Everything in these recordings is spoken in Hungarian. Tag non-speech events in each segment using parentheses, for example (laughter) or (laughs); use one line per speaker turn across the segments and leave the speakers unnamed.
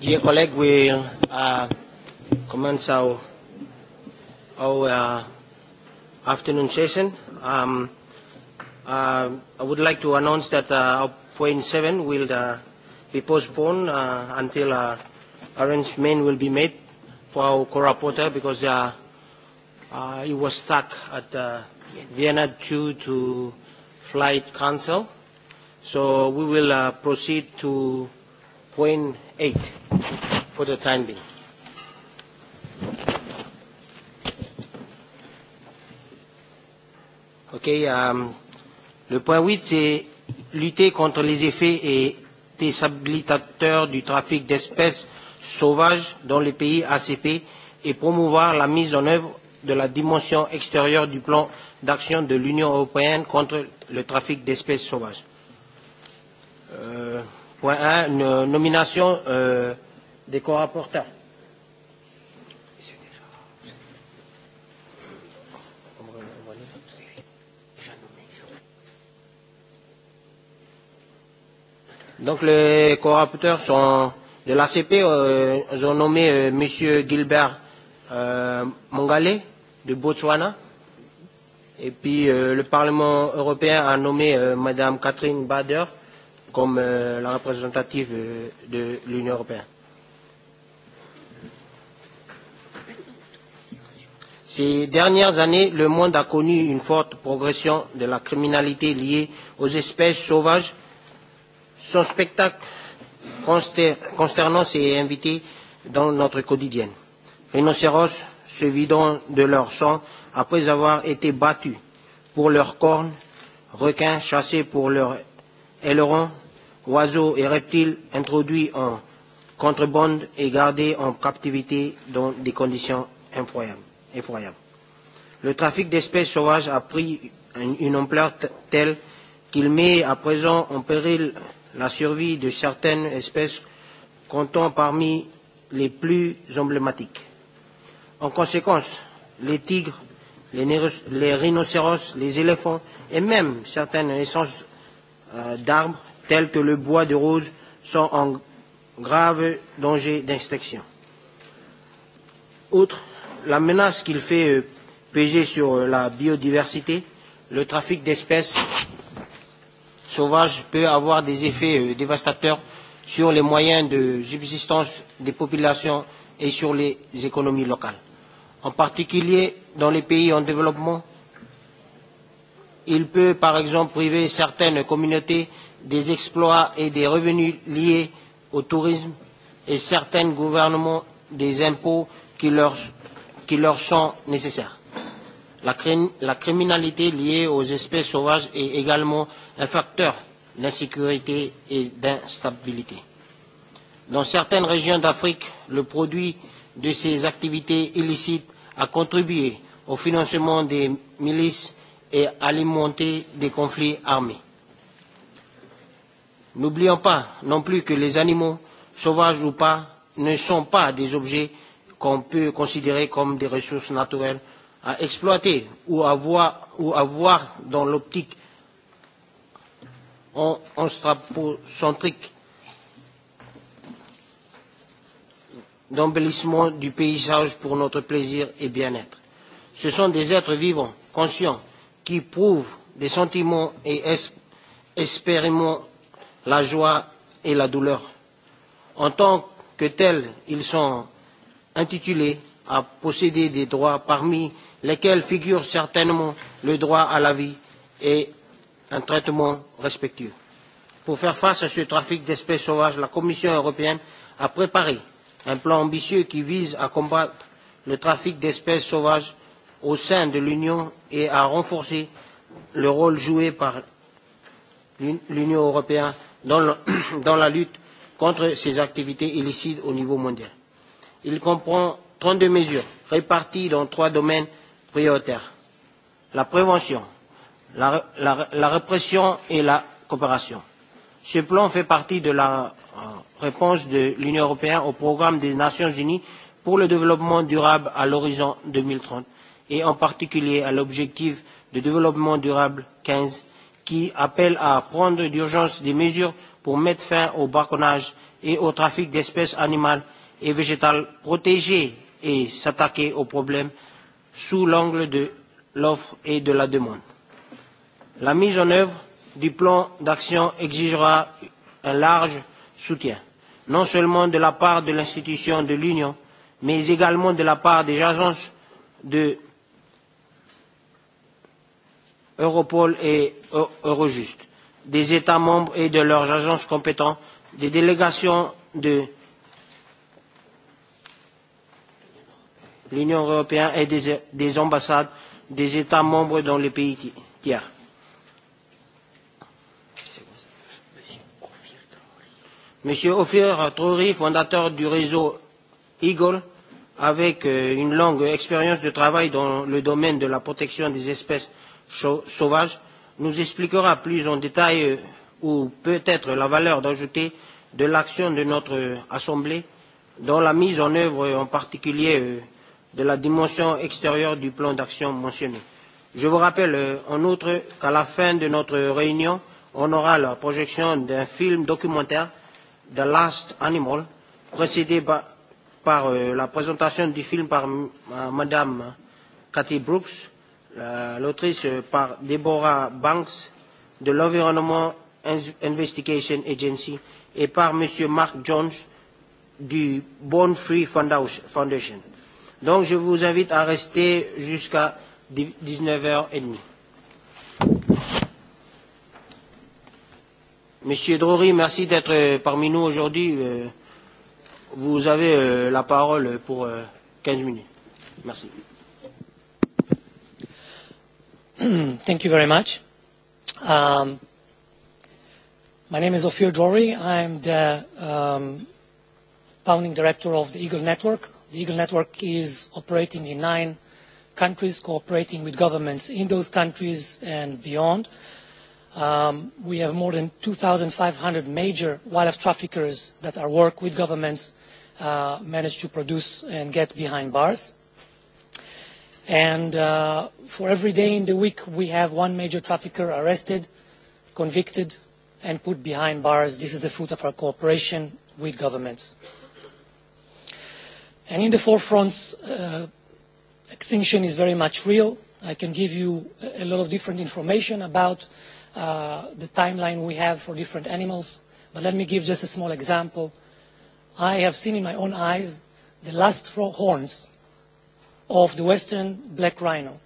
Dear colleague, we uh, commence our, our uh, afternoon session. Um, uh, I would like to announce that uh, our point seven will uh, be postponed uh, until uh, arrangement will be made for our co reporter because uh, uh, he was stuck at uh, Vienna due to flight cancel. So we will uh, proceed to point eight for the time being. Okay, um, le point 8, c'est lutter contre les effets et déshabilitateurs du trafic d'espèces sauvages dans les pays ACP et promouvoir la mise en œuvre de la dimension extérieure du plan d'action de l'Union européenne contre le trafic d'espèces sauvages. Euh, Point 1, nomination euh, des co-rapporteurs. Donc les co-rapporteurs sont de l'ACP, euh, ils ont nommé euh, Monsieur Gilbert euh, Mongale de Botswana. Et puis euh, le Parlement européen a nommé euh, Madame Catherine Bader euh, comme euh, la représentative euh, de l'Union européenne. Ces dernières années, le monde a connu une forte progression de la criminalité liée aux espèces sauvages. Son spectacle consternant s'est invité dans notre quotidien. Rhinocéros se vidant de leur sang après avoir été battus pour leurs cornes, requins chassés pour leurs ailerons, oiseaux et reptiles introduits en contrebande et gardés en captivité dans des conditions effroyables. Le trafic d'espèces sauvages a pris une ampleur telle qu'il met à présent en péril la survie de certaines espèces comptant parmi les plus emblématiques. En conséquence, les tigres, les, les rhinocéros, les éléphants et même certaines essences euh, d'arbres tels que le bois de rose, sont en grave danger d'extinction. Outre la menace qu'il fait euh, peser sur euh, la biodiversité, le trafic d'espèces sauvages peut avoir des effets euh, dévastateurs sur les moyens de subsistance des populations et sur les économies locales. En particulier dans les pays en développement, il peut par exemple priver certaines communautés des exploits et des revenus liés au tourisme et certains gouvernements des impôts qui leur, qui leur sont nécessaires. La, crim, la criminalité liée aux espèces sauvages est également un facteur d'insécurité et d'instabilité. Dans certaines régions d'Afrique, le produit de ces activités illicites a contribué au financement des milices et alimenté des conflits armés. N'oublions pas non plus que les animaux, sauvages ou pas, ne sont pas des objets qu'on peut considérer comme des ressources naturelles à exploiter ou à voir, ou à voir dans l'optique en, en strapocentrique d'embellissement du paysage pour notre plaisir et bien-être. Ce sont des êtres vivants, conscients, qui prouvent des sentiments et expérimentent la joie et la douleur. En tant que tels, ils sont intitulés à posséder des droits parmi lesquels figure certainement le droit à la vie et un traitement respectueux. Pour faire face à ce trafic d'espèces sauvages, la Commission européenne a préparé un plan ambitieux qui vise à combattre le trafic d'espèces sauvages au sein de l'Union et à renforcer le rôle joué par l'Union européenne dans, le, (clears throat) dans la lutte contre ces activités illicites au niveau mondial. Il comprend 32 mesures réparties dans trois domaines prioritaires la prévention, la, la, la répression et la coopération. Ce plan fait partie de la euh, réponse de l'Union européenne au programme des Nations unies pour le développement durable à l'horizon 2030 et en particulier à l'objectif de développement durable 15 qui appelle à prendre d'urgence des mesures pour mettre fin au braconnage et au trafic d'espèces animales et végétales protégées et s'attaquer aux problèmes sous l'angle de l'offre et de la demande. La mise en œuvre du plan d'action exigera un large soutien, non seulement de la part de l'institution de l'Union, mais également de la part des agences de Europol et e- Eurojust, des États membres et de leurs agences compétentes, des délégations de l'Union européenne et des, des ambassades des États membres dans les pays tiers. Monsieur Ophir Trouri, fondateur du réseau Eagle, avec euh, une longue expérience de travail dans le domaine de la protection des espèces Sauvage nous expliquera plus en détail euh, ou peut-être la valeur d'ajouter de l'action de notre Assemblée dans la mise en œuvre en particulier euh, de la dimension extérieure du plan d'action mentionné. Je vous rappelle euh, en outre qu'à la fin de notre réunion, on aura la projection d'un film documentaire The Last Animal, précédé par, par euh, la présentation du film par Madame Cathy Brooks, Euh, l'autrice euh, par Deborah Banks de l'Environnement Investigation Agency et par M. Mark Jones du Born Free Foundation. Donc je vous invite à rester jusqu'à 19h30. Monsieur Drory, merci d'être euh, parmi nous aujourd'hui. Vous avez la parole pour 15 minutes. Merci.
(clears throat) Thank you very much. Um, my name is Ophir Dory. I'm the um, founding director of the Eagle Network. The Eagle Network is operating in nine countries, cooperating with governments in those countries and beyond. Um, we have more than 2,500 major wildlife traffickers that our work with governments uh, managed to produce and get behind bars. And uh, for every day in the week we have one major trafficker arrested, convicted and put behind bars. This is the fruit of our cooperation with governments. And in the forefronts, uh, extinction is very much real. I can give you a lot of different information about uh, the timeline we have for different animals, but let me give just a small example. I have seen in my own eyes the last horns of the western black rhino.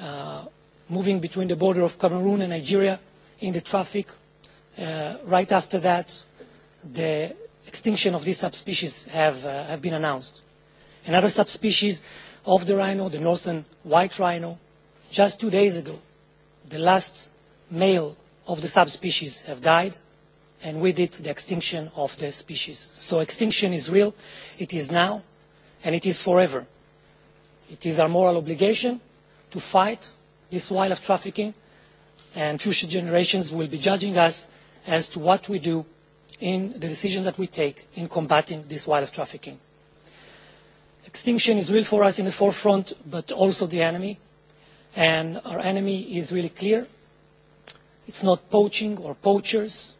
Uh, moving between the border of Cameroon and Nigeria in the traffic. Uh, right after that, the extinction of these subspecies have, uh, have been announced. Another subspecies of the rhino, the northern white rhino, just two days ago, the last male of the subspecies have died, and with it, the extinction of the species. So extinction is real, it is now, and it is forever. It is our moral obligation to fight this wildlife trafficking, and future generations will be judging us as to what we do in the decisions that we take in combating this wildlife trafficking. Extinction is real for us in the forefront, but also the enemy. And our enemy is really clear. It's not poaching or poachers.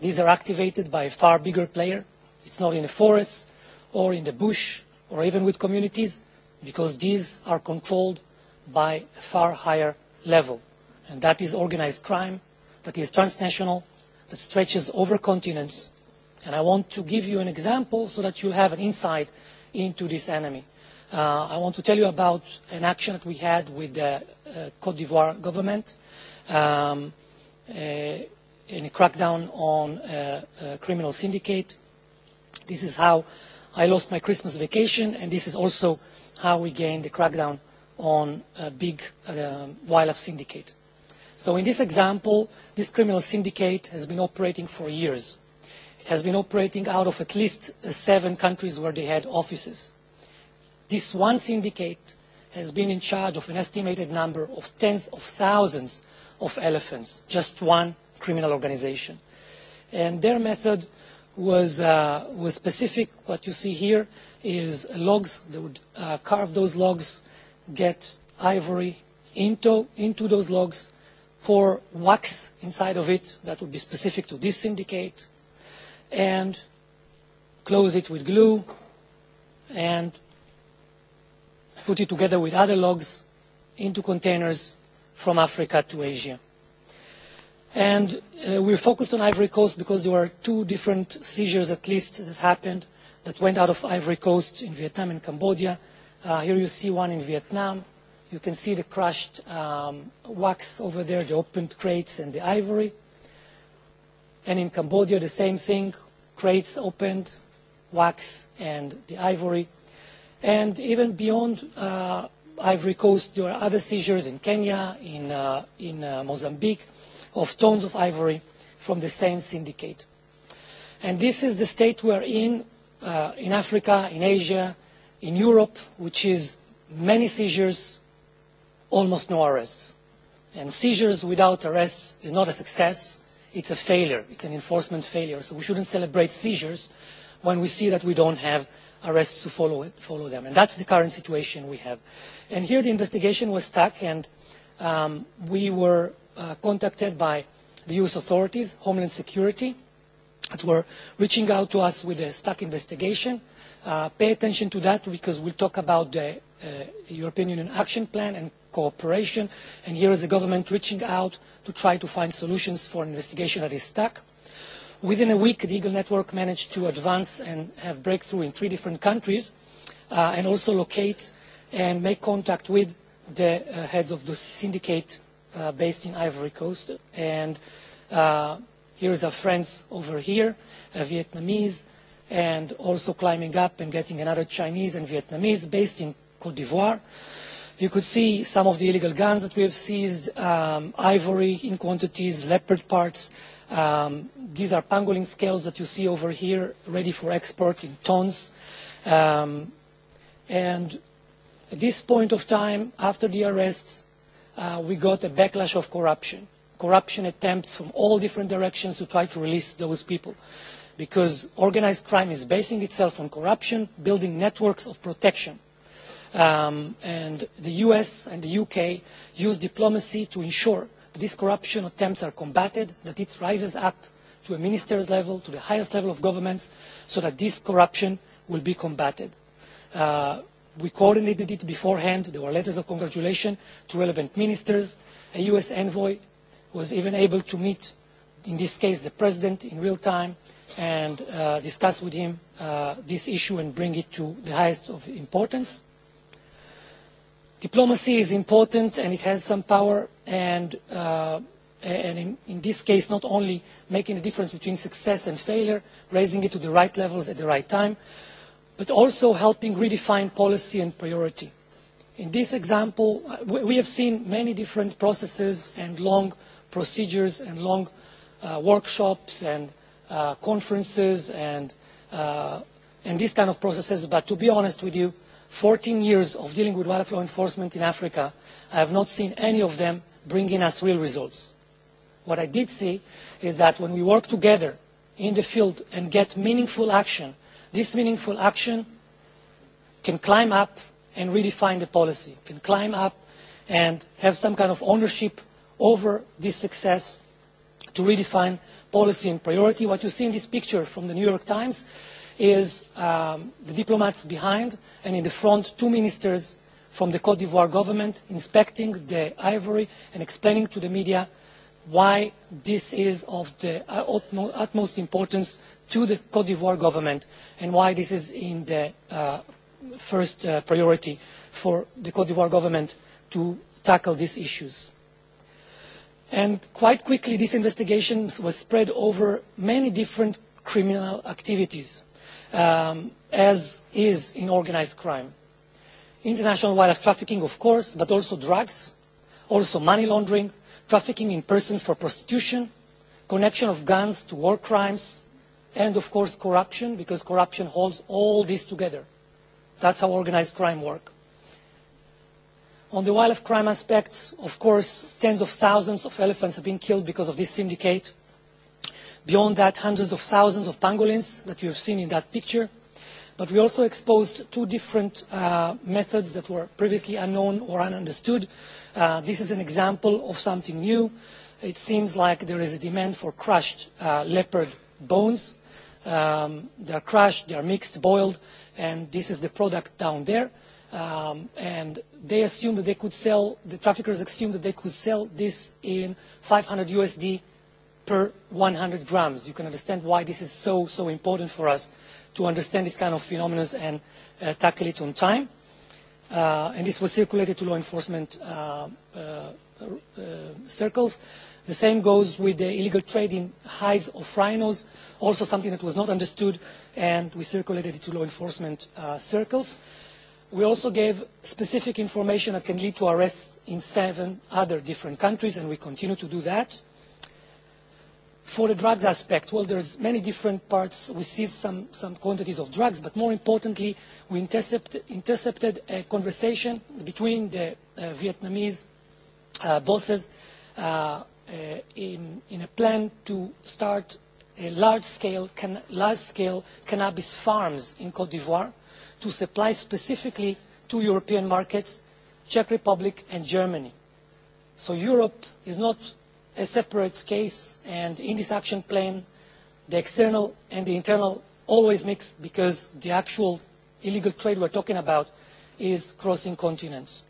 These are activated by a far bigger player. It's not in the forests or in the bush or even with communities because these are controlled by a far higher level. And that is organized crime, that is transnational, that stretches over continents. And I want to give you an example so that you have an insight into this enemy. Uh, I want to tell you about an action that we had with the uh, Cote d'Ivoire government um, uh, in a crackdown on a, uh, a criminal syndicate. This is how I lost my Christmas vacation, and this is also how we gained the crackdown on a big uh, wildlife syndicate. So in this example, this criminal syndicate has been operating for years. It has been operating out of at least uh, seven countries where they had offices. This one syndicate has been in charge of an estimated number of tens of thousands of elephants, just one criminal organization. And their method was, uh, was specific. What you see here is logs. They would uh, carve those logs get ivory into, into those logs, pour wax inside of it that would be specific to this syndicate, and close it with glue and put it together with other logs into containers from Africa to Asia. And uh, we're focused on Ivory Coast because there were two different seizures at least that happened that went out of Ivory Coast in Vietnam and Cambodia Uh, here you see one in Vietnam. You can see the crushed um, wax over there, the opened crates and the ivory. And in Cambodia, the same thing, crates opened, wax and the ivory. And even beyond uh, Ivory Coast, there are other seizures in Kenya, in, uh, in uh, Mozambique, of tons of ivory from the same syndicate. And this is the state we're in, uh, in Africa, in Asia, in Europe, which is many seizures, almost no arrests. And seizures without arrests is not a success, it's a failure, it's an enforcement failure. So we shouldn't celebrate seizures when we see that we don't have arrests to follow, it, follow them. And that's the current situation we have. And here the investigation was stuck and um, we were uh, contacted by the US authorities, Homeland Security, that were reaching out to us with a stuck investigation. Uh, pay attention to that because we'll talk about the uh, European Union Action Plan and cooperation. And here is the government reaching out to try to find solutions for an investigation that is stuck. Within a week, the Eagle Network managed to advance and have breakthrough in three different countries uh, and also locate and make contact with the uh, heads of the syndicate uh, based in Ivory Coast. And uh, here's our friends over here, a uh, Vietnamese, and also climbing up and getting another Chinese and Vietnamese based in Cote d'Ivoire. You could see some of the illegal guns that we have seized, um, ivory in quantities, leopard parts. Um, these are pangolin scales that you see over here, ready for export in tons. Um, and at this point of time, after the arrests, uh, we got a backlash of corruption, corruption attempts from all different directions to try to release those people because organized crime is basing itself on corruption, building networks of protection. Um, and the US and the UK use diplomacy to ensure that these corruption attempts are combated, that it rises up to a minister's level, to the highest level of governments, so that this corruption will be combated. Uh, we coordinated it beforehand. There were letters of congratulation to relevant ministers. A US envoy was even able to meet, in this case, the president in real time and uh, discuss with him uh, this issue and bring it to the highest of importance. Diplomacy is important and it has some power and, uh, and in, in this case not only making the difference between success and failure, raising it to the right levels at the right time, but also helping redefine policy and priority. In this example, we have seen many different processes and long procedures and long uh, workshops and uh, Uh, conferences and, uh, and these kind of processes. But to be honest with you, 14 years of dealing with wildlife law enforcement in Africa, I have not seen any of them bringing us real results. What I did see is that when we work together in the field and get meaningful action, this meaningful action can climb up and redefine the policy, can climb up and have some kind of ownership over this success to redefine policy and priority. What you see in this picture from the New York Times is um, the diplomats behind and in the front, two ministers from the Cote d'Ivoire government inspecting the ivory and explaining to the media why this is of the utmost importance to the Cote d'Ivoire government and why this is in the uh, first uh, priority for the Cote d'Ivoire government to tackle these issues and quite quickly this investigation was spread over many different criminal activities um, as is in organised crime international wildlife trafficking of course but also drugs also money laundering trafficking in persons for prostitution connection of guns to war crimes and of course corruption because corruption holds all this together. that's how organised crime works. On the wildlife crime aspect, of course, tens of thousands of elephants have been killed because of this syndicate. Beyond that, hundreds of thousands of pangolins that you have seen in that picture. But we also exposed two different uh, methods that were previously unknown or ununderstood. Uh, this is an example of something new. It seems like there is a demand for crushed uh, leopard bones. Um, they are crushed, they are mixed, boiled, and this is the product down there. Um, and they assumed that they could sell, the traffickers assumed that they could sell this in 500 USD per 100 grams. You can understand why this is so, so important for us to understand this kind of phenomena and uh, tackle it on time. Uh, and this was circulated to law enforcement uh, uh, uh, circles. The same goes with the illegal trade in hides of rhinos, also something that was not understood, and we circulated it to law enforcement uh, circles. Uh, We also gave specific information that can lead to arrests in seven other different countries, and we continue to do that. For the drugs aspect, well, there's many different parts. We seized some, some quantities of drugs, but more importantly, we intercept, intercepted a conversation between the uh, Vietnamese uh, bosses uh, uh, in, in a plan to start large-scale can, large cannabis farms in Cote d'Ivoire to supply specifically to European markets, Czech Republic and Germany. So Europe is not a separate case, and in this action plan, the external and the internal always mix because the actual illegal trade we're talking about is crossing continents.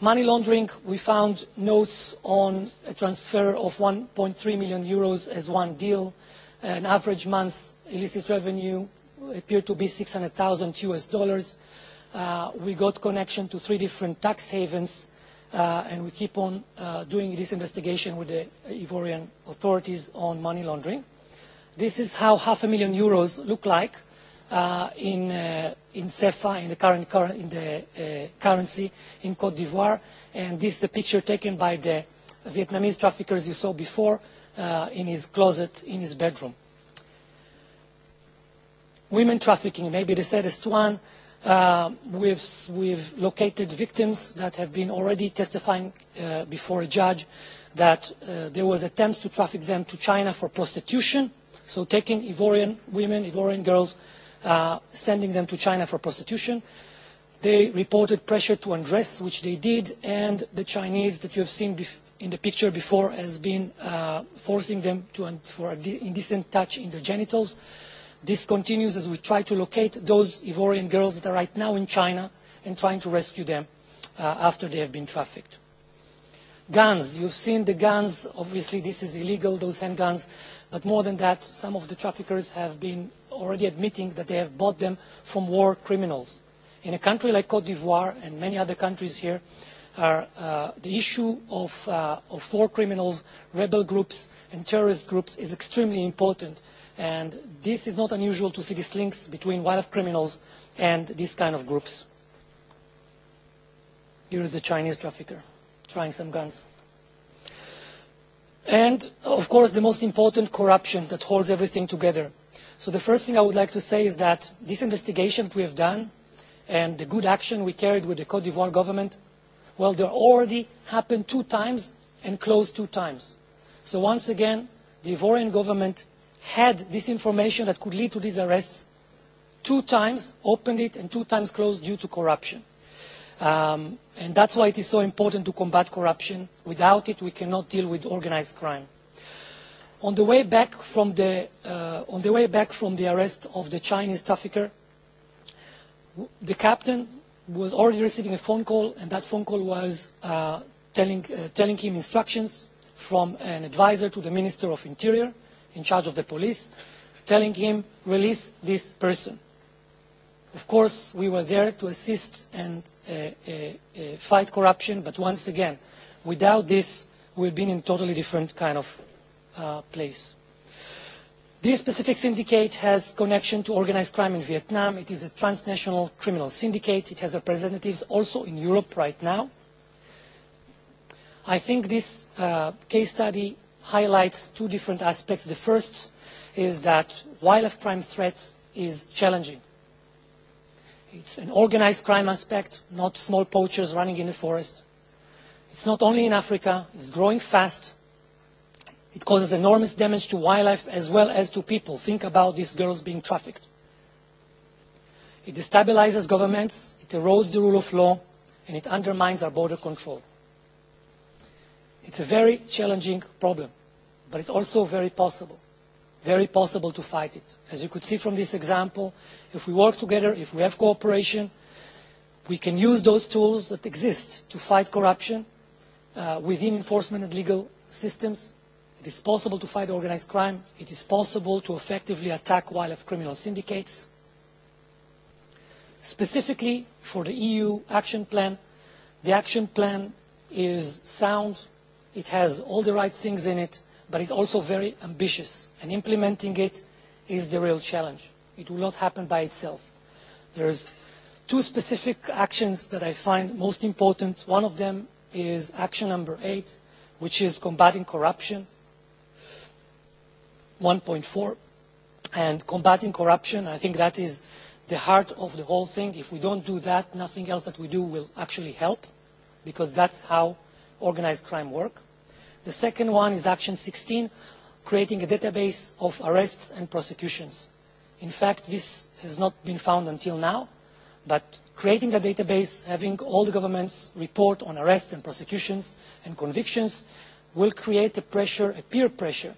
Money laundering, we found notes on a transfer of 1.3 million euros as one deal, an average month illicit revenue appeared to be 600,000 US dollars. Uh, we got connection to three different tax havens, uh, and we keep on uh, doing this investigation with the Ivorian authorities on money laundering. This is how half a million euros look like uh, in, uh, in CEFA, in the, current, current, in the uh, currency in Cote d'Ivoire. And this is a picture taken by the Vietnamese traffickers you saw before uh, in his closet, in his bedroom women trafficking may be the saddest one. Uh, we've, located victims that have been already testifying uh, before a judge that uh, there was attempts to traffic them to China for prostitution, so taking Ivorian women, Ivorian girls, uh, sending them to China for prostitution. They reported pressure to undress, which they did, and the Chinese that you have seen in the picture before has been uh, forcing them to un for indecent touch in their genitals. This continues as we try to locate those Ivorian girls that are right now in China and trying to rescue them uh, after they have been trafficked. Guns, you've seen the guns, obviously this is illegal, those handguns, but more than that, some of the traffickers have been already admitting that they have bought them from war criminals. In a country like Cote d'Ivoire and many other countries here, are uh, the issue of, uh, of war criminals, rebel groups, and terrorist groups is extremely important And this is not unusual to see these links between wildlife criminals and these kind of groups. Here is the Chinese trafficker trying some guns. And, of course, the most important corruption that holds everything together. So the first thing I would like to say is that this investigation we have done and the good action we carried with the Cote d'Ivoire government, well, they already happened two times and closed two times. So once again, the Ivorian government had this information that could lead to these arrests two times opened it and two times closed due to corruption. Um, and that's why it is so important to combat corruption. Without it, we cannot deal with organized crime. On the way back from the, uh, on the, way back from the arrest of the Chinese trafficker, the captain was already receiving a phone call, and that phone call was uh, telling, uh, telling him instructions from an advisor to the Minister of Interior in charge of the police, telling him, release this person. Of course, we were there to assist and uh, uh, uh, fight corruption, but once again, without this, we've been in a totally different kind of uh, place. This specific syndicate has connection to organized crime in Vietnam. It is a transnational criminal syndicate. It has representatives also in Europe right now. I think this uh, case study highlights two different aspects. The first is that wildlife crime threat is challenging. It's an organised crime aspect, not small poachers running in the forest. It's not only in Africa, it's growing fast. It causes enormous damage to wildlife as well as to people. Think about these girls being trafficked. It destabilises governments, it erodes the rule of law, and it undermines our border control. It's a very challenging problem, but it's also very possible, very possible to fight it. As you could see from this example, if we work together, if we have cooperation, we can use those tools that exist to fight corruption uh, within enforcement and legal systems. It is possible to fight organized crime. It is possible to effectively attack wildlife criminal syndicates. Specifically for the EU action plan, the action plan is sound, It has all the right things in it, but it's also very ambitious, and implementing it is the real challenge. It will not happen by itself. There's two specific actions that I find most important. One of them is action number eight, which is combating corruption, 1.4, and combating corruption. I think that is the heart of the whole thing. If we don't do that, nothing else that we do will actually help, because that's how organized crime works. The second one is Action 16, creating a database of arrests and prosecutions. In fact, this has not been found until now, but creating the database, having all the governments report on arrests and prosecutions and convictions will create a pressure, a peer pressure,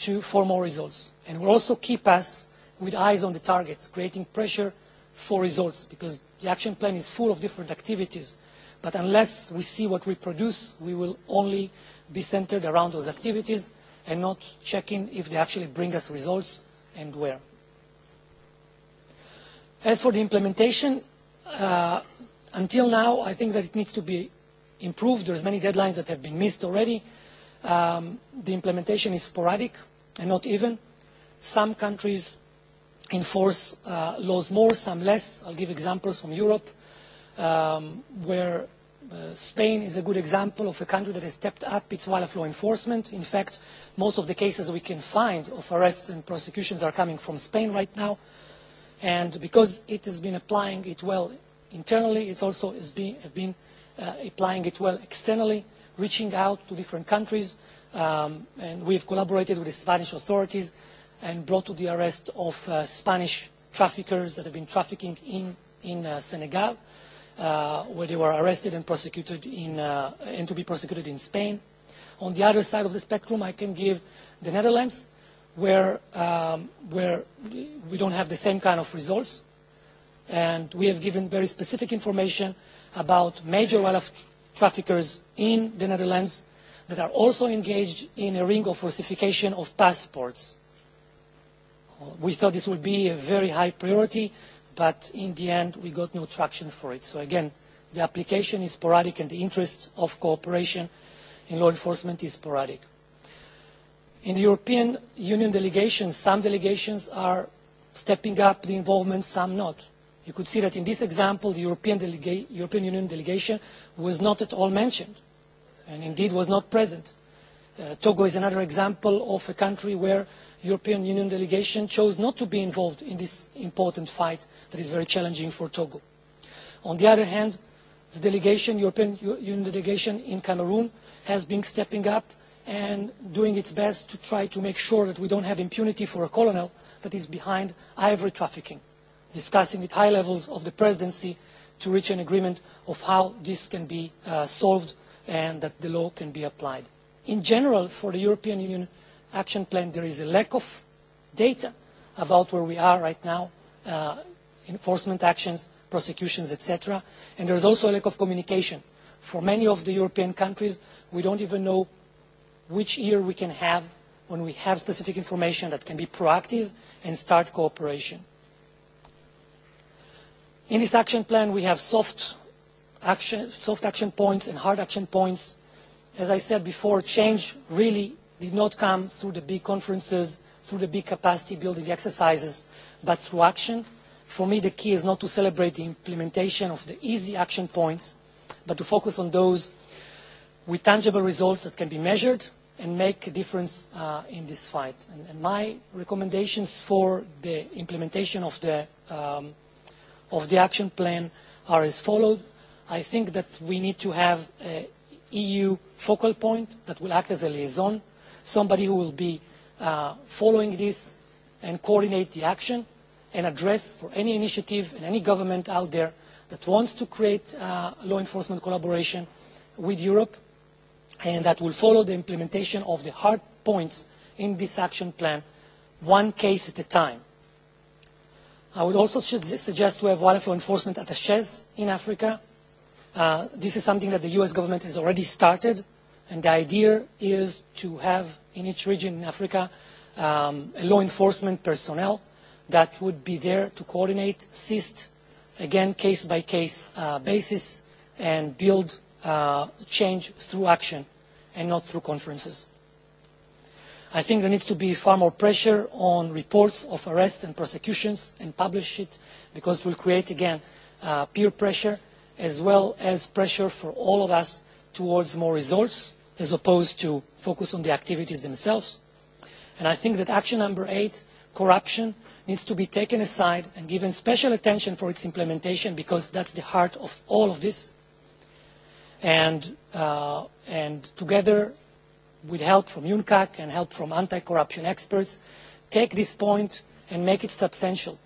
to, for more results. And will also keep us with eyes on the target, creating pressure for results, because the action plan is full of different activities. But unless we see what we produce, we will only be centred around those activities and not checking if they actually bring us results and where. As for the implementation, uh, until now, I think that it needs to be improved. There's many deadlines that have been missed already. Um, the implementation is sporadic and not even. Some countries enforce uh, laws more, some less. I'll give examples from Europe, um, where Uh, Spain is a good example of a country that has stepped up its wildlife law enforcement. In fact, most of the cases we can find of arrests and prosecutions are coming from Spain right now. And because it has been applying it well internally, it also has been, have been uh, applying it well externally, reaching out to different countries. Um, and have collaborated with the Spanish authorities and brought to the arrest of uh, Spanish traffickers that have been trafficking in, in uh, Senegal uh, where they were arrested and prosecuted in, uh, and to be prosecuted in Spain. On the other side of the spectrum, I can give the Netherlands, where, um, where we don't have the same kind of results. And we have given very specific information about major wildlife tra traffickers in the Netherlands that are also engaged in a ring of falsification of passports. We thought this would be a very high priority but in the end we got no traction for it. So again, the application is sporadic and the interest of cooperation in law enforcement is sporadic. In the European Union delegations, some delegations are stepping up the involvement, some not. You could see that in this example, the European, delega European Union delegation was not at all mentioned and indeed was not present. Uh, Togo is another example of a country where european union delegation chose not to be involved in this important fight that is very challenging for togo. on the other hand the delegation, european union delegation in cameroon has been stepping up and doing its best to try to make sure that we do not have impunity for a colonel that is behind ivory trafficking discussing at high levels of the presidency to reach an agreement on how this can be uh, solved and that the law can be applied. in general for the european union action plan, there is a lack of data about where we are right now, uh, enforcement actions, prosecutions, etc. And there is also a lack of communication. For many of the European countries, we don't even know which year we can have when we have specific information that can be proactive and start cooperation. In this action plan, we have soft action, soft action points and hard action points. As I said before, change really did not come through the big conferences, through the big capacity building exercises, but through action. For me, the key is not to celebrate the implementation of the easy action points, but to focus on those with tangible results that can be measured and make a difference uh, in this fight. And, and my recommendations for the implementation of the, um, of the action plan are as followed. I think that we need to have an EU focal point that will act as a liaison somebody who will be uh, following this and coordinate the action and address for any initiative and any government out there that wants to create uh, law enforcement collaboration with Europe and that will follow the implementation of the hard points in this action plan one case at a time. I would also suggest to have wildlife law enforcement attaches in Africa. Uh, this is something that the US government has already started And the idea is to have in each region in Africa um, a law enforcement personnel that would be there to coordinate, assist, again, case-by-case -case, uh, basis, and build uh, change through action and not through conferences. I think there needs to be far more pressure on reports of arrests and prosecutions and publish it because it will create, again, uh, peer pressure as well as pressure for all of us towards more results as opposed to focus on the activities themselves. And I think that action number eight, corruption, needs to be taken aside and given special attention for its implementation because that's the heart of all of this. And, uh, and together, with help from UNCAC and help from anti-corruption experts, take this point and make it substantial,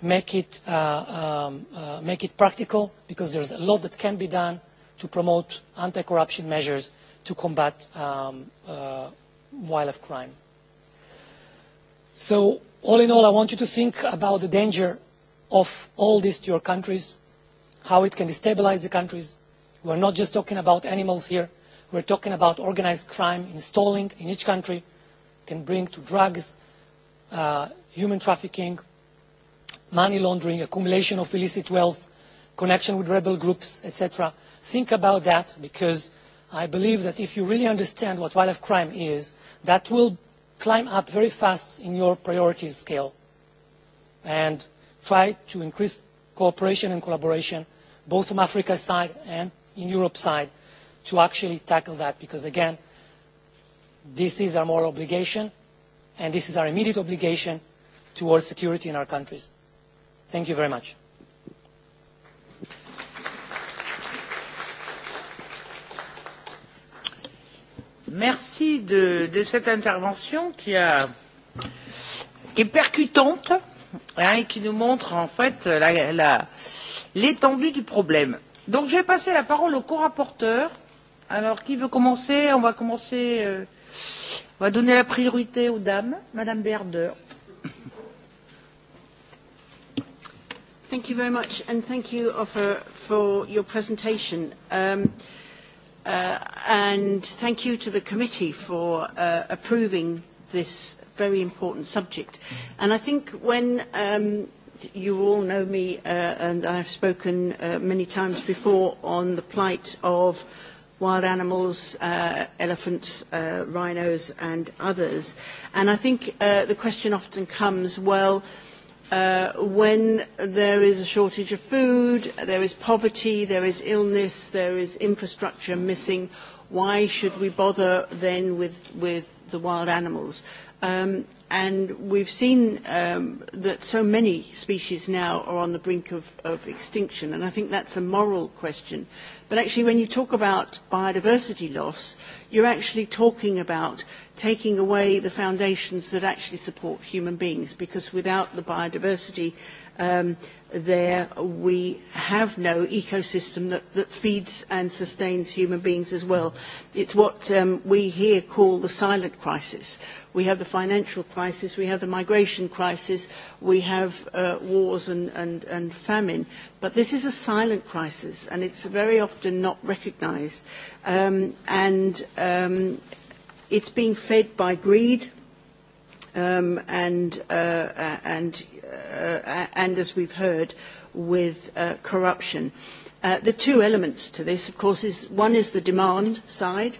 make it, uh, um, uh, make it practical because there's a lot that can be done to promote anti-corruption measures to combat um, uh, wildlife crime. So all in all, I want you to think about the danger of all this to your countries, how it can destabilize the countries. We're not just talking about animals here. We're talking about organized crime installing in each country can bring to drugs, uh, human trafficking, money laundering, accumulation of illicit wealth, connection with rebel groups, etc. Think about that because – I believe that if you really understand what wildlife crime is, that will climb up very fast in your priorities scale and try to increase cooperation and collaboration both from Africa's side and in Europe's side to actually tackle that because again, this is our moral obligation and this is our immediate obligation towards security in our countries. Thank you very much.
merci de, cette intervention qui, est percutante et qui nous montre en fait l'étendue du problème. Donc je vais passer la parole au corapporteur. Alors qui veut commencer On va commencer. Euh, on va donner la priorité aux dames. Madame Berder.
Thank you very much and thank you for your presentation. Um, Uh, and thank you to the committee for uh, approving this very important subject. And I think when um, you all know me, uh, and I've spoken uh, many times before on the plight of wild animals, uh, elephants, uh, rhinos, and others. And I think uh, the question often comes, well, uh, Uh, when there is a shortage of food, there is poverty, there is illness, there is infrastructure missing, why should we bother then with, with the wild animals? Um, and we've seen um, that so many species now are on the brink of, of extinction, and I think that's a moral question But actually, when you talk about biodiversity loss, you're actually talking about taking away the foundations that actually support human beings, because without the biodiversity, um, there we have no ecosystem that, that feeds and sustains human beings as well. It's what um, we here call the silent crisis. We have the financial crisis, we have the migration crisis, we have uh, wars and, and, and famine. But this is a silent crisis, and it's very often not recognized. Um, and um, it's being fed by greed, um, and, uh, and Uh, uh, and as we've heard, with uh, corruption. Uh, the two elements to this, of course, is one is the demand side,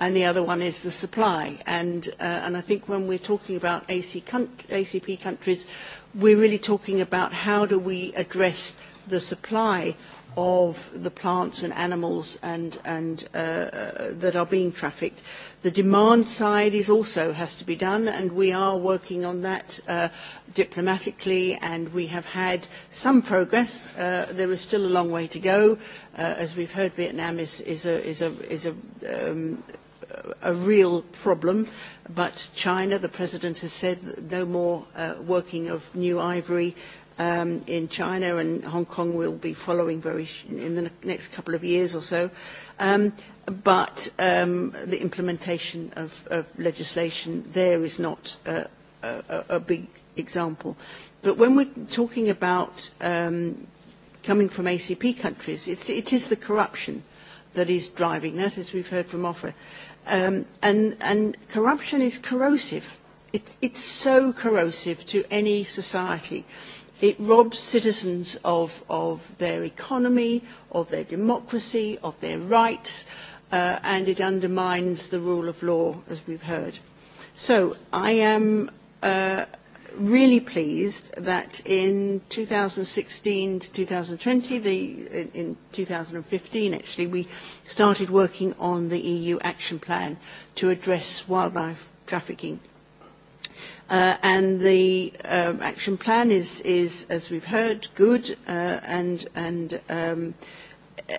and the other one is the supply. And, uh, and I think when we're talking about AC country, ACP countries, we're really talking about how do we address the supply of the plants and animals and, and, uh, uh, that are being trafficked. The demand side is also has to be done, and we are working on that uh, diplomatically, and we have had some progress. Uh, there is still a long way to go. Uh, as we've heard, Vietnam is, is a, is a, is a, um, a real problem, but China, the President has said, no more uh, working of new ivory um, in China, and Hong Kong will be following very sh- in the next couple of years or so. Um, but um, the implementation of, of legislation there is not uh, a, a big example. But when we're talking about um, coming from ACP countries, it, it is the corruption that is driving that, as we've heard from Offer. Um, and, and corruption is corrosive. It, it's so corrosive to any society. It robs citizens of, of their economy, of their democracy, of their rights, uh, and it undermines the rule of law, as we've heard. So I am uh, really pleased that in 2016 to 2020, the, in 2015 actually, we started working on the EU action plan to address wildlife trafficking. Uh, and the um, action plan is, is, as we've heard, good uh, and, and um,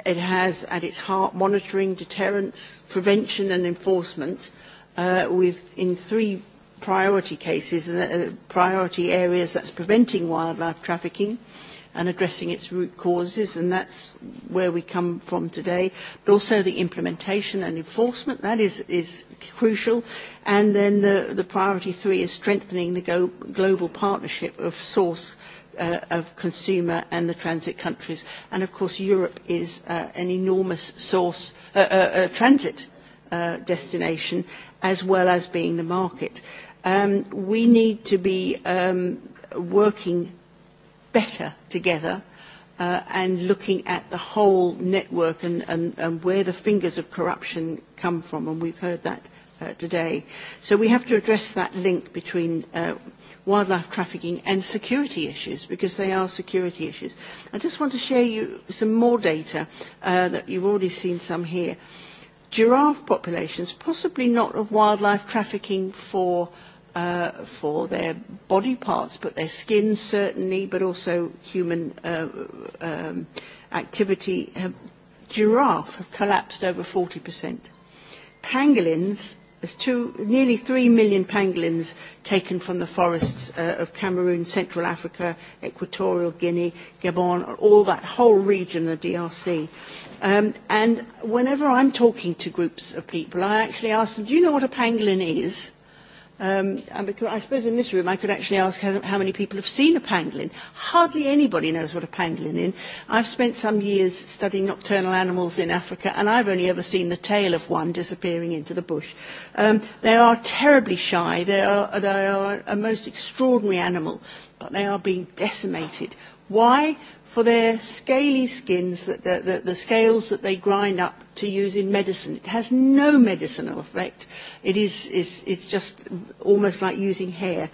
it has at its heart monitoring, deterrence, prevention and enforcement uh, with, in three priority cases, uh, priority areas that's preventing wildlife trafficking and addressing its root causes, and that's where we come from today. But also the implementation and enforcement, that is, is crucial. And then the, the priority three is strengthening the go- global partnership of source uh, of consumer and the transit countries. And of course, Europe is uh, an enormous source, uh, uh, uh, transit uh, destination, as well as being the market. Uh, um, we need to be um, working better together uh, and looking at the whole network and, and, and where the fingers of corruption come from, and we've heard that uh, today. So we have to address that link between uh, wildlife trafficking and security issues because they are security issues. I just want to share you some more data uh, that you've already seen some here. Giraffe populations, possibly not of wildlife trafficking for uh, uh, for their body parts, but their skin certainly, but also human uh, um, activity. Have, giraffe have collapsed over 40%. Pangolins, there's two, nearly 3 million pangolins taken from the forests uh, of Cameroon, Central Africa, Equatorial Guinea, Gabon, all that whole region, the DRC. Um, and whenever I'm talking to groups of people, I actually ask them, do you know what a pangolin is? Um, and I suppose in this room I could actually ask how, how many people have seen a pangolin. Hardly anybody knows what a pangolin is. I've spent some years studying nocturnal animals in Africa and I've only ever seen the tail of one disappearing into the bush. Um, they are terribly shy. They are, they are a most extraordinary animal, but they are being decimated. Why? for their scaly skins, the, the, the scales that they grind up to use in medicine. It has no medicinal effect. It is, is it's just almost like using hair.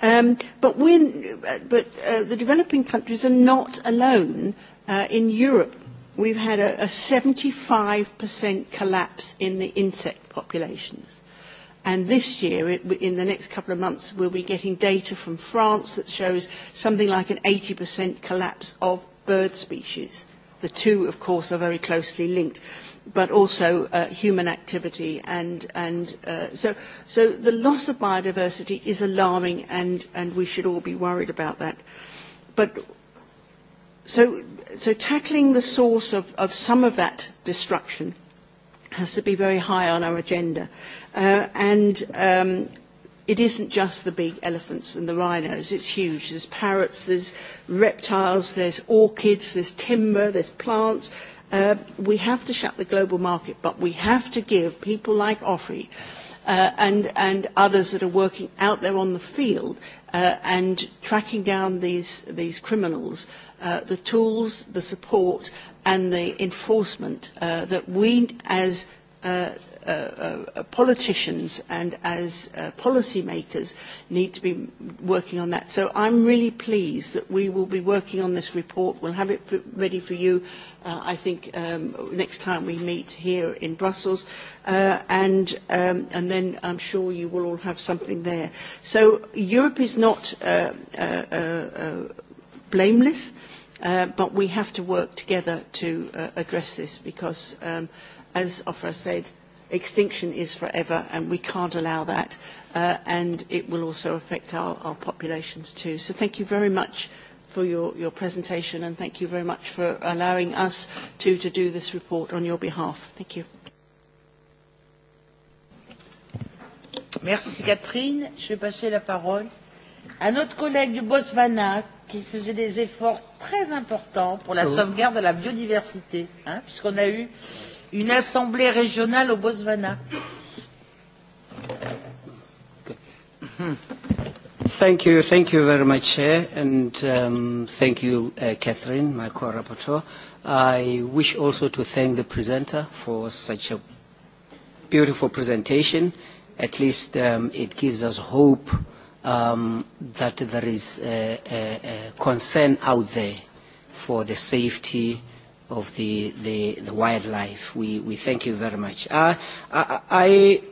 Um, but when, but uh, the developing countries are not alone. Uh, in Europe, we've had a, a 75% collapse in the insect populations. And this year, it, in the next couple of months, we'll be getting data from France that shows something like an 80% collapse of bird species. The two, of course, are very closely linked, but also uh, human activity. And, and uh, so, so the loss of biodiversity is alarming, and, and we should all be worried about that. But so, so tackling the source of, of some of that destruction – has to be very high on our agenda. Uh, and um, it isn't just the big elephants and the rhinos, it's huge. There's parrots, there's reptiles, there's orchids, there's timber, there's plants. Uh, we have to shut the global market, but we have to give people like Offrey uh, and, and others that are working out there on the field uh, and tracking down these, these criminals uh, Uh, the tools, the support and the enforcement uh, that we as uh, uh, uh, politicians and as uh, policy makers need to be working on that. So I'm really pleased that we will be working on this report. We'll have it ready for you, uh, I think, um, next time we meet here in Brussels. Uh, and, um, and then I'm sure you will all have something there. So Europe is not uh, uh, uh, uh blameless. Uh, Uh, but we have to work together to uh, address this because, um, as Ofra said, extinction is forever and we can't allow that uh, and it will also affect our, our populations too. So thank you very much for your, your presentation and thank you very much for allowing us to, to do this report on your behalf. Thank you. Merci Catherine. Je vais passer
la parole à notre collègue du Botswana qui faisait des efforts très importants pour la oh. sauvegarde de la biodiversité, hein, puisqu'on a eu une assemblée régionale au Botswana.
Thank you, thank you very much, Chair, and um, thank you, uh, Catherine, my co-rapporteur. I wish also to thank the presenter for such a beautiful presentation. At least um, it gives us hope uh, um, that there is a, a, a concern out there for the safety of the, the, the wildlife. We, we thank you very much. Uh, I, I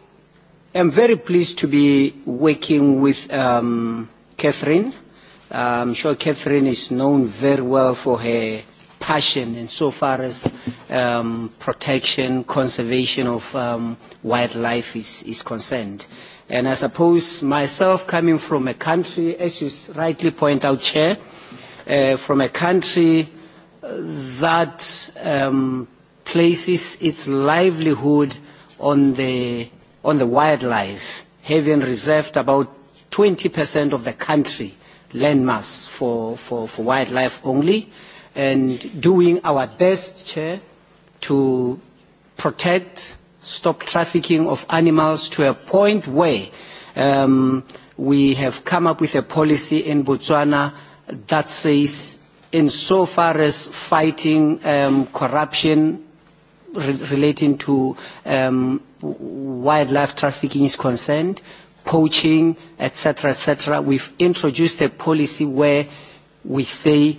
am very pleased to be working with um, Catherine. Uh, I'm sure Catherine is known very well for her passion in so far as um, protection, conservation of um, wildlife is, is concerned. Uh, And I suppose myself coming from a country, as you rightly point out, Chair, uh, from a country uh, that um, places its livelihood on the, on the wildlife, having reserved about 20% of the country landmass for, for, for wildlife only, and doing our best, Chair, to protect stop trafficking of animals to a point where um, we have come up with a policy in Botswana that says insofar as fighting um, corruption re relating to um, wildlife trafficking is concerned, poaching, etc., etc., we've introduced a policy where we say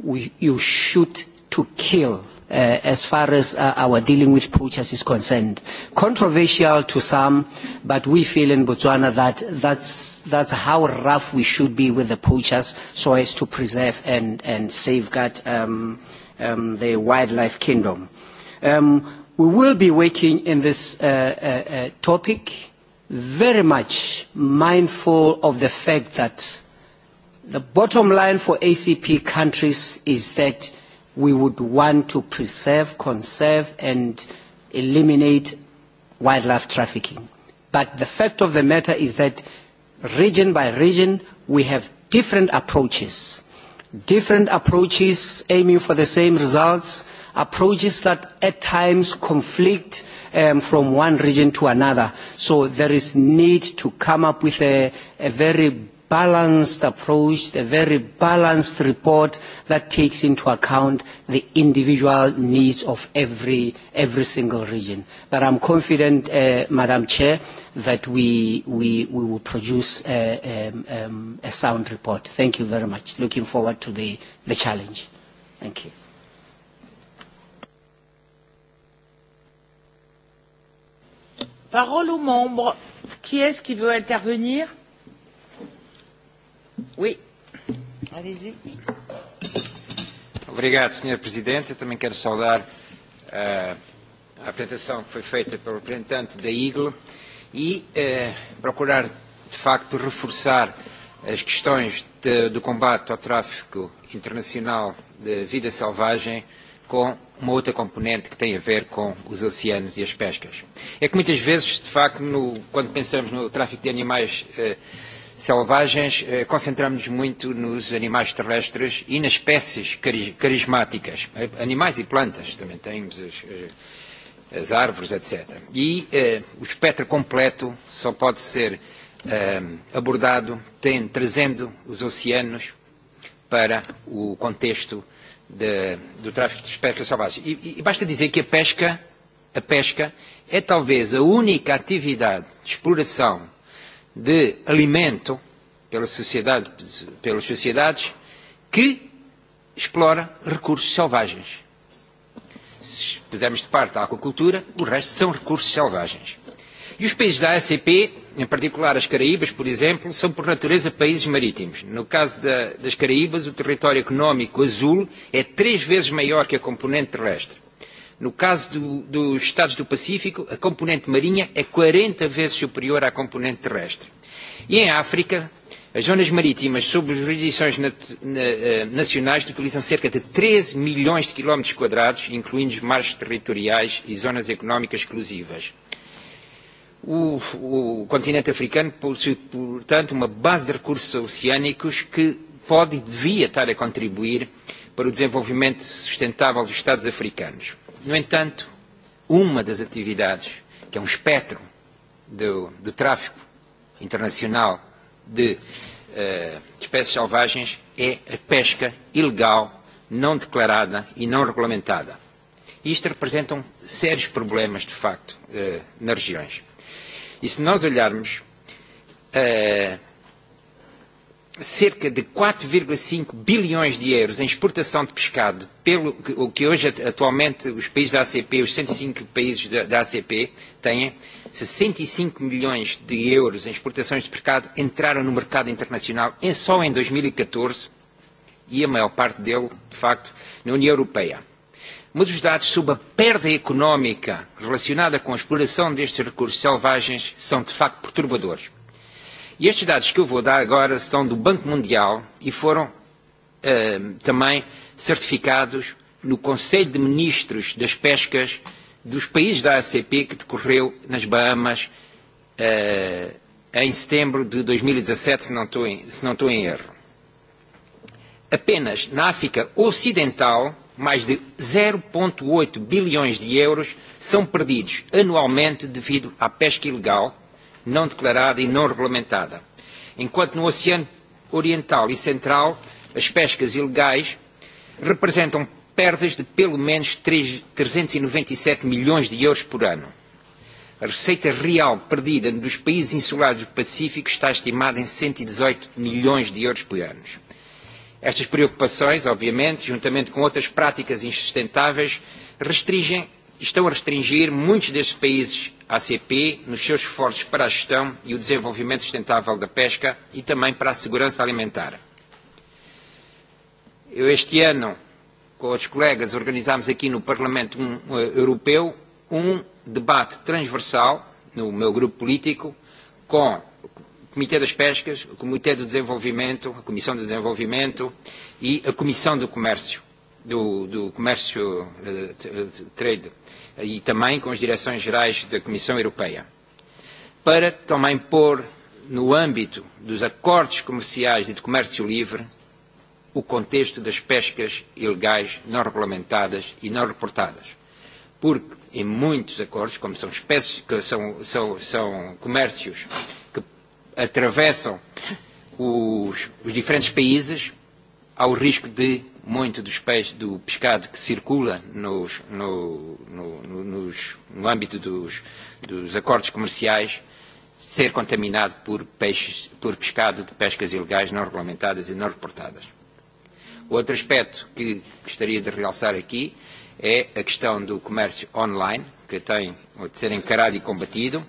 we, you shoot to kill uh, as far as uh, our dealing with poachers is concerned. Controversial to some, but we feel in Botswana that that's, that's how rough we should be with the poachers so as to preserve and, and safeguard um, um, the wildlife kingdom. Um, we will be working in this uh, uh, uh, topic very much mindful of the fact that the bottom line for ACP countries is that we would want to preserve, conserve and eliminate wildlife trafficking. But the fact of the matter is that region by region we have different approaches, different approaches aiming for the same results, approaches that at times conflict um, from one region to another. So there is need to come up with a, a very balanced approach, a very balanced report that takes into account the individual needs of every, every single region. But I'm confident, uh, Madam Chair, that we, we, we will produce a, uh, um, um, a sound report. Thank you very much. Looking forward to the, the challenge. Thank you.
Parole aux membres. Qui est-ce qui veut intervenir Oui. Allez-y.
Obrigado, Sr. Presidente. Eu também quero saudar uh, a apresentação que foi feita pelo representante da IGLE e uh, procurar, de facto, reforçar as questões de, do combate ao tráfico internacional de vida selvagem com uma outra componente que tem a ver com os oceanos e as pescas. É que muitas vezes, de facto, no, quando pensamos no tráfico de animais eh, selvagens, eh, concentramos nos muito nos animais terrestres e nas espécies cari carismáticas, eh, animais e plantas, também temos as, eh, as árvores, etc. E eh, o espectro completo só pode ser eh, abordado tem, trazendo os oceanos para o contexto de, do tráfico de pesca selvagem. E, e basta dizer que a pesca, a pesca é talvez a única atividade de exploração de alimento pela sociedade, pelas sociedades que explora recursos selvagens. Se fizermos de parte a aquacultura, o resto são recursos selvagens. E os países da ACP, em particular as Caraíbas, por exemplo, são por natureza países marítimos. No caso da, das Caraíbas, o território económico azul é três vezes maior que a componente terrestre. No caso do, dos Estados do Pacífico, a componente marinha é 40 vezes superior à componente terrestre. E em África, as zonas marítimas sob jurisdições nat na, eh, nacionais utilizam cerca de 13 milhões de quilómetros quadrados, incluindo mares territoriais e zonas económicas exclusivas. O, o continente africano possui, portanto, uma base de recursos oceânicos que pode e devia estar a contribuir para o desenvolvimento sustentável dos Estados africanos. No entanto, uma das atividades, que é um espectro do, do tráfico internacional de uh, espécies selvagens, é a pesca ilegal, não declarada e não regulamentada. Isto representam um sérios problemas, de facto, uh, nas regiões. E se nós olharmos uh, cerca de 4,5 bilhões de euros em exportação de pescado, pelo que, o que hoje atualmente os países da ACP, os 105 e países da, da ACP têm, 65 e milhões de euros em exportações de pescado entraram no mercado internacional em, só em 2014 e, e a maior parte dele, de facto, na União Europeia. Mas os dados sobre a perda económica relacionada com a exploração destes recursos selvagens são, de facto, perturbadores E estes dados que eu vou dar agora são do Banco Mundial e foram uh, também certificados no Conselho de Ministros das Pescas dos países da ACP que decorreu nas Bahamas uh, em setembro de 2017, e se não, estou em, se não estou em erro. Apenas na África Ocidental, mais de 0,8 bilhões de euros são perdidos anualmente devido à pesca ilegal, não declarada e não regulamentada. Enquanto no Oceano Oriental e Central, as pescas ilegais representam perdas de pelo menos 3, 397 e e milhões de euros por ano. A receita real perdida dos países insulares do Pacífico está estimada em 118 e milhões de euros por ano. Estas preocupações, obviamente, juntamente com outras práticas insustentáveis, restringem, estão a restringir muitos destes países ACP nos seus esforços para a gestão e o desenvolvimento sustentável da pesca e também para a segurança alimentar. Eu este ano, com os colegas, organizámos aqui no Parlamento um, um, eh, Europeu um debate transversal no meu grupo político com o Comitê das Pescas, o Comitê do Desenvolvimento, a Comissão do Desenvolvimento e a Comissão do Comércio, do, do Comércio uh, Trade e também com as direções gerais da Comissão Europeia, para também pôr no âmbito dos acordos comerciais e de comércio livre o contexto das pescas ilegais não regulamentadas e não reportadas. Porque em muitos acordos, como são espécies que são, são, são comércios que atravessam os, os diferentes países, há o risco de muito dos peixes, do pescado que circula nos, no, no, no, nos, no âmbito dos, dos acordos comerciais ser contaminado por, peixes, por pescado de pescas ilegais não regulamentadas e não reportadas. Outro aspecto que gostaria de realçar aqui é a questão do comércio online, que tem de ser encarado e combatido,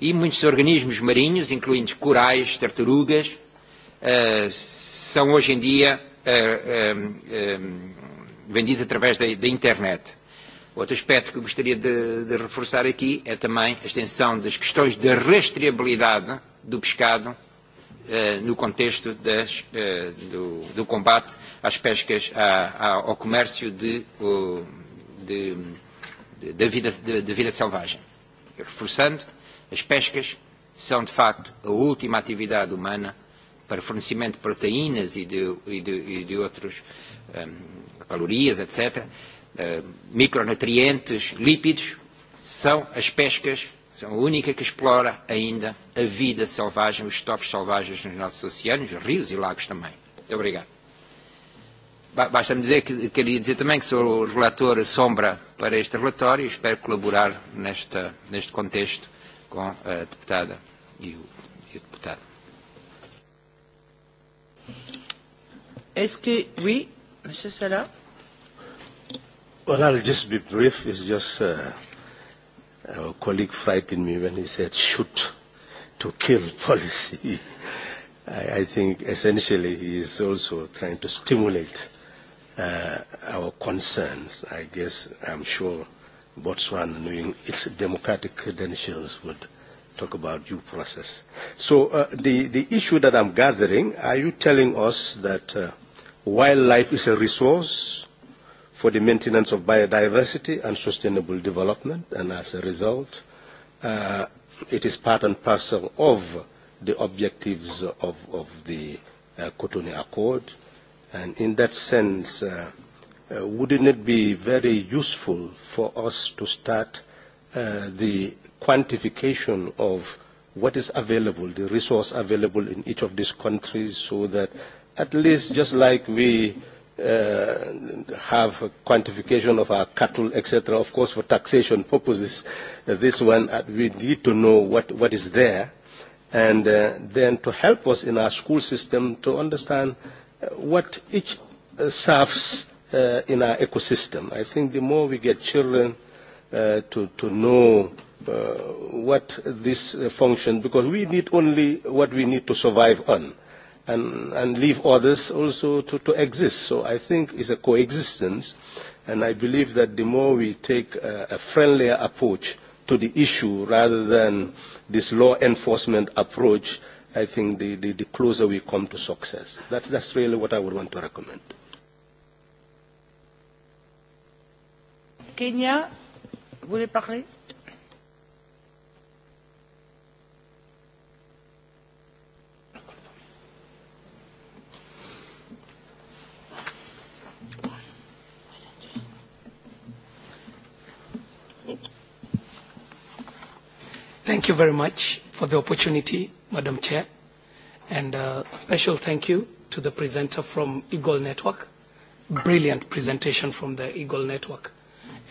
e muitos organismos marinhos, incluindo corais, tartarugas, eh, são hoje em dia Eh, eh, eh, vendidos através da, da internet. Outro aspecto que eu gostaria de, de reforçar aqui é também a extensão das questões da rastreabilidade do pescado eh, no contexto das, eh, do, do combate às pescas, à, à, ao comércio de, de, de, de, vida, de, de vida selvagem. Reforçando, as pescas são de facto a última atividade humana para fornecimento de proteínas e de, e de, e de outros um, calorias, etc., uh, ehm, micronutrientes, lípidos, são as pescas, são a única que explora ainda a vida selvagem, os estofos selvagens nos nossos oceanos, rios e lagos também. Muito obrigado. Basta-me dizer que queria dizer também que sou o relator sombra para este relatório e espero colaborar nesta, neste contexto com a deputada e o
Est-ce que oui, Monsieur Salah?
Well, I'll just be brief. It's just uh, our colleague frightened me when he said "shoot to kill" (laughs) policy. I, I think essentially he is also trying to stimulate uh, our concerns. I guess I'm sure Botswana, knowing its democratic credentials, would talk about due process. So uh, the, the issue that I'm gathering, are you telling us that uh, wildlife is a resource for the maintenance of biodiversity and sustainable development, and as a result, uh, it is part and parcel of the objectives of, of the uh, Cotonou Accord. And in that sense, uh, uh, wouldn't it be very useful for us to start uh, the quantification of what is available, the resource available in each of these countries, so that at least just like we uh, have a quantification of our cattle, etc., of course, for taxation purposes, uh, this one, uh, we need to know what, what is there, and uh, then to help us in our school system to understand uh, what each uh, serves uh, in our ecosystem. I think the more we get children uh, to, to know Uh, what this function, because we need only what we need to survive on and, and leave others also to, to exist. So I think it's a coexistence, and I believe that the more we take a, a friendlier approach to the issue rather than this law enforcement approach, I think the, the, the closer we come to success. That's, that's really what I would want to recommend.
Kenya, vous voulez parler
Thank you very much for the opportunity, Madam Chair, and uh, a special thank you to the presenter from Eagle Network. Brilliant presentation from the Eagle Network.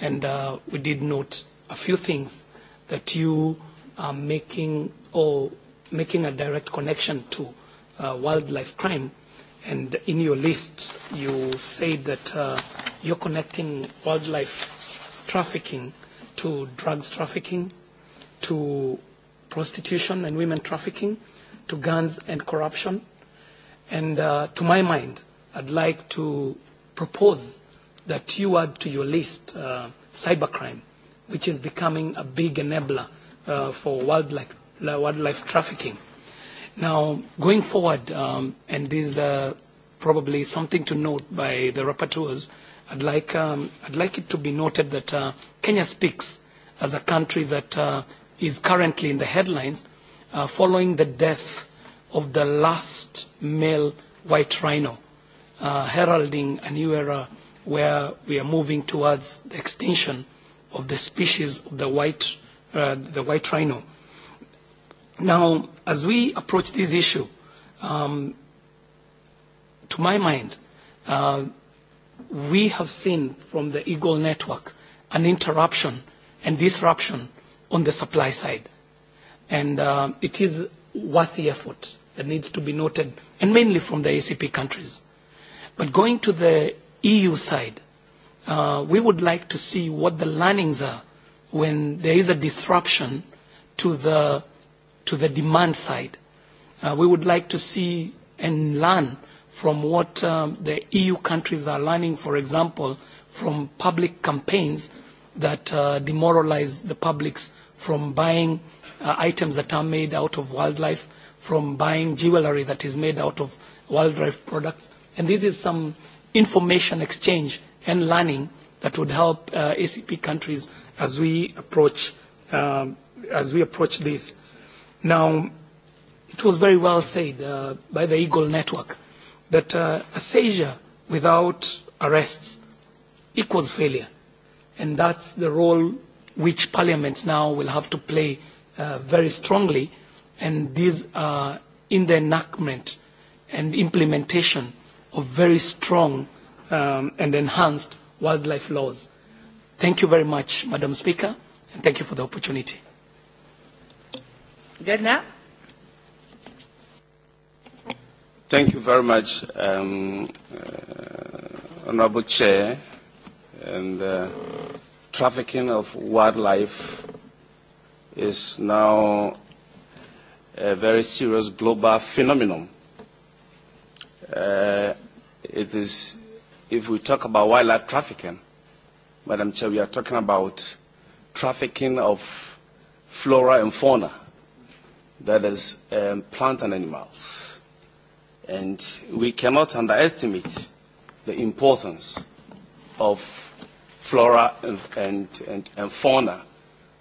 And uh, we did note a few things that you are making or making a direct connection to uh, wildlife crime. And in your list, you say that uh, you're connecting wildlife trafficking to drugs trafficking to prostitution and women trafficking, to guns and corruption. And uh, to my mind, I'd like to propose that you add to your list uh, cybercrime, which is becoming a big enabler uh, for wildlife, wildlife trafficking. Now, going forward, um, and this is uh, probably something to note by the rapporteurs, I'd like, um, I'd like it to be noted that uh, Kenya speaks as a country that uh, is currently in the headlines uh, following the death of the last male white rhino, uh, heralding a new era where we are moving towards the extinction of the species of the white, uh, the white rhino. Now, as we approach this issue, um, to my mind, uh, we have seen from the Eagle Network an interruption and disruption on the supply side. And uh, it is worth the effort that needs to be noted, and mainly from the ACP countries. But going to the EU side, uh, we would like to see what the learnings are when there is a disruption to the, to the demand side. Uh, we would like to see and learn from what um, the EU countries are learning, for example, from public campaigns that uh, demoralize the publics from buying uh, items that are made out of wildlife, from buying jewelry that is made out of wildlife products. And this is some information exchange and learning that would help uh, ACP countries as we approach um, as we approach this. Now, it was very well said uh, by the Eagle Network that uh, a seizure without arrests equals failure and that's the role which parliaments now will have to play uh, very strongly, and these are in the enactment and implementation of very strong um, and enhanced wildlife laws. Thank you very much, Madam Speaker, and thank you for the opportunity.
Good now.
Thank you very much, um, uh, Honorable Chair and uh, trafficking of wildlife is now a very serious global phenomenon. Uh, it is, if we talk about wildlife trafficking, Madam Chair, we are talking about trafficking of flora and fauna, that is, um, plant and animals. And we cannot underestimate the importance of flora and, and, and, and fauna,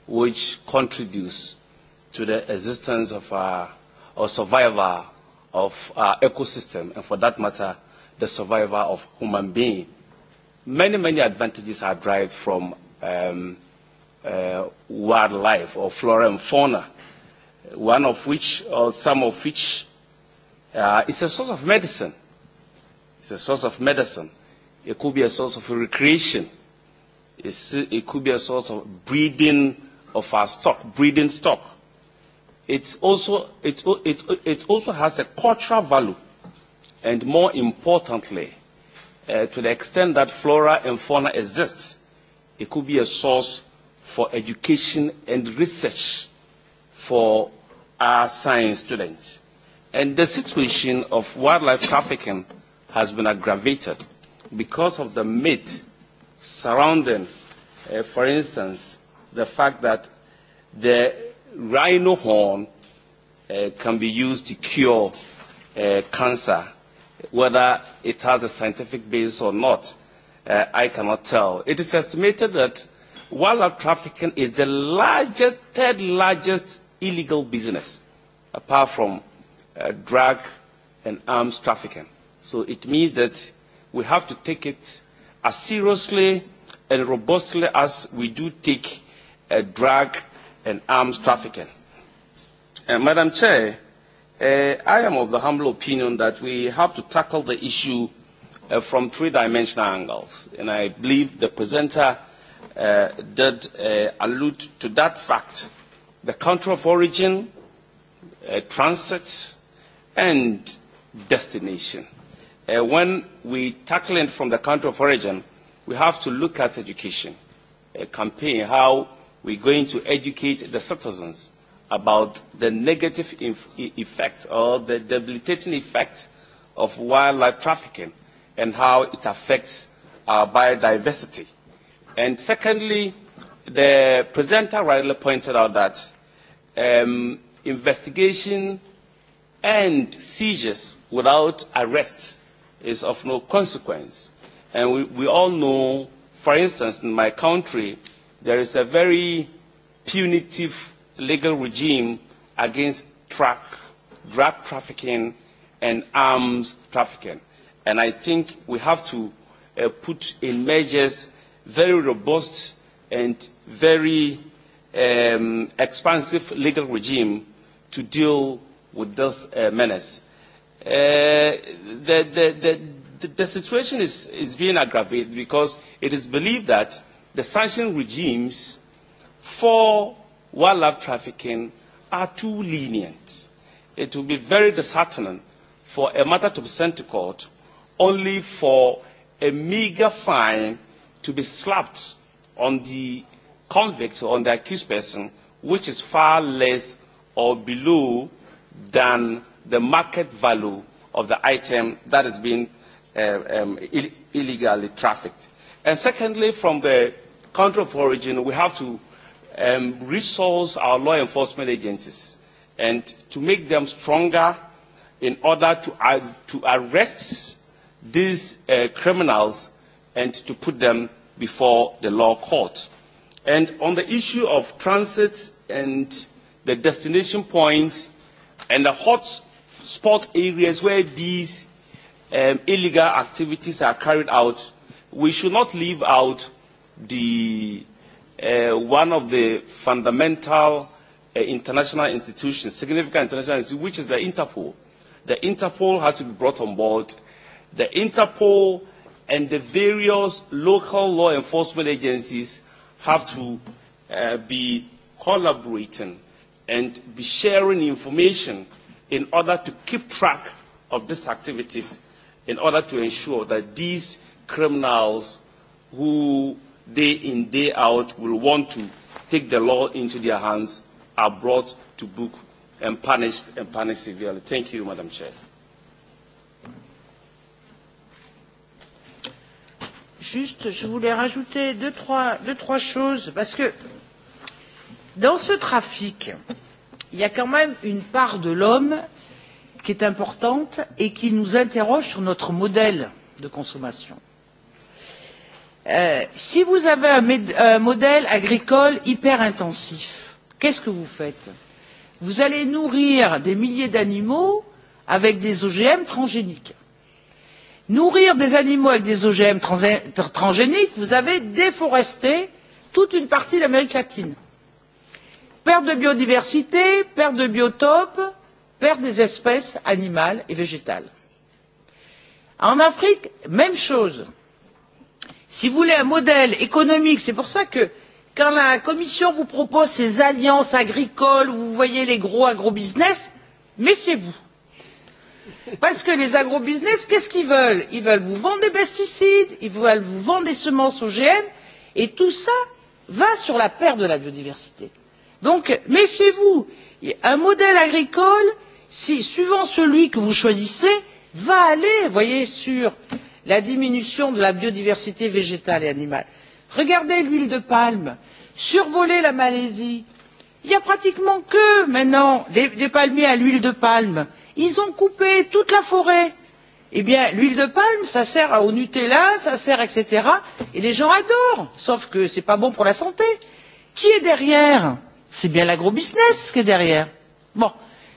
which contributes to the existence of uh, our, our survival of our ecosystem, and for that matter, the survival of human being. Many, many advantages are derived from um, uh, wildlife or flora and fauna, one of which, or some of which, uh, is a source of medicine. It's a source of medicine. It could be a source of recreation. It's, it could be a source of breeding of our stock, breeding stock. It's also, it, it, it also has a cultural value, and more importantly, uh, to the extent that flora and fauna exists, it could be a source for education and research for our science students. And the situation of wildlife trafficking has been aggravated because of the myth surrounding, uh, for instance, the fact that the rhino horn uh, can be used to cure uh, cancer. Whether it has a scientific basis or not, uh, I cannot tell. It is estimated that wildlife trafficking is the largest, third largest illegal business, apart from uh, drug and arms trafficking. So it means that we have to take it as seriously and robustly as we do take uh, drug and arms trafficking. Uh, Madam Chair, uh, I am of the humble opinion that we have to tackle the issue uh, from three-dimensional angles, and I believe the presenter uh, did uh, allude to that fact. The country of origin, uh, transit, and destination uh, when we tackle it from the country of origin, we have to look at education a uh, campaign, how we're going to educate the citizens about the negative e-, effect or the debilitating effects of wildlife trafficking and how it affects our biodiversity. And secondly, the presenter rightly pointed out that um, investigation and seizures without arrest is of no consequence. And we, we all know, for instance, in my country, there is a very punitive legal regime against truck, drug trafficking and arms trafficking. And I think we have to uh, put in measures very robust and very um, expansive legal regime to deal with this uh, menace uh, the, the, the, the situation is, is being aggravated because it is believed that the sanction regimes for wildlife trafficking are too lenient. It will be very disheartening for a matter to be sent to court only for a meager fine to be slapped on the convict or on the accused person, which is far less or below than the market value of the item that has been uh, um, Ill illegally trafficked. And secondly, from the country of origin, we have to um, resource our law enforcement agencies and to make them stronger in order to, uh, to arrest these uh, criminals and to put them before the law court. And on the issue of transit and the destination points and the hot spot areas where these um, illegal activities are carried out, we should not leave out the, uh, one of the fundamental uh, international institutions, significant international institutions, which is the Interpol. The Interpol has to be brought on board. The Interpol and the various local law enforcement agencies have to uh, be collaborating and be sharing information in order to keep track of these activities, in order to ensure that these criminals who day in, day out will want to take the law into their hands are brought to book and punished and punished severely. Thank you, Madam Chair.
Juste, je voulais rajouter deux trois, deux, trois choses parce que dans ce trafic, il y a quand même une part de l'homme qui est importante et qui nous interroge sur notre modèle de consommation. Euh, si vous avez un, un modèle agricole hyper intensif, qu'est-ce que vous faites Vous allez nourrir des milliers d'animaux avec des OGM transgéniques. Nourrir des animaux avec des OGM transgéniques, vous avez déforesté toute une partie de l'Amérique latine perte de biodiversité perte de biotopes perte des espèces animales et végétales. en afrique même chose. si vous voulez un modèle économique c'est pour cela que quand la commission vous propose ces alliances agricoles où vous voyez les gros agro business méfiez vous parce que les agro business qu'est ce qu'ils veulent? ils veulent vous vendre des pesticides ils veulent vous vendre des semences ogm et tout cela va sur la perte de la biodiversité donc méfiez vous un modèle agricole suivant celui que vous choisissez va aller voyez sur la diminution de la biodiversité végétale et animale. regardez l'huile de palme survolez la malaisie il n'y a pratiquement que maintenant des palmiers à l'huile de palme ils ont coupé toute la forêt eh bien l'huile de palme ça sert au Nutella ça sert etc et les gens adorent sauf que ce n'est pas bon pour la santé qui est derrière? c'est bien l'agrobusiness qui est derrière. Bon.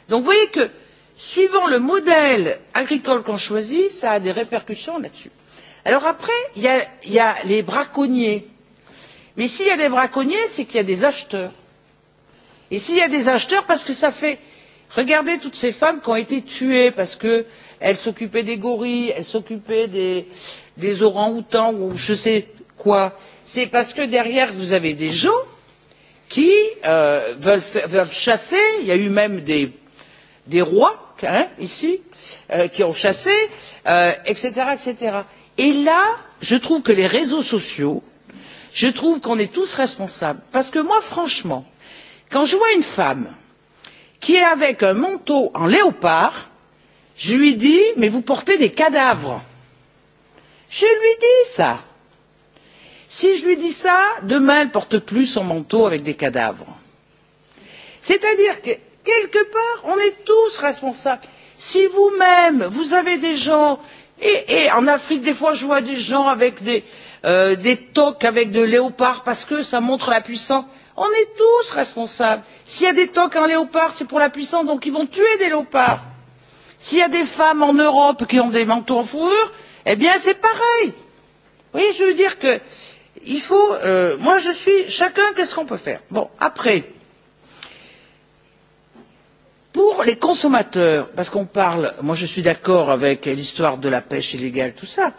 donc vous voyez que suivant le modèle agricole qu'on choisit ça a des répercussions là dessus. alors après il y, a, il y a les braconniers mais s'il y a des braconniers c'est qu'il y a des acheteurs et s'il y a des acheteurs parce que ça fait regardez toutes ces femmes qui ont été tuées parce qu'elles s'occupaient des gorilles elles s'occupaient des, des orangs outans ou je sais quoi c'est parce que derrière vous avez des gens qui euh, veulent, veulent chasser il y a eu même des, des rois hein, ici euh, qui ont chassé euh, etc. etc. et là je trouve que les réseaux sociaux je trouve qu'on est tous responsables parce que moi franchement quand je vois une femme qui est avec un manteau en léopard je lui dis mais vous portez des cadavres je lui dis ça si je lui dis ça demain elle porte plus son manteau avec des cadavres. c'est à dire que quelque part on est tous responsables. si vous même vous avez des gens et, et en afrique des fois je vois des gens avec des, euh, des toques avec de léopards parce que ça montre la puissance on est tous responsables. s'il y a des toques en léopard c'est pour la puissance donc ils vont tuer des léopards. s'il y a des femmes en europe qui ont des manteaux en fourrure eh bien c'est pareil. vous voyez je veux dire que il faut euh, moi je suis chacun qu'est ce qu'on peut faire? bon après pour les consommateurs parce qu'on parle moi je suis d'accord avec l'histoire de la pêche illégale tout ça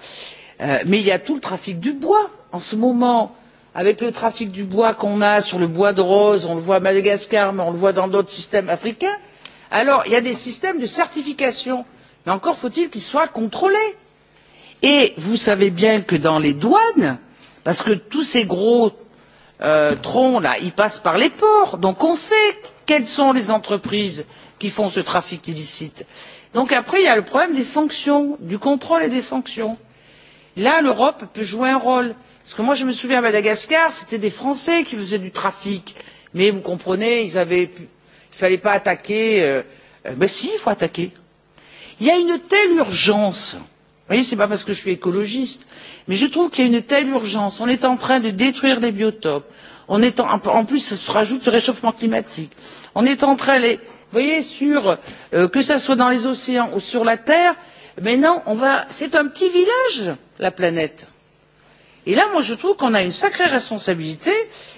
euh, mais il y a tout le trafic du bois en ce moment avec le trafic du bois qu'on a sur le bois de rose on le voit à madagascar mais on le voit dans d'autres systèmes africains alors il y a des systèmes de certification mais encore faut il qu'ils soient contrôlés et vous savez bien que dans les douanes parce que tous ces gros euh, troncs là ils passent par les ports donc on sait quelles sont les entreprises qui font ce trafic illicite. donc après il y a le problème des sanctions du contrôle et des sanctions. là l'europe peut jouer un rôle parce que moi je me souviens à madagascar c'était des français qui faisaient du trafic mais vous comprenez ils avaient il ne fallait pas attaquer euh, mais euh, si il faut attaquer. il y a une telle urgence voyez ce n'est pas parce que je suis écologiste mais je trouve qu'il y a une telle urgence on est en train de détruire les biotopes en, plus se rajoute le réchauffement climatique on est en train vous voyez euh, que ce soit dans les océans ou sur la terre maintenant on va c'est un petit village la planète et là moi je trouve qu'on a une sacrée responsabilité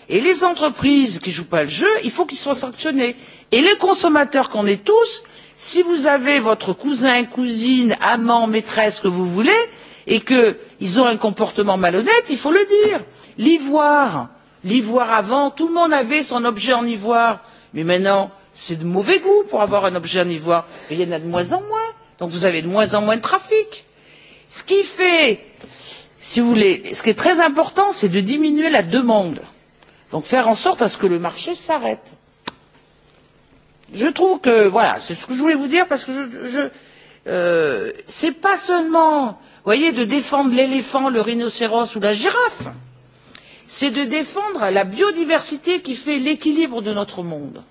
et les entreprises qui ne jouent pas le jeu il faut qu'elles soient sanctionnées et les consommateurs qu'on est tous si vous avez votre cousin cousine amant maîtresse que vous voulez et qu'ils ont un comportement malhonnête il faut le dire. l'ivoire l'ivoire avant tout le monde avait son objet en ivoire mais maintenant c'est de mauvais goût pour avoir un objet en ivoire il y en a de moins en moins donc vous avez de moins en moins de trafic. ce qui fait si vous voulez ce qui est très important c'est de diminuer la demande donc faire en sorte à ce que le marché s'arrête je trouve que voilà c'est ce que je voulais vous dire parce que je, je euh, c'est pas seulement voyez de défendre l'éléphant le rhinocéros ou la girafe c'est de défendre la biodiversité qui fait l'équilibre de notre monde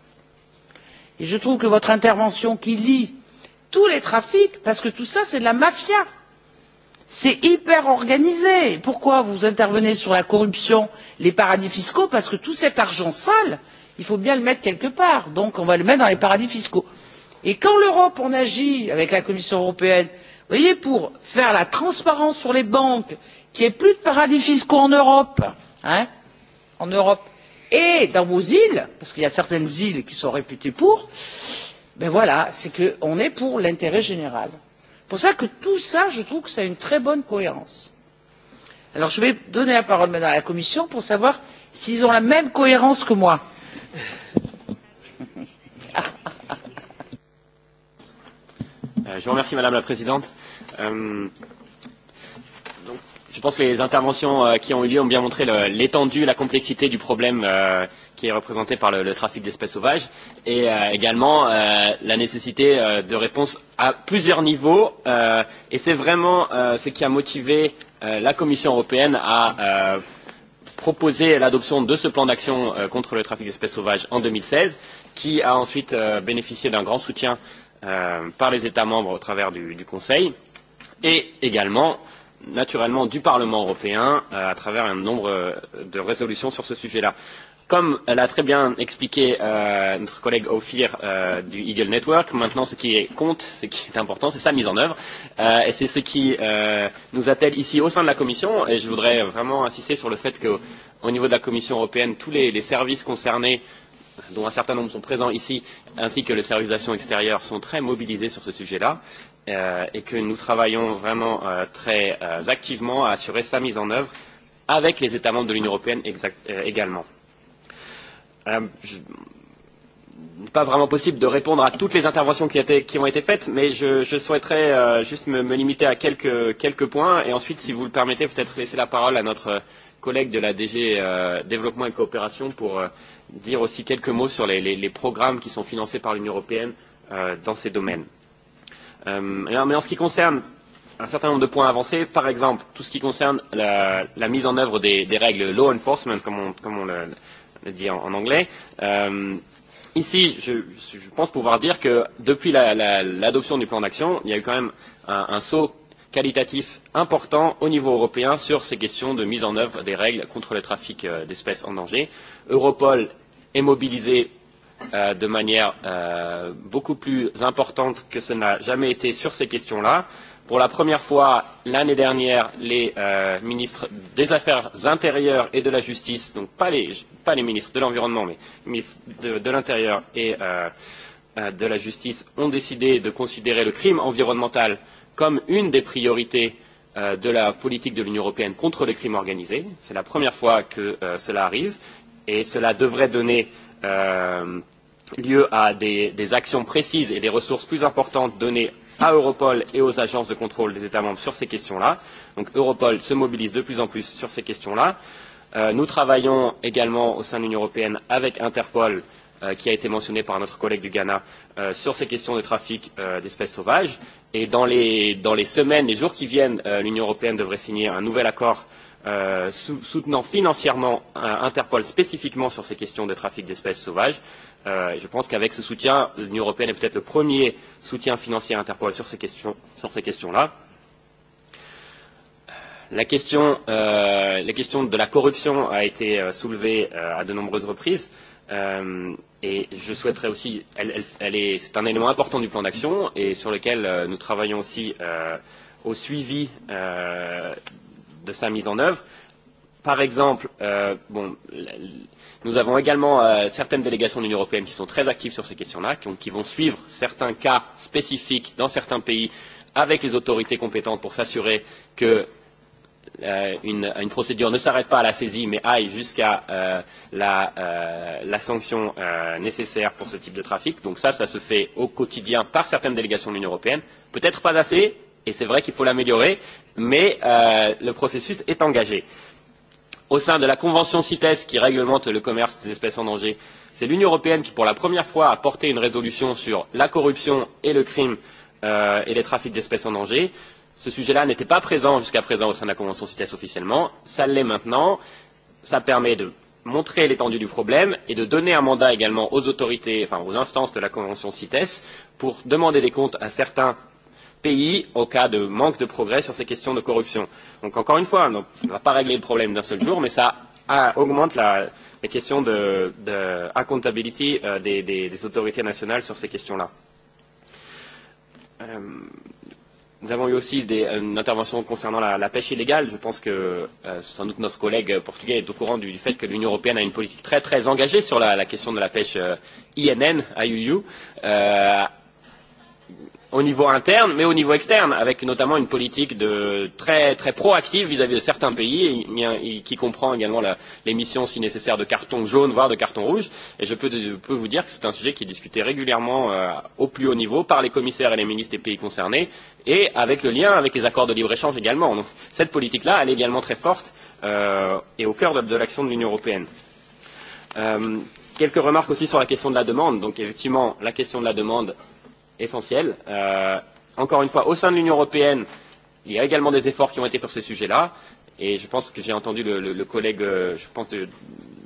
et je trouve que votre intervention qui lie tous les trafics parce que tout ça c'est de la mafia c'est hyper organisé pourquoi vous intervenez sur la corruption les paradis fiscaux parce que tout cet argent sale il faut bien le mettre quelque part donc on va le mettre dans les paradis fiscaux. et quand l'europe on agit avec la commission européenne vous voyez pour faire la transparence sur les banques qu'il n'y ait plus de paradis fiscaux en europe hein en europe et dans vos îles parce qu'il y a certaines îles qui sont réputées pour ben voilà c'est qu'on est pour l'intérêt général. c'est pour ça que tout ça je trouve que ça a une très bonne cohérence. alors je vais donner la parole maintenant à la commission pour savoir s'ils ont la même cohérence que moi.
Euh, je vous remercie, Madame la Présidente. Euh, donc, je pense que les interventions euh, qui ont eu lieu ont bien montré l'étendue, la complexité du problème euh, qui est représenté par le, le trafic d'espèces sauvages et euh, également euh, la nécessité euh, de réponses à plusieurs niveaux. Euh, et c'est vraiment euh, ce qui a motivé euh, la Commission européenne à euh, proposé l'adoption de ce plan d'action euh, contre le trafic d'espèces sauvages en deux mille seize qui a ensuite euh, bénéficié d'un grand soutien euh, par les états membres au travers du, du conseil et également naturellement du parlement européen à travers un nombre de résolutions sur ce sujet là comme l'a très bien expliqué euh, notre collègue Ophir euh, du Eagle Network, maintenant ce qui est compte, ce qui est important, c'est sa mise en œuvre. Euh, et c'est ce qui euh, nous attelle ici au sein de la Commission. Et je voudrais vraiment insister sur le fait qu'au niveau de la Commission européenne, tous les, les services concernés dont un certain nombre sont présents ici, ainsi que le service d'action extérieure, sont très mobilisés sur ce sujet-là, euh, et que nous travaillons vraiment euh, très euh, activement à assurer sa mise en œuvre avec les États membres de l'Union européenne exact, euh, également. Euh, pas vraiment possible de répondre à toutes les interventions qui, étaient, qui ont été faites, mais je, je souhaiterais euh, juste me, me limiter à quelques, quelques points et ensuite, si vous le permettez, peut-être laisser la parole à notre euh, collègue de la DG euh, Développement et Coopération pour euh, dire aussi quelques mots sur les, les, les programmes qui sont financés par l'Union européenne euh, dans ces domaines. Euh, alors, mais en ce qui concerne un certain nombre de points avancés, par exemple tout ce qui concerne la, la mise en œuvre des, des règles law enforcement, comme on, comme on le, le dit en, en anglais. Euh, ici, je, je pense pouvoir dire que depuis l'adoption la, la, du plan d'action, il y a eu quand même un, un saut qualitatif important au niveau européen sur ces questions de mise en œuvre des règles contre le trafic euh, d'espèces en danger. Europol est mobilisé euh, de manière euh, beaucoup plus importante que ce n'a jamais été sur ces questions-là. Pour la première fois l'année dernière, les euh, ministres des Affaires intérieures et de la Justice, donc pas les, pas les ministres de l'Environnement, mais les ministres de, de l'Intérieur et euh, euh de la Justice, ont décidé de considérer le crime environnemental comme une des priorités euh, de la politique de l'Union européenne contre le crime organisé. C'est la première fois que euh, cela arrive et cela devrait donner euh, lieu à des, des actions précises et des ressources plus importantes données à Europol et aux agences de contrôle des États membres sur ces questions-là. Donc Europol se mobilise de plus en plus sur ces questions-là. Euh, nous travaillons également au sein de l'Union européenne avec Interpol, euh, qui a été mentionné par notre collègue du Ghana, euh, sur ces questions de trafic euh, d'espèces sauvages. Et dans les, dans les semaines, les jours qui viennent, euh, l'Union européenne devrait signer un nouvel accord euh, sou soutenant financièrement euh, Interpol spécifiquement sur ces questions de trafic d'espèces sauvages Euh, je pense qu'avec ce soutien, l'Union européenne est peut-être le premier soutien financier à Interpol sur ces questions Sur ces questions -là. Euh, la, question, euh, la question de la corruption a été euh, soulevée euh, à de nombreuses reprises. Euh, et je souhaiterais aussi, elle, elle, elle est, c'est un élément important du plan d'action et sur lequel euh, nous travaillons aussi euh, au suivi euh, de sa mise en œuvre. Par exemple, euh, bon, Nous avons également euh, certaines délégations de l'Union européenne qui sont très actives sur ces questions-là, qui, qui vont suivre certains cas spécifiques dans certains pays avec les autorités compétentes pour s'assurer que euh, une, une procédure ne s'arrête pas à la saisie mais aille jusqu'à euh, la, euh, la sanction euh, nécessaire pour ce type de trafic. Donc ça, ça se fait au quotidien par certaines délégations de l'Union européenne. Peut-être pas assez, et c'est vrai qu'il faut l'améliorer, mais euh, le processus est engagé au sein de la convention cites qui réglemente le commerce des espèces en danger c'est l'union européenne qui pour la première fois a porté une résolution sur la corruption et le crime euh, et les trafics d'espèces en danger. ce sujet là n'était pas présent jusqu'à présent au sein de la convention cites officiellement ça l'est maintenant ça permet de montrer l'étendue du problème et de donner un mandat également aux autorités enfin aux instances de la convention cites pour demander des comptes à certains pays au cas de manque de progrès sur ces questions de corruption. Donc encore une fois, on ne va pas régler le problème d'un seul jour, mais ça a, augmente la, la question de, de accountability euh, des, des, des autorités nationales sur ces questions-là. Euh, nous avons eu aussi des, une intervention concernant la, la pêche illégale. Je pense que euh, sans doute notre collègue portugais est au courant du, du fait que l'Union européenne a une politique très très engagée sur la, la question de la pêche euh, INN, IUU. Euh, au niveau interne, mais au niveau externe, avec notamment une politique de, très, très proactive vis-à-vis de certains pays, et, et, qui comprend également l'émission, si nécessaire, de carton jaune, voire de carton rouge. Et je peux, je peux vous dire que c'est un sujet qui est discuté régulièrement euh, au plus haut niveau par les commissaires et les ministres des pays concernés, et avec le lien avec les accords de libre-échange également. Donc, cette politique-là, elle est également très forte euh, et au cœur de, de l'action de l'Union européenne. Euh, quelques remarques aussi sur la question de la demande. Donc effectivement, la question de la demande essentiel. Euh, encore une fois, au sein de l'Union européenne, il y a également des efforts qui ont été sur ces sujets-là. Et je pense que j'ai entendu le, le, le collègue, euh, je pense, de,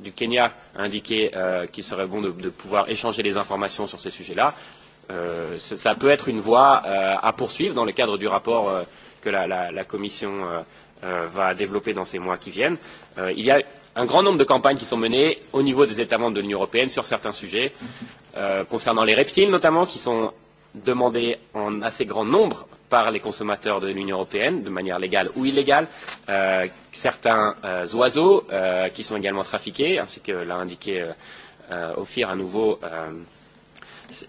du Kenya indiquer euh, qu'il serait bon de, de pouvoir échanger les informations sur ces sujets-là. Euh, ça peut être une voie euh, à poursuivre dans le cadre du rapport euh, que la, la, la Commission euh, euh, va développer dans ces mois qui viennent. Euh, il y a un grand nombre de campagnes qui sont menées au niveau des États membres de l'Union européenne sur certains sujets, euh, concernant les reptiles notamment, qui sont demandés en assez grand nombre par les consommateurs de l'Union européenne, de manière légale ou illégale, euh, certains euh, oiseaux euh, qui sont également trafiqués, ainsi que l'a indiqué euh, euh, Ophir à nouveau. Euh,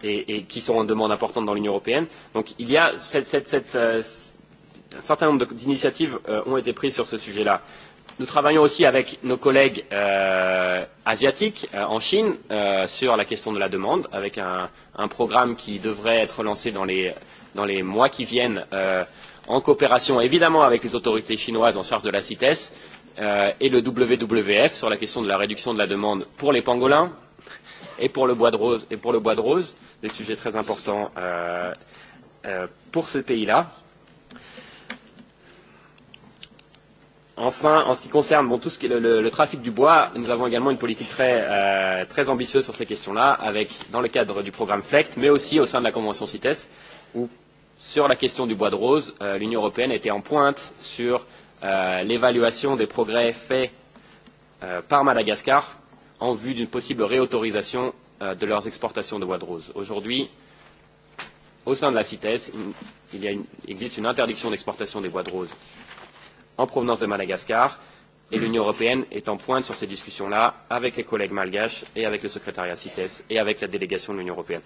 et, et qui sont en demande importante dans l'Union européenne. Donc il y a cette, cette, cette, euh, un certain nombre d'initiatives euh, ont été prises sur ce sujet-là. Nous travaillons aussi avec nos collègues euh, asiatiques euh, en Chine euh, sur la question de la demande, avec un, un programme qui devrait être lancé dans les, dans les mois qui viennent, euh, en coopération évidemment avec les autorités chinoises en charge de la CITES euh, et le WWF sur la question de la réduction de la demande pour les pangolins et pour le bois de rose, et pour le bois de rose des sujets très importants euh, euh, pour ce pays-là. Enfin, en ce qui concerne bon, tout ce qui est le, le, le trafic du bois, nous avons également une politique très, euh, très ambitieuse sur ces questions-là, avec dans le cadre du programme FLECT, mais aussi au sein de la Convention CITES, où sur la question du bois de rose, euh, l'Union européenne était en pointe sur euh, l'évaluation des progrès faits euh, par Madagascar en vue d'une possible réautorisation euh, de leurs exportations de bois de rose. Aujourd'hui, au sein de la CITES, il, y a une, il existe une interdiction d'exportation des bois de rose en provenance de Madagascar. Et l'Union européenne est en pointe sur ces discussions-là avec les collègues malgaches et avec le secrétariat CITES et avec la délégation de l'Union européenne.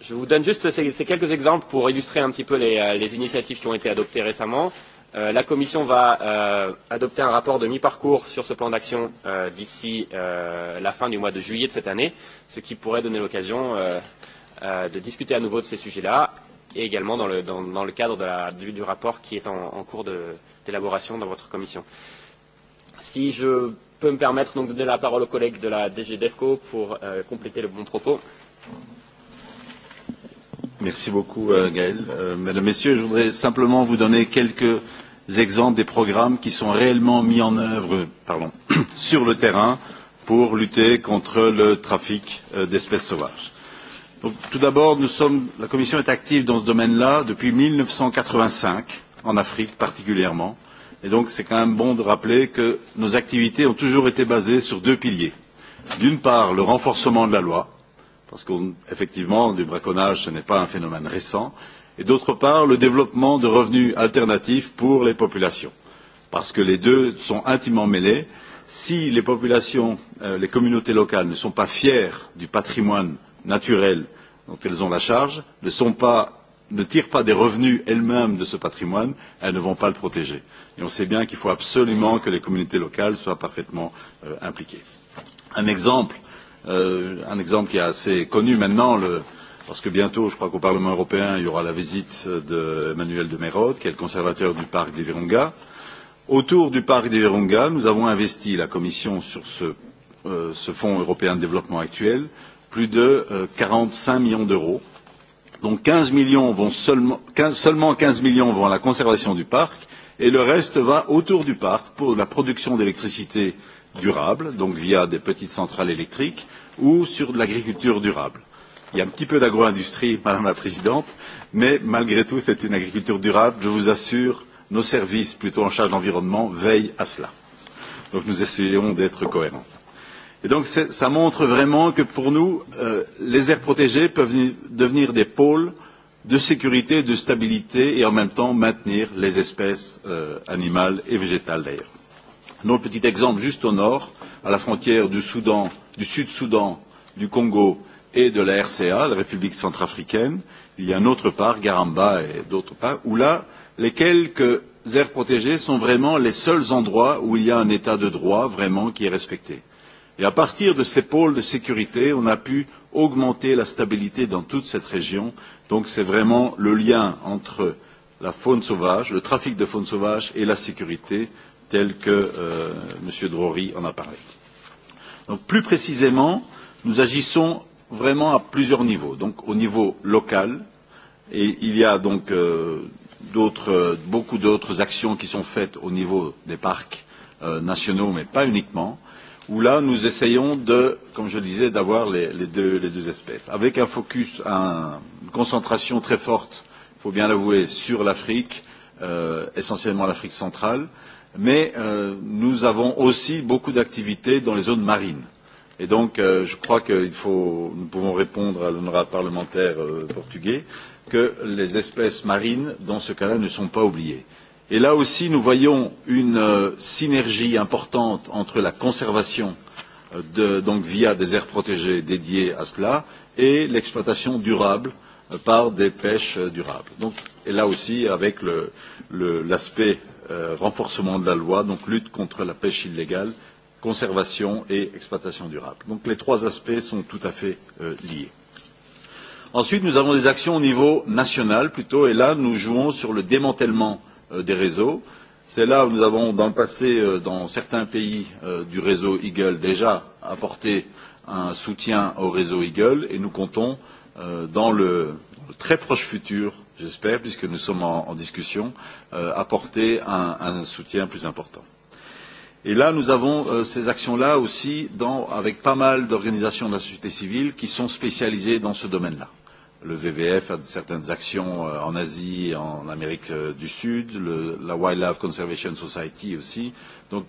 Je vous donne juste ces, ces quelques exemples pour illustrer un petit peu les, euh, les initiatives qui ont été adoptées récemment. Euh, la Commission va euh, adopter un rapport de mi-parcours sur ce plan d'action euh, d'ici euh, la fin du mois de juillet de cette année, ce qui pourrait donner l'occasion euh, euh, de discuter à nouveau de ces sujets-là et également dans le, dans, dans le cadre de la, du, du rapport qui est en, en cours de, euh, d'élaboration dans votre commission. Si je peux me permettre donc de donner la parole aux collègues de la DG DEFCO pour euh, compléter le bon propos.
Merci beaucoup euh, Gaël. Euh, mesdames, Messieurs, je voudrais simplement vous donner quelques exemples des programmes qui sont réellement mis en œuvre pardon, (coughs) sur le terrain pour lutter contre le trafic euh, d'espèces sauvages. Donc, tout d'abord, la Commission est active dans ce domaine-là depuis 1985 en Afrique particulièrement. Et donc c'est quand même bon de rappeler que nos activités ont toujours été basées sur deux piliers. D'une part, le renforcement de la loi, parce qu'effectivement, du braconnage, ce n'est pas un phénomène récent, et d'autre part, le développement de revenus alternatifs pour les populations, parce que les deux sont intimement mêlés. Si les populations, euh, les communautés locales ne sont pas fières du patrimoine naturel dont elles ont la charge, ne sont pas ne tirent pas des revenus elles-mêmes de ce patrimoine, elles ne vont pas le protéger. Et on sait bien qu'il faut absolument que les communautés locales soient parfaitement euh, impliquées. Un exemple, euh, un exemple qui est assez connu maintenant, le, parce que bientôt, je crois qu'au Parlement européen, il y aura la visite d'Emmanuel de, de Mérode, qui est le conservateur du parc des Virunga. Autour du parc des Virunga, nous avons investi, la Commission, sur ce, euh, ce Fonds européen de développement actuel, plus de euh, 45 millions d'euros dont 15 millions vont seulement, quinze millions vont à la conservation du parc et le reste va autour du parc pour la production d'électricité durable, donc via des petites centrales électriques ou sur de l'agriculture durable. Il y a un petit peu d'agro-industrie, (laughs) Madame la Présidente, mais malgré tout, c'est une agriculture durable. Je vous assure, nos services plutôt en charge de l'environnement veillent à cela. Donc nous essayons d'être cohérents. Et donc ça montre vraiment que pour nous, euh, les aires protégées peuvent devenir des pôles de sécurité et de stabilité et en même temps maintenir les espèces euh, animales et végétales d'ailleurs. Un autre petit exemple juste au nord, à la frontière du Soudan, du Sud-Soudan, du Congo et de la RCA, la République centrafricaine, il y a un autre parc, Garamba et d'autres parcs, où là, les quelques aires protégées sont vraiment les seuls endroits où il y a un état de droit vraiment qui est respecté et à partir de ces pôles de sécurité on a pu augmenter la stabilité dans toute cette région donc c'est vraiment le lien entre la faune sauvage le trafic de faune sauvage et la sécurité tel que euh, m. drory en a parlé. Donc, plus précisément nous agissons vraiment à plusieurs niveaux donc au niveau local et il y a donc euh, beaucoup d'autres actions qui sont faites au niveau des parcs euh, nationaux mais pas uniquement où là, nous essayons de, comme je disais, d'avoir les, les, deux, les deux espèces, avec un focus, un, une concentration très forte, il faut bien l'avouer, sur l'Afrique, euh, essentiellement l'Afrique centrale, mais euh, nous avons aussi beaucoup d'activités dans les zones marines. Et donc, euh, je crois que il faut, nous pouvons répondre à l'honorable parlementaire euh, portugais que les espèces marines, dans ce cas-là, ne sont pas oubliées. Et là aussi, nous voyons une euh, synergie importante entre la conservation, euh, de, donc via des aires protégées dédiées à cela, et l'exploitation durable euh, par des pêches durables. Donc, et là aussi, avec l'aspect euh, renforcement de la loi, donc lutte contre la pêche illégale, conservation et exploitation durable. Donc les trois aspects sont tout à fait euh, liés. Ensuite, nous avons des actions au niveau national plutôt, et là, nous jouons sur le démantèlement euh, Euh, des réseaux. C'est là où nous avons, dans le passé, euh, dans certains pays euh, du réseau Eagle, déjà apporté un soutien au réseau Eagle et nous comptons, dans le très proche futur, j'espère, puisque nous sommes en, en discussion, apporter un, un soutien plus important. Et là, nous avons euh, ces actions-là aussi dans, avec pas mal d'organisations de la société civile qui sont spécialisées dans ce domaine-là le VVF a certaines actions euh, en Asie et en Amérique euh, du Sud, le, la Wildlife Conservation Society aussi. Donc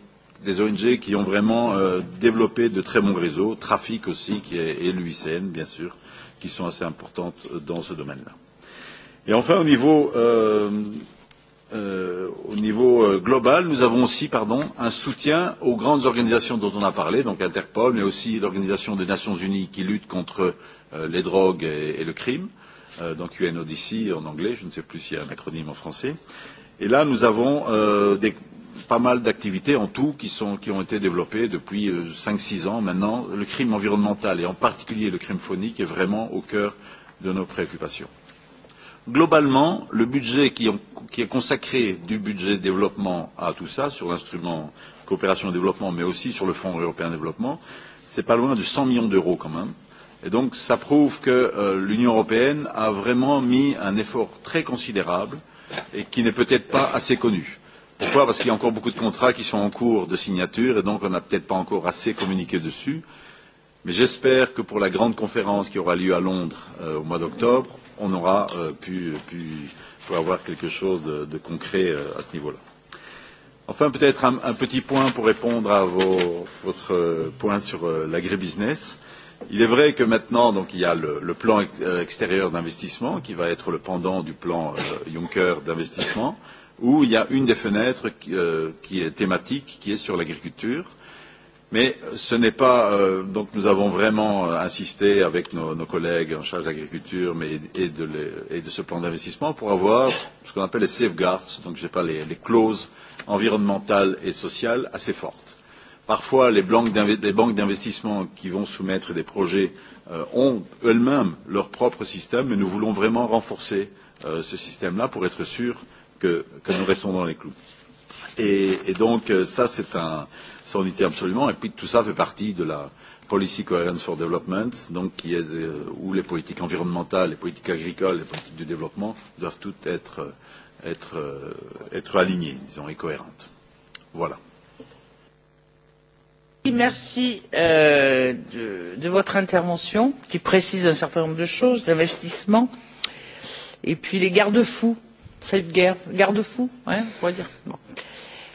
des ONG qui ont vraiment euh, développé de très bons réseaux, Trafic aussi, qui est, et l'UICN bien sûr, qui sont assez importantes dans ce domaine-là. Et enfin, au niveau, euh, euh, au niveau euh, global, nous avons aussi pardon, un soutien aux grandes organisations dont on a parlé, donc Interpol, mais aussi l'Organisation des Nations Unies qui lutte contre Euh, les drogues et, et le crime, euh, donc UNODC en anglais, je ne sais plus s'il y a un acronyme en français. Et là, nous avons euh, des, pas mal d'activités en tout qui, sont, qui ont été développées depuis euh, 5-6 ans maintenant. Le crime environnemental et en particulier le crime phonique est vraiment au cœur de nos préoccupations. Globalement, le budget qui, ont, qui est consacré du budget développement à tout ça, sur l'instrument coopération et développement, mais aussi sur le Fonds européen de développement, c'est pas loin de 100 millions d'euros quand même. Et donc, ça prouve que euh, l'Union européenne a vraiment mis un effort très considérable et qui n'est peut-être pas assez connu. Pourquoi Parce qu'il y a encore beaucoup de contrats qui sont en cours de signature et donc on n'a peut-être pas encore assez communiqué dessus. Mais j'espère que pour la grande conférence qui aura lieu à Londres euh, au mois d'octobre, on aura euh, pu, pu, avoir quelque chose de, de concret euh, à ce niveau-là. Enfin, peut-être un, un petit point pour répondre à vos, votre euh, point sur euh, l'agribusiness. Euh, Il est vrai que maintenant, donc, il y a le, le plan ex euh, extérieur d'investissement qui va être le pendant du plan euh, Juncker d'investissement, où il y a une des fenêtres qui, euh, qui est thématique, qui est sur l'agriculture. Mais ce n'est pas. Euh, donc, nous avons vraiment euh, insisté avec nos, nos collègues en charge de l'agriculture mais, et, de les, et de ce plan d'investissement pour avoir ce qu'on appelle les safeguards, donc je sais pas les, les clauses environnementales et sociales assez fortes Parfois, les banques d'investissement qui vont soumettre des projets euh, ont elles-mêmes leur propre système, mais nous voulons vraiment renforcer euh, ce système-là pour être sûr que, que nous restons dans les clous. Et, et donc, euh, ça, c'est un, ça, on y était absolument. Et puis, tout ça fait partie de la Policy Coherence for Development, donc qui est de, où les politiques environnementales, les politiques agricoles, les politiques du développement doivent toutes être, être, être alignées, disons, et cohérentes. Voilà.
Merci euh, de, de votre intervention qui précise un certain nombre de choses, l'investissement et puis les garde-fous, cette guerre, garde-fous, hein, on pourrait dire. Bon.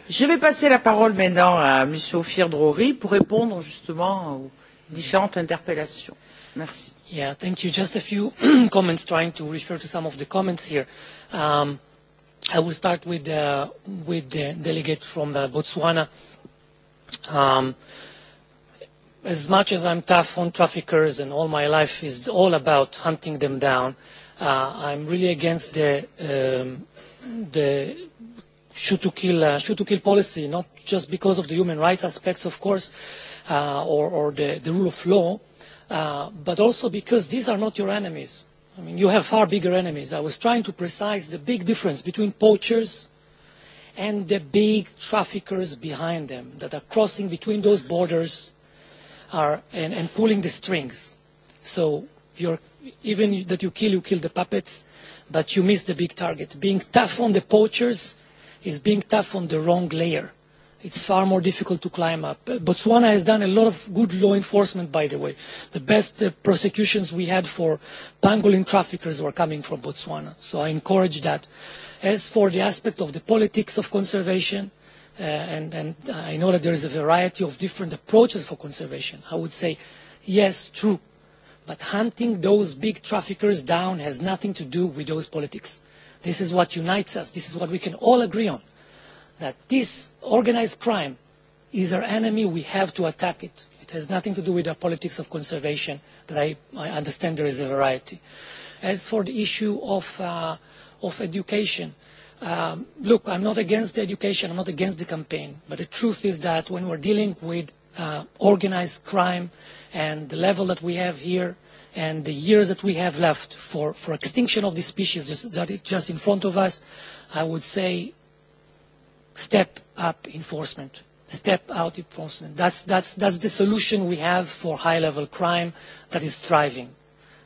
Je vais passer la parole maintenant à M. Ophir Drori pour répondre justement aux différentes interpellations. Merci. Yeah, thank
you. Just a few (clears throat) comments trying to refer to some of the comments here. Um, I will start with, uh, with the delegate from uh, Botswana Um, as much as i am tough on traffickers and all my life is all about hunting them down, uh, i am really against the, shoot to kill policy, not just because of the human rights aspects, of course, uh, or, the, rule of law, uh, but also because these are not your enemies. you have far bigger enemies. I was trying to emphasise the big difference between poachers and the big traffickers behind them that are crossing between those borders are, and, and pulling the strings. So you're, even that you kill, you kill the puppets, but you miss the big target. Being tough on the poachers is being tough on the wrong layer. It's far more difficult to climb up. Uh, Botswana has done a lot of good law enforcement, by the way. The best uh, prosecutions we had for pangolin traffickers were coming from Botswana. So I encourage that. As for the aspect of the politics of conservation, uh, and, and I know that there is a variety of different approaches for conservation, I would say, yes, true. But hunting those big traffickers down has nothing to do with those politics. This is what unites us. This is what we can all agree on, that this organized crime is our enemy. We have to attack it. It has nothing to do with our politics of conservation, but I, I understand there is a variety. As for the issue of uh, of education. Um, look, I'm not against the education, I'm not against the campaign, but the truth is that when we're dealing with uh, organized crime and the level that we have here and the years that we have left for, for extinction of the species just, that is just in front of us, I would say step up enforcement step out enforcement. That's, that's, that's the solution we have for high-level crime that is thriving.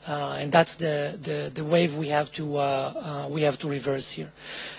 Uh, and that's the, the, the wave we have to, uh, uh, we have to reverse here.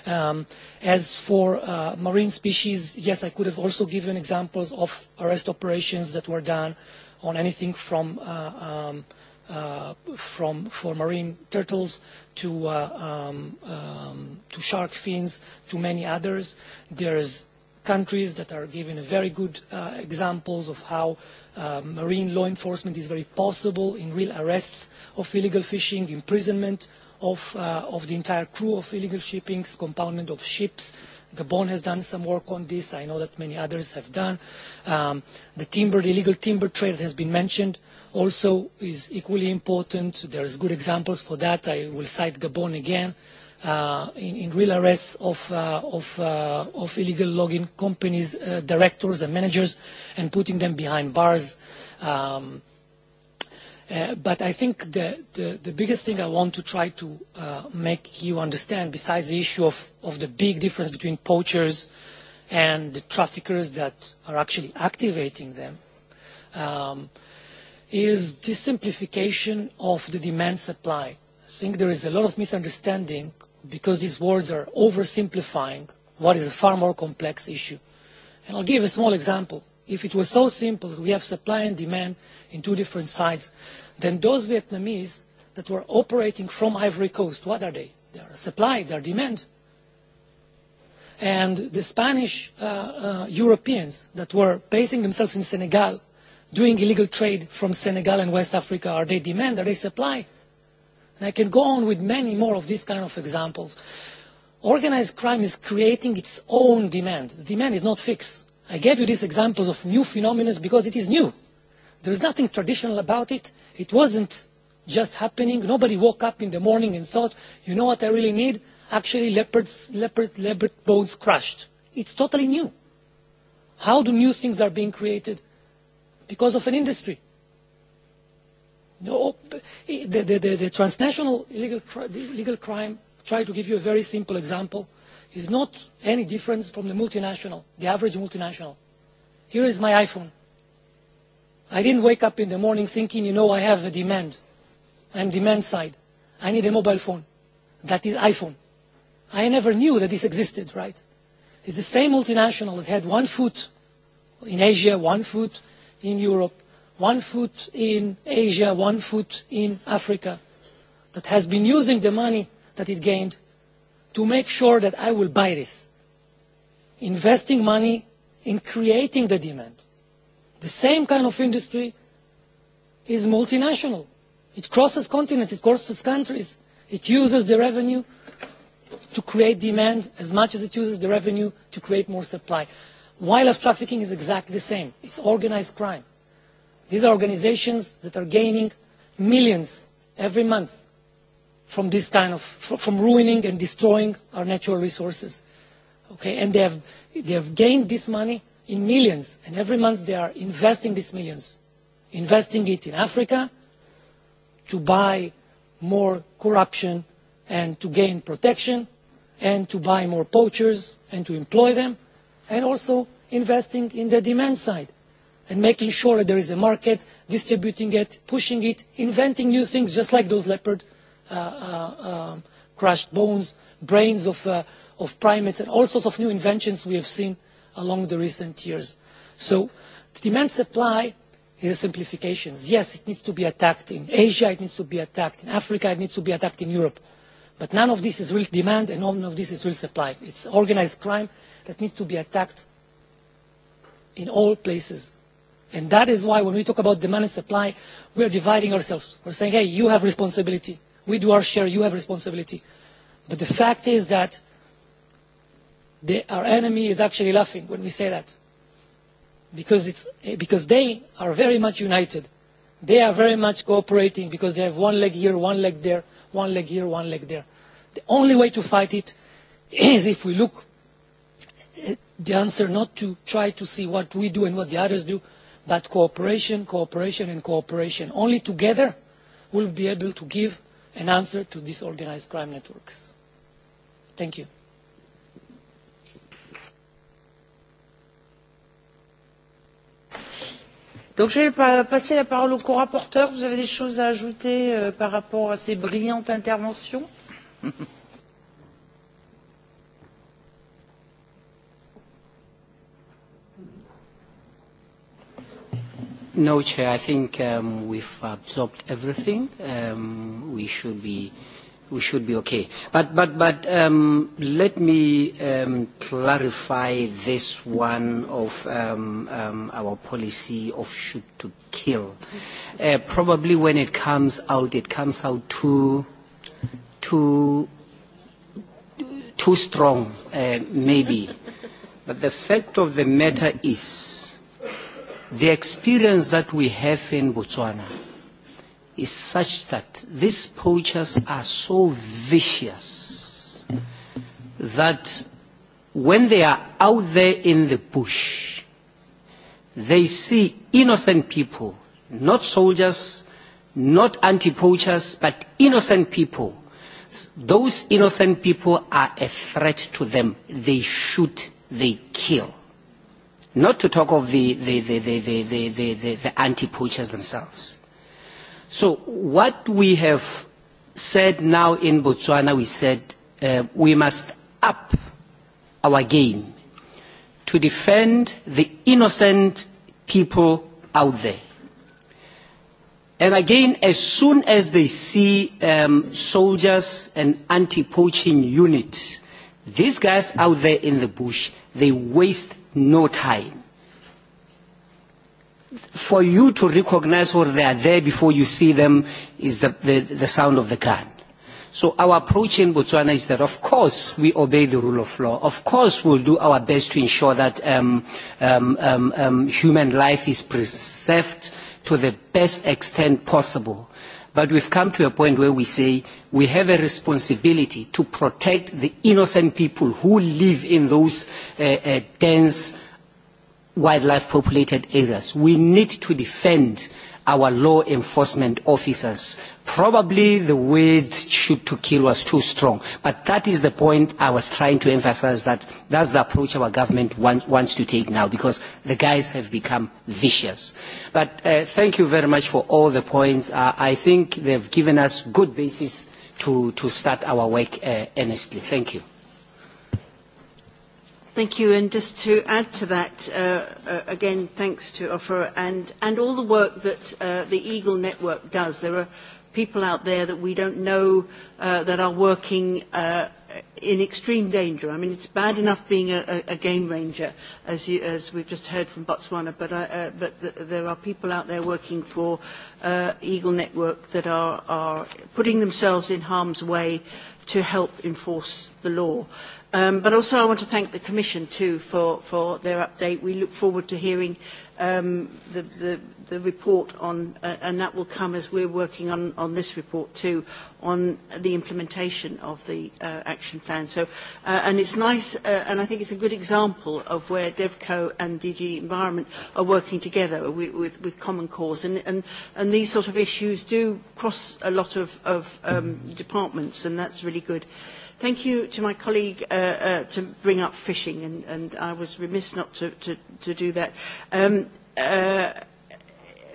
Um, as for uh, marine species, yes, I could have also given examples of arrest operations that were done on anything from uh, um, uh, from for marine turtles to uh, um, um, to shark fins to many others. There's countries that are giving very good uh, examples of how Um, marine law enforcement is very possible in real arrests of illegal fishing, imprisonment of, uh, of the entire crew of illegal shippings, compoundment of ships. Gabon has done some work on this. I know that many others have done. Um, the timber, the illegal timber trade has been mentioned also is equally important. There's good examples for that. I will cite Gabon again. Uh, uh, in, in real arrests of, uh, of, uh, of illegal logging companies, uh, directors and managers, and putting them behind bars. Um, uh, but I think the, the, the biggest thing I want to try to uh, make you understand, besides the issue of, of the big difference between poachers and the traffickers that are actually activating them, um, is the simplification of the demand-supply. I think there is a lot of misunderstanding because these words are oversimplifying what is a far more complex issue. And I'll give a small example. If it was so simple that we have supply and demand in two different sides, then those Vietnamese that were operating from Ivory Coast, what are they? They are supply, they are demand. And the Spanish uh, uh, Europeans that were basing themselves in Senegal, doing illegal trade from Senegal and West Africa, are they demand, are they supply? And I can go on with many more of these kind of examples. Organised crime is creating its own demand. The demand is not fixed. I gave you these examples of new phenomena because it is new. There is nothing traditional about it. It wasn't just happening. Nobody woke up in the morning and thought, you know what I really need? Actually, leopards, leopard, leopard bones crushed. It's totally new. How do new things are being created? Because of an industry No, the, the, the, the transnational illegal, illegal crime, try to give you a very simple example, is not any different from the multinational, the average multinational. Here is my iPhone. I didn't wake up in the morning thinking, you know, I have a demand. I'm demand side. I need a mobile phone. That is iPhone. I never knew that this existed, right? It's the same multinational that had one foot in Asia, one foot in Europe, one foot in Asia, one foot in Africa, that has been using the money that it gained to make sure that I will buy this, investing money in creating the demand. The same kind of industry is multinational. It crosses continents, it crosses countries. It uses the revenue to create demand as much as it uses the revenue to create more supply. Wildlife trafficking is exactly the same. It's organized crime These are organizations that are gaining millions every month from this kind of, from ruining and destroying our natural resources. Okay, and they have, they have gained this money in millions, and every month they are investing these millions, investing it in Africa to buy more corruption and to gain protection and to buy more poachers and to employ them, and also investing in the demand side and making sure that there is a market, distributing it, pushing it, inventing new things, just like those leopard uh, uh, um, crushed bones, brains of, uh, of primates, and all sorts of new inventions we have seen along the recent years. So demand-supply is a simplification. Yes, it needs to be attacked in Asia, it needs to be attacked in Africa, it needs to be attacked in Europe. But none of this is real demand and none of this is real supply. It's organized crime that needs to be attacked in all places And that is why when we talk about demand and supply, we are dividing ourselves. We're saying, hey, you have responsibility. We do our share, you have responsibility. But the fact is that the, our enemy is actually laughing when we say that. Because, it's, eh, because they are very much united. They are very much cooperating because they have one leg here, one leg there, one leg here, one leg there. The only way to fight it (clears throat) is if we look eh, the answer not to try to see what we do and what the others do, but cooperation, cooperation and cooperation. Only together will be able to give an answer to these organised crime networks. Thank you.
Donc je vais passer la parole au co-rapporteur. Vous avez des choses à ajouter euh, par rapport à ces brillantes interventions (laughs)
No, Chair, I think um, we've absorbed everything. Um, we should be we should be okay. But, but, but um, let me um, clarify this one of um, um, our policy of shoot to kill. Uh, probably when it comes out, it comes out too, too, too strong, uh, maybe. but the fact of the matter is The experience that we have in Botswana is such that these poachers are so vicious that when they are out there in the bush, they see innocent people, not soldiers, not anti-poachers, but innocent people. Those innocent people are a threat to them. They shoot, they kill not to talk of the, the, the, the, the, the, the, the, the anti-poachers themselves. So what we have said now in Botswana, we said uh, we must up our game to defend the innocent people out there. And again, as soon as they see um, soldiers and anti-poaching unit, these guys out there in the bush, they waste no time. For you to recognize what they are there before you see them is the, the, the sound of the gun. So our approach in Botswana is that, of course, we obey the rule of law. Of course, we'll do our best to ensure that um, um, um, um, human life is preserved to the best extent possible But we've come to a point where we say we have a responsibility to protect the innocent people who live in those uh, uh, dense wildlife populated areas. We need to defend uh, our law enforcement officers. Probably the word shoot to kill was too strong, but that is the point I was trying to emphasize that that's the approach our government want, wants to take now because the guys have become vicious. But uh, thank you very much for all the points. Uh, I think they've given us good basis to, to start our work uh, earnestly. Thank you.
Thank you. And just to add to that, uh, uh, again, thanks to Offer and, and all the work that uh, the Eagle Network does. There are people out there that we don't know uh, that are working uh, in extreme danger. I mean, it's bad enough being a, a, a game ranger, as, you, as we've just heard from Botswana, but, I, uh, but th- there are people out there working for uh, Eagle Network that are, are putting themselves in harm's way to help enforce the law. Um, but also I want to thank the Commission too for, for their update. We look forward to hearing um, the, the, the report on, uh, and that will come as we're working on, on this report too, on the implementation of the uh, action plan. So, uh, and it's nice, uh, and I think it's a good example of where DevCo and DG Environment are working together with, with, with common cause. And, and, and these sort of issues do cross a lot of, of um, departments, and that's really good. Uh, Thank you to my colleague uh, uh, to bring up fishing, and, and I was remiss not to, to, to do that. Um, uh,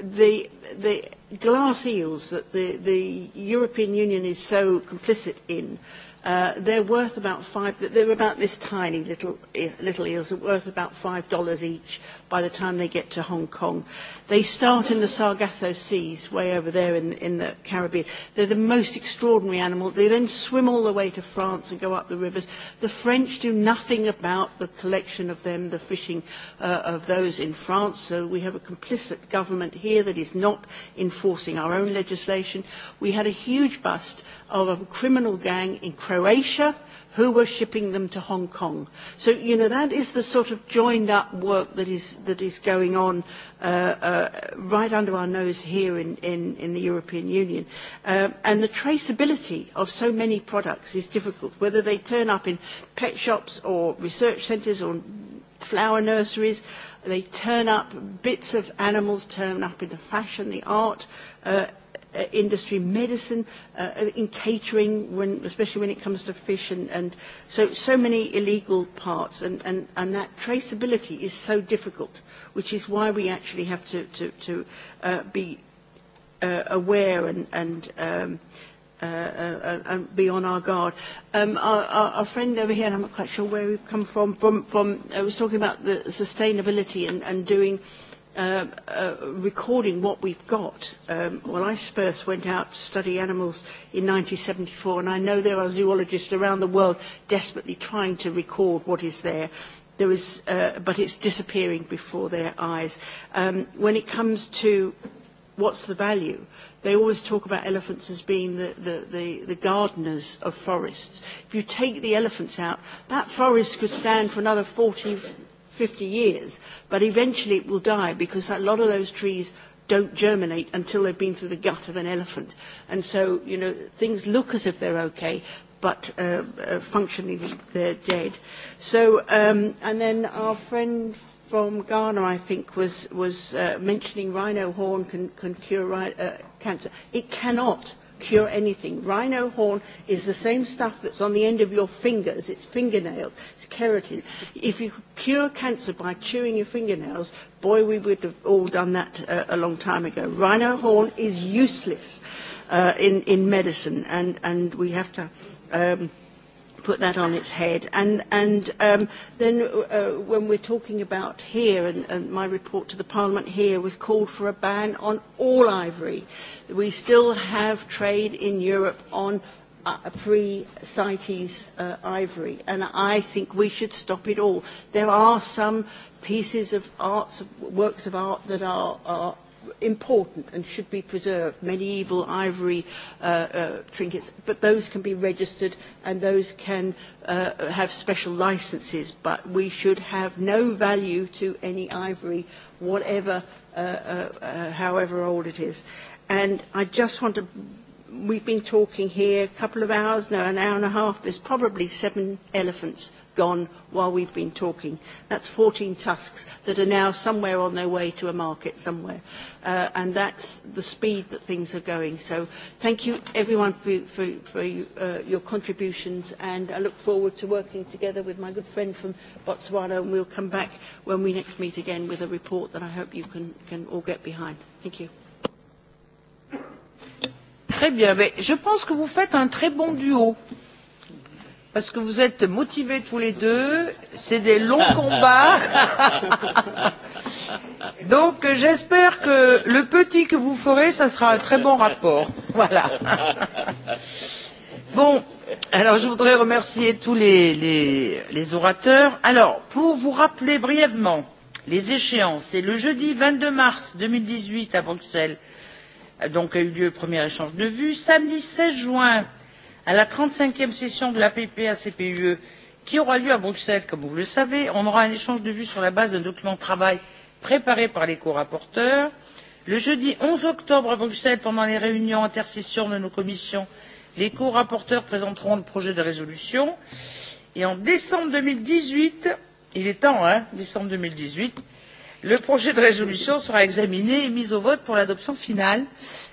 the, the glass eels that the, the European Union is so complicit in, uh, they're worth about five, they're about this tiny little, little eels, They're worth about five dollars each by the time they get to Hong Kong. They start in the Sargasso Seas, way over there in, in the Caribbean. They're the most extraordinary animal. They then swim all the way to France and go up the rivers. The French do nothing about the collection of them, the fishing uh, of those in France. So we have a complicit government here that is not enforcing our own legislation. We had a huge bust of a criminal gang in Croatia who were shipping them to Hong Kong. So, you know, that is the sort of joined up work that is, that is going on uh, uh, right under our nose here in, in, in the European Union. Uh, and the traceability of so many products is difficult, whether they turn up in pet shops or research centres or flower nurseries. They turn up, bits of animals turn up in the fashion, the art, uh, Uh, industry, medicine, uh, uh, in catering, when, especially when it comes to fish, and, and so so many illegal parts, and, and, and that traceability is so difficult, which is why we actually have to to, to uh, be uh, aware and and. Um, uh, uh, uh and uh, be on our guard. Um, our, our, our friend over here, and I'm not quite sure where we've come from, from, from uh, was talking about the sustainability and, and doing uh, uh, uh, recording what we've got. Um, well, I first went out to study animals in 1974, and I know there are zoologists around the world desperately trying to record what is there, there is, uh, but it's disappearing before their eyes. Um, when it comes to what's the value, they always talk about elephants as being the, the, the, the gardeners of forests. If you take the elephants out, that forest could stand for another 40, 50 years, but eventually it will die because a lot of those trees don't germinate until they've been through the gut of an elephant. And so, you know, things look as if they're okay, but uh, uh, functionally they're dead. So, um, and then our friend from Ghana, I think, was, was uh, mentioning rhino horn can, can cure uh, cancer. It cannot cure anything. Rhino horn is the same stuff that's on the end of your fingers. It's fingernails. It's keratin. If you could cure cancer by chewing your fingernails, boy, we would have all done that uh, a long time ago. Rhino horn is useless uh, in, in medicine, and, and we have to... Um, put that on its head. And, and um, then uh, when we're talking about here, and, and my report to the Parliament here was called for a ban on all ivory. We still have trade in Europe on uh, pre-CITES uh, ivory, and I think we should stop it all. There are some pieces of arts, works of art that are, are, important and should be preserved, medieval ivory uh, uh, trinkets, but those can be registered and those can uh, have special licenses, but we should have no value to any ivory, whatever, uh, uh, uh, however old it is. And I just want to we've been talking here a couple of hours, no, an hour and a half. There's probably seven elephants gone while we've been talking. That's 14 tusks that are now somewhere on their way to a market somewhere. Uh, and that's the speed that things are going. So thank you everyone for, for, for uh, your contributions and I look forward to working together with my good friend from Botswana and we'll come back when we next meet again with a report that I hope you can, can all get behind. Thank you. Très bien,
mais je pense que vous faites un très bon duo parce que vous êtes motivés tous les deux. C'est des longs combats. (laughs) Donc j'espère que le petit que vous ferez, ça sera un très bon rapport. Voilà. (laughs) Bon, alors je voudrais remercier tous les, les, les orateurs. Alors, pour vous rappeler brièvement les échéances, c'est le jeudi 22 mars 2018 à Bruxelles, donc a eu lieu le premier échange de vues, samedi 16 juin à la trente cinquième session de l'app acp ue qui aura lieu à bruxelles comme vous le savez on aura un échange de vues sur la base d'un document de travail préparé par les corapporteurs. le jeudi onze octobre à bruxelles pendant les réunions intersessions de nos commissions les corapporteurs présenteront le projet de résolution et en décembre deux mille dix huit il est temps hein décembre deux mille dix huit le projet de résolution sera examiné et mis au vote pour l'adoption finale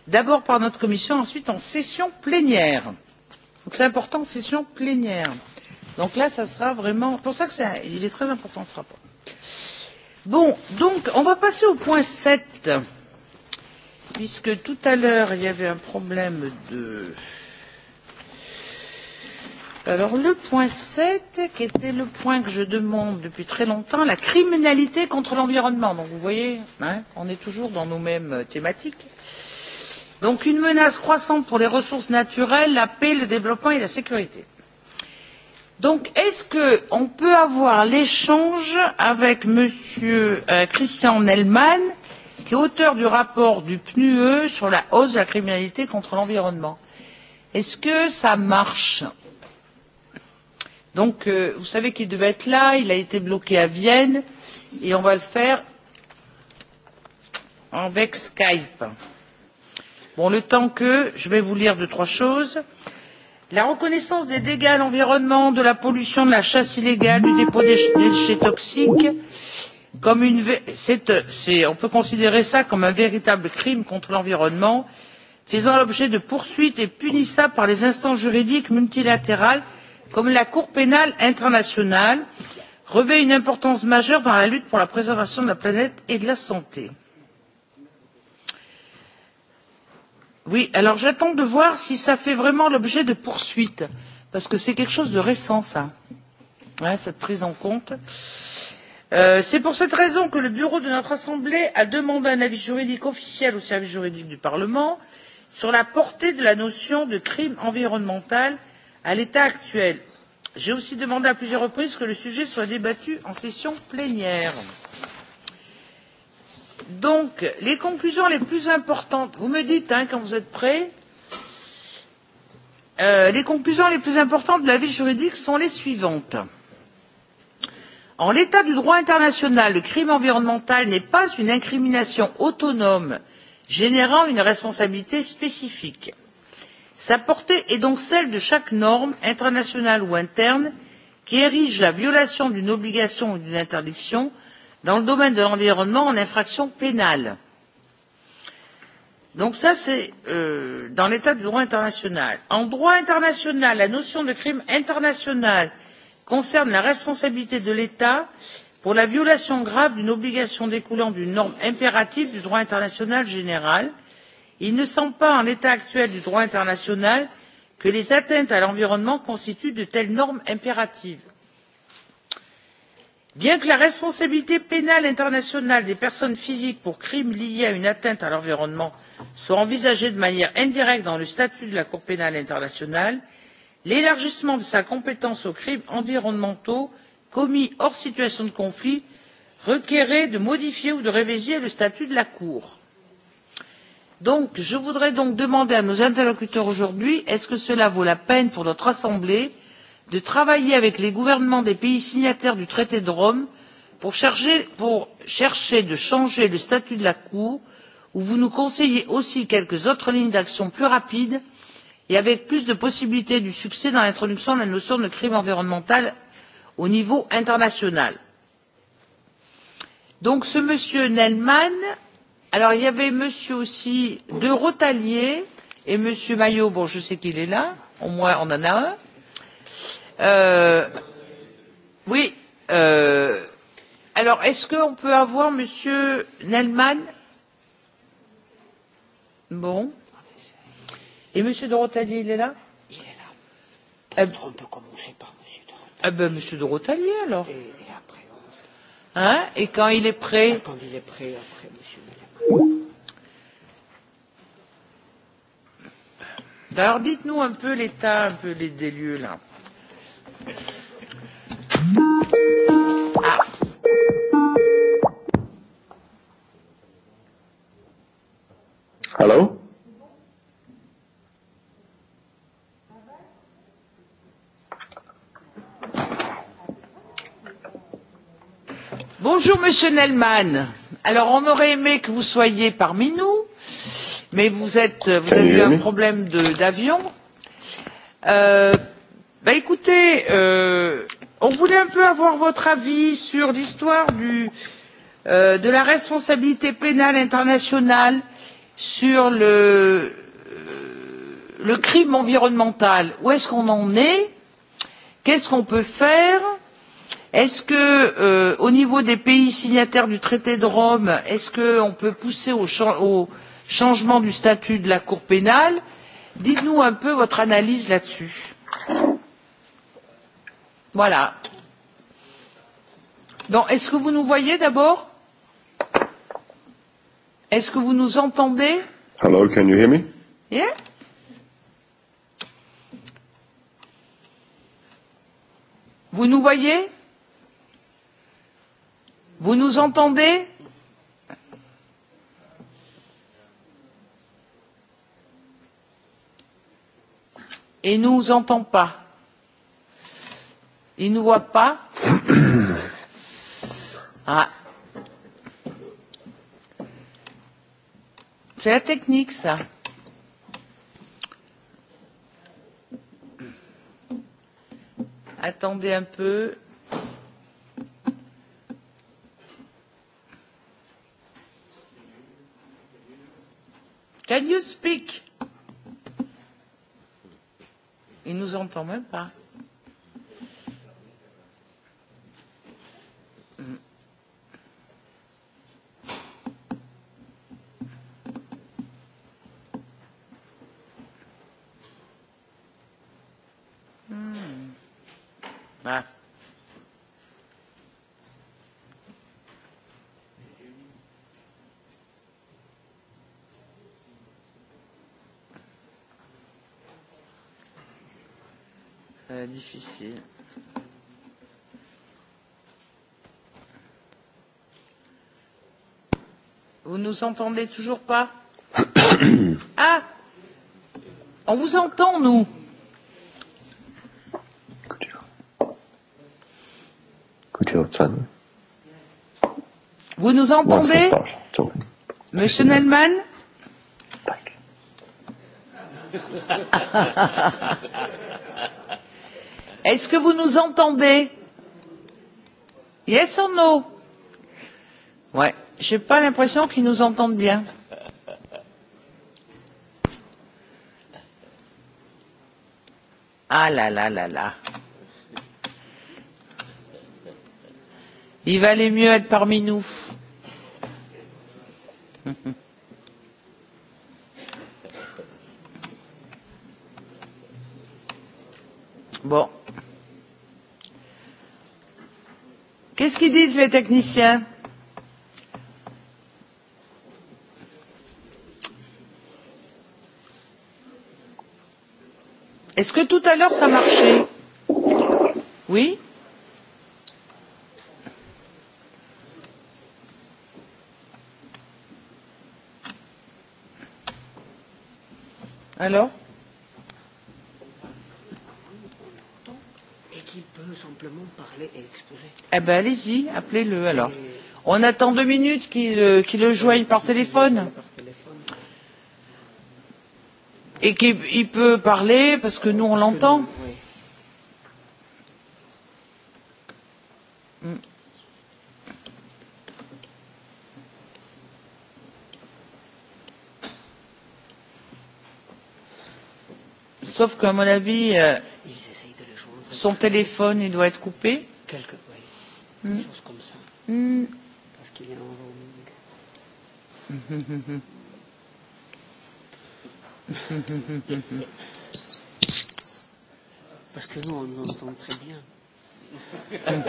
d'abord par notre commission ensuite en session plénière. Donc c'est important, session plénière. Donc là, ça sera vraiment. C'est pour ça que c'est, il est très important ce rapport. Bon, donc on va passer au point 7, puisque tout à l'heure il y avait un problème de. Alors le point 7, qui était le point que je demande depuis très longtemps, la criminalité contre l'environnement. Donc vous voyez, hein, on est toujours dans nos mêmes thématiques donc une menace croissante pour les ressources naturelles la paix le développement et la sécurité. donc est ce qu'on peut avoir l'échange avec m. Euh, christian nelmann qui est auteur du rapport du pnue sur la hausse de la criminalité contre l'environnement? est ce que ça marche? donc euh, vous savez qu'il devait être là il a été bloqué à vienne et on va le faire avec skype le temps que je vais vous lire deux trois choses la reconnaissance des dégâts à l'environnement de la pollution de la chasse illégale du dépôt des déchets toxiques comme une c est, c est, on peut considérer ça comme un véritable crime contre l'environnement faisant l'objet de poursuites et punissable par les instances juridiques multilatérales comme la cour pénale internationale revêt une importance majeure dans la lutte pour la préservation de la planète et de la santé. Oui, alors j'attends de voir si ça fait vraiment l'objet de poursuites, parce que c'est quelque chose de récent, ça, hein, cette prise en compte. Euh, c'est pour cette raison que le bureau de notre Assemblée a demandé un avis juridique officiel au service juridique du Parlement sur la portée de la notion de crime environnemental à l'état actuel. J'ai aussi demandé à plusieurs reprises que le sujet soit débattu en session plénière donc les conclusions les plus importantes vous me dites hein, quand vous êtes prêts euh, les conclusions les plus importantes de l'avis juridique sont les suivantes en l'état du droit international le crime environnemental n'est pas une incrimination autonome générant une responsabilité spécifique. sa portée est donc celle de chaque norme internationale ou interne qui érige la violation d'une obligation ou d'une interdiction dans le domaine de l'environnement en infraction pénale. Donc ça, c'est euh, dans l'état du droit international. En droit international, la notion de crime international concerne la responsabilité de l'État pour la violation grave d'une obligation découlant d'une norme impérative du droit international général. Il ne semble pas, en l'état actuel du droit international, que les atteintes à l'environnement constituent de telles normes impératives bien que la responsabilité pénale internationale des personnes physiques pour crimes liés à une atteinte à l'environnement soit envisagée de manière indirecte dans le statut de la cour pénale internationale l'élargissement de sa compétence aux crimes environnementaux commis hors situation de conflit requerrait de modifier ou de réviser le statut de la cour. je voudrais donc demander à nos interlocuteurs aujourd'hui est ce que cela vaut la peine pour notre assemblée de travailler avec les gouvernements des pays signataires du traité de rome pour chercher, pour de changer le statut de la cour ou vous nous conseillez aussi quelques autres lignes d'action plus rapides et avec plus de possibilités de succès dans l'introduction de la notion de crime environnemental au niveau international. donc ce monsieur nelman alors il y avait monsieur aussi de rotalier et monsieur maillot bon je sais qu'il est là au moins on en a un Euh, oui. Euh, alors, est-ce qu'on peut avoir Monsieur Nelman Bon. Et Monsieur Dorotali, il est là Il est là. Euh, on peut commencer par Monsieur Dorotali. Ah ben, Monsieur Dorotali, alors. Et,
et après, on...
Hein Et quand il est prêt et Quand il est prêt, après Monsieur Nelman. Alors, dites-nous un peu l'état, un peu les, des lieux, là. Hello? Bonjour Monsieur Nelman. Alors on aurait aimé que vous soyez parmi nous, mais vous êtes vous avez eu un problème d'avion. Euh, Bah écoutez, euh, on voulait un peu avoir votre avis sur l'histoire du, euh, de la responsabilité pénale internationale sur le, euh, le crime environnemental. Où est-ce qu'on en est Qu'est-ce qu'on peut faire Est-ce que, euh, au niveau des pays signataires du traité de Rome, est-ce qu'on peut pousser au, cha au changement du statut de la Cour pénale Dites-nous un peu votre analyse là-dessus. Voilà. Bon, est-ce que vous nous voyez d'abord Est-ce que vous nous entendez
Hello, can you hear me
Yeah. Vous nous voyez Vous nous entendez Et nous entend pas. Il ne voit pas (coughs) Ah. C'est la technique, ça. Attendez un peu. Can you speak? Il nous entend même pas. euh, difficile. Vous nous entendez toujours pas (coughs) Ah On vous entend, nous Vous nous entendez Monsieur Nelman (laughs) est ce que vous nous entendez? yes or no? ouais j'ai pas l'impression qu'ils nous entendent bien. ah là là là là. il valait mieux être parmi nous. qu'est ce qu'ils disent les techniciens? est ce que tout à l'heure ça marchait? oui? alors?
simplement parler et exposer.
Eh bien, allez-y, appelez-le alors. Et... On attend deux minutes qu'il euh, qu le joigne par téléphone. Et qu'il peut parler parce que nous, on l'entend. sauf qu'à mon avis euh, Son téléphone, il doit être coupé Quelque,
oui.
Mm. Des choses comme ça. Mm. Parce qu'il est en roaming.
Parce que nous, on entend très bien.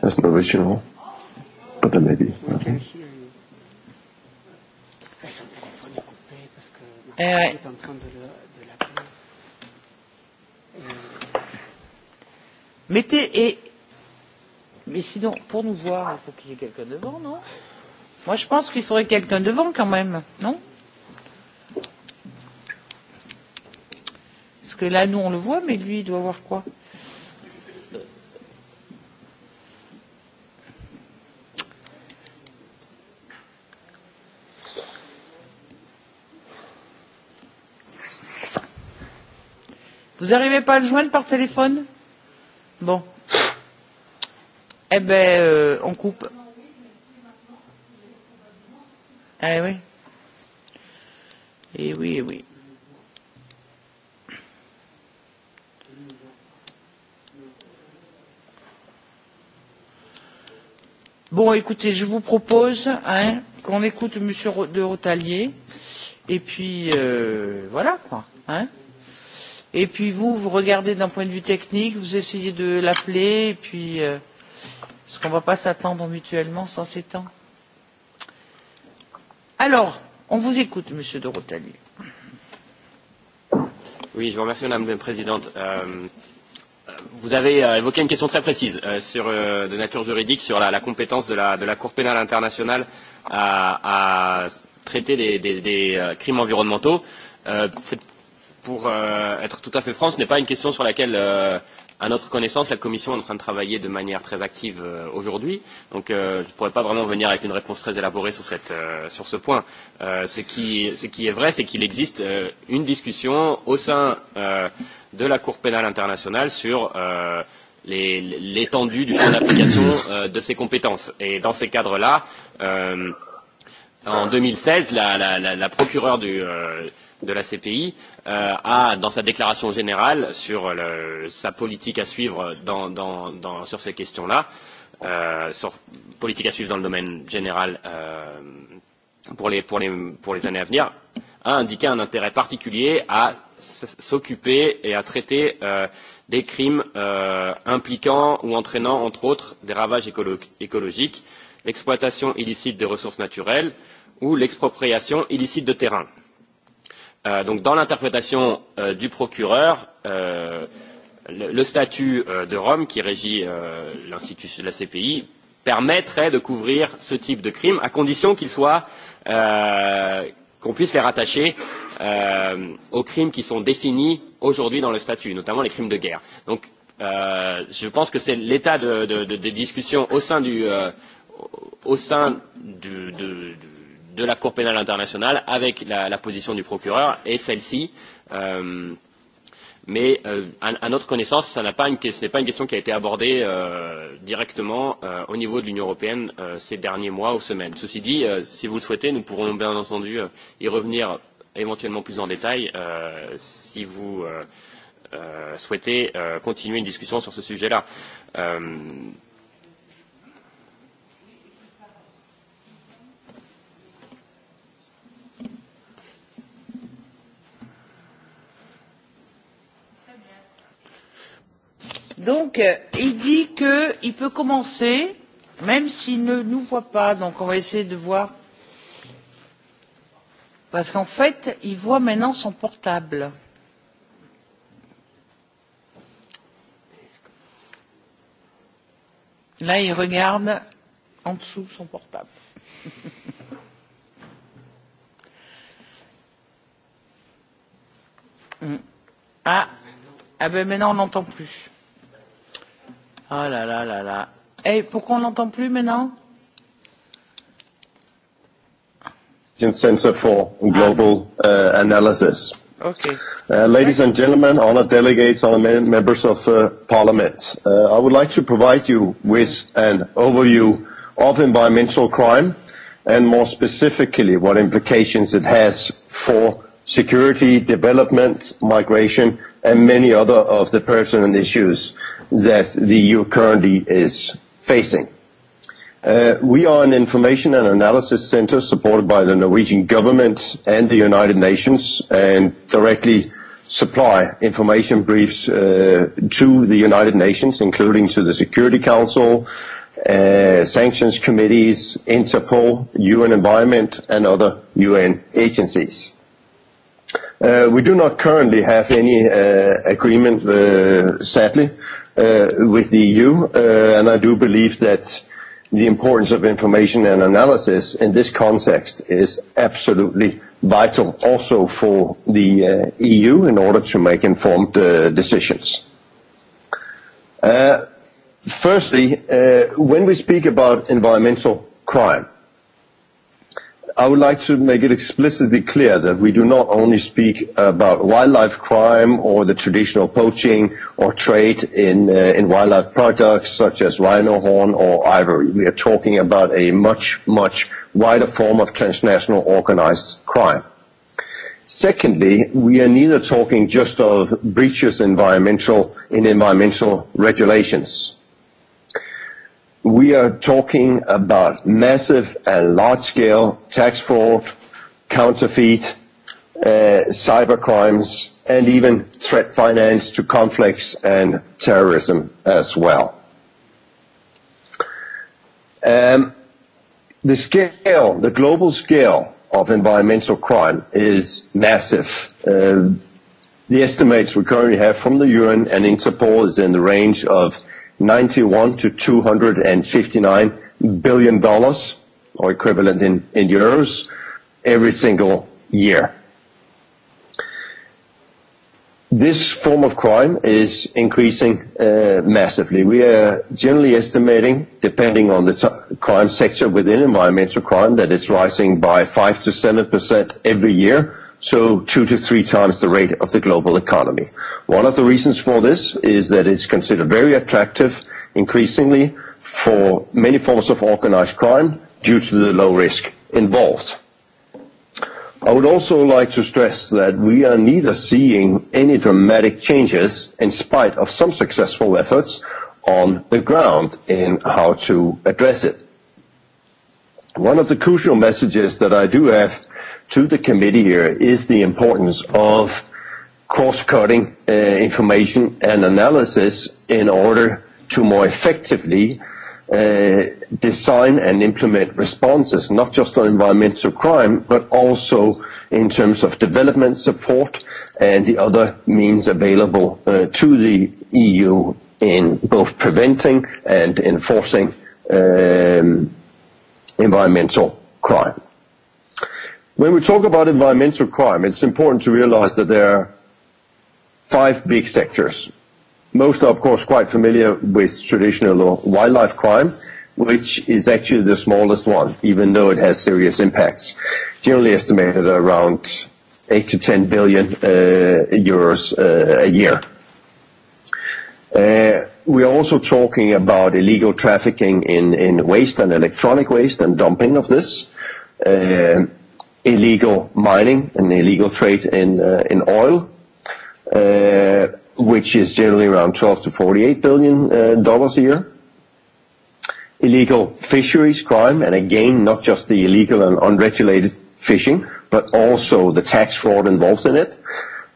That's provisional, but then maybe. Okay.
Euh, mettez et mais sinon pour nous voir il faut qu'il y ait quelqu'un devant non moi je pense qu'il faudrait quelqu'un devant quand même non parce que là nous on le voit mais lui il doit voir quoi Vous n'arrivez pas à le joindre par téléphone Bon. Eh ben, euh, on coupe. Eh oui. Eh oui, eh oui. Bon, écoutez, je vous propose hein, qu'on écoute Monsieur de Rotalier, et puis euh, voilà quoi. Hein et puis vous vous regardez d'un point de vue technique vous essayez de l'appeler et puis euh, parce qu'on ne va pas s'attendre mutuellement sans ces temps. Alors, on vous écoute, Monsieur de Rotali.
Oui, je vous remercie, Madame la Présidente. Euh, vous avez euh, évoqué une question très précise euh, sur, euh, de nature juridique sur la, la compétence de la, de la Cour pénale internationale à, à traiter des, des, des euh, crimes environnementaux. Euh, c'est pour euh, être tout à fait franc, ce n'est pas une question sur laquelle, euh, à notre connaissance, la Commission est en train de travailler de manière très active euh, aujourd'hui. Donc, euh, je ne pourrais pas vraiment venir avec une réponse très élaborée sur, cette, euh, sur ce point. Euh, ce, qui, ce qui est vrai, c'est qu'il existe euh, une discussion au sein euh, de la Cour pénale internationale sur euh, l'étendue du champ d'application euh, de ses compétences. Et dans ces cadres-là, euh, en 2016, la, la, la, la procureure du, euh, de la CPI euh, a, dans sa déclaration générale sur le, sa politique à suivre dans, dans, dans, sur ces questions-là, euh, sur politique à suivre dans le domaine général euh, pour, les, pour, les, pour les années à venir, a indiqué un intérêt particulier à s'occuper et à traiter euh, des crimes euh, impliquant ou entraînant, entre autres, des ravages écolo écologiques, l'exploitation illicite des ressources naturelles ou l'expropriation illicite de terrains. Euh, donc, dans l'interprétation euh, du procureur, euh, le, le statut euh, de Rome qui régit euh, l'institution de la CPI permettrait de couvrir ce type de crime à condition qu'il soit euh, qu'on puisse les rattacher euh, aux crimes qui sont définis aujourd'hui dans le statut, notamment les crimes de guerre. Donc, euh, je pense que c'est l'état de, de, de, des discussions au sein du euh, au sein du, de, de, de la Cour pénale internationale avec la, la position du procureur et celle-ci. Euh, mais euh, à, à notre connaissance, ça pas une, ce n'est pas une question qui a été abordée euh, directement euh, au niveau de l'Union européenne euh, ces derniers mois ou semaines. Ceci dit, euh, si vous le souhaitez, nous pourrons bien entendu euh, y revenir éventuellement plus en détail euh, si vous euh, euh, souhaitez euh, continuer une discussion sur ce sujet-là. Euh,
donc euh, il dit qu'il peut commencer même s'il ne nous voit pas donc on va essayer de voir parce qu'en fait il voit maintenant son portable. Là, il regarde en dessous son portable. (laughs) Hmm. ah, ah ben maintenant on n'entend plus. Ah là là là là. Et eh, pourquoi on n'entend plus maintenant
Sensor for global uh, analysis. Okay. Uh, ladies and gentlemen, honored delegates, honored members of uh, parliament, uh, I would like to provide you with an overview of environmental crime and more specifically what implications it has for security, development, migration and many other of the pertinent issues that the EU currently is facing. Uh, we are an information and analysis center supported by the Norwegian government and the United Nations and directly supply information briefs uh, to the United Nations, including to the Security Council, uh, sanctions committees, Interpol, UN Environment, and other UN agencies. Uh, we do not currently have any uh, agreement, uh, sadly, uh, with the EU, uh, and I do believe that the importance of information and analysis in this context is absolutely vital also for the uh, EU in order to make informed uh, decisions. Uh, firstly, uh, when we speak about environmental crime, uh, I would like to make it explicitly clear that we do not only speak about wildlife crime or the traditional poaching or trade in, uh, in wildlife products such as rhino horn or ivory. We are talking about a much, much wider form of transnational organized crime. Secondly, we are neither talking just of breaches environmental in environmental regulations we are talking about massive and large scale tax fraud, counterfeit, uh, cyber crimes, and even threat finance to conflicts and terrorism as well. Um, the scale, the global scale of environmental crime is massive. Uh, the estimates we currently have from the UN and Interpol is in the range of 91 to 259 billion dollars or equivalent in, in euros every single year. This form of crime is increasing uh, massively. We are generally estimating, depending on the crime sector within environmental crime, that it's rising by 5 to 7% every year so two to three times the rate of the global economy. One of the reasons for this is that it's considered very attractive increasingly for many forms of organized crime due to the low risk involved. I would also like to stress that we are neither seeing any dramatic changes in spite of some successful efforts on the ground in how to address it. One of the crucial messages that I do have to the committee here is the importance of cross-cutting uh, information and analysis in order to more effectively uh, design and implement responses, not just on environmental crime, but also in terms of development support and the other means available uh, to the EU in both preventing and enforcing um, environmental crime. When we talk about environmental crime, it's important to realize that there are five big sectors. Most are, of course, quite familiar with traditional wildlife crime, which is actually the smallest one, even though it has serious impacts, generally estimated around 8 to 10 billion uh, euros uh, a year. Uh, we are also talking about illegal trafficking in, in waste and electronic waste and dumping of this. Uh, illegal mining and illegal trade in uh, in oil, uh, which is generally around 12 to 48 billion uh, dollars a year. Illegal fisheries crime, and again, not just the illegal and unregulated fishing, but also the tax fraud involved in it,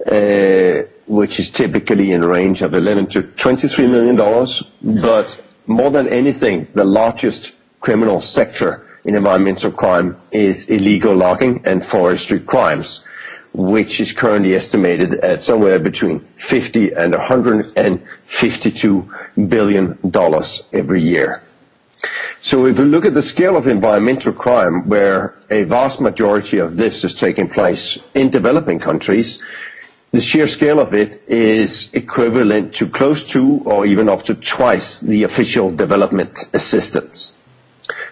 uh, which is typically in a range of 11 to 23 million dollars. But more than anything, the largest criminal sector uh, in environmental crime is illegal logging and forestry crimes, which is currently estimated at somewhere between 50 and 152 billion dollars every year. So if we look at the scale of environmental crime, where a vast majority of this is taking place in developing countries, the sheer scale of it is equivalent to close to or even up to twice the official development assistance.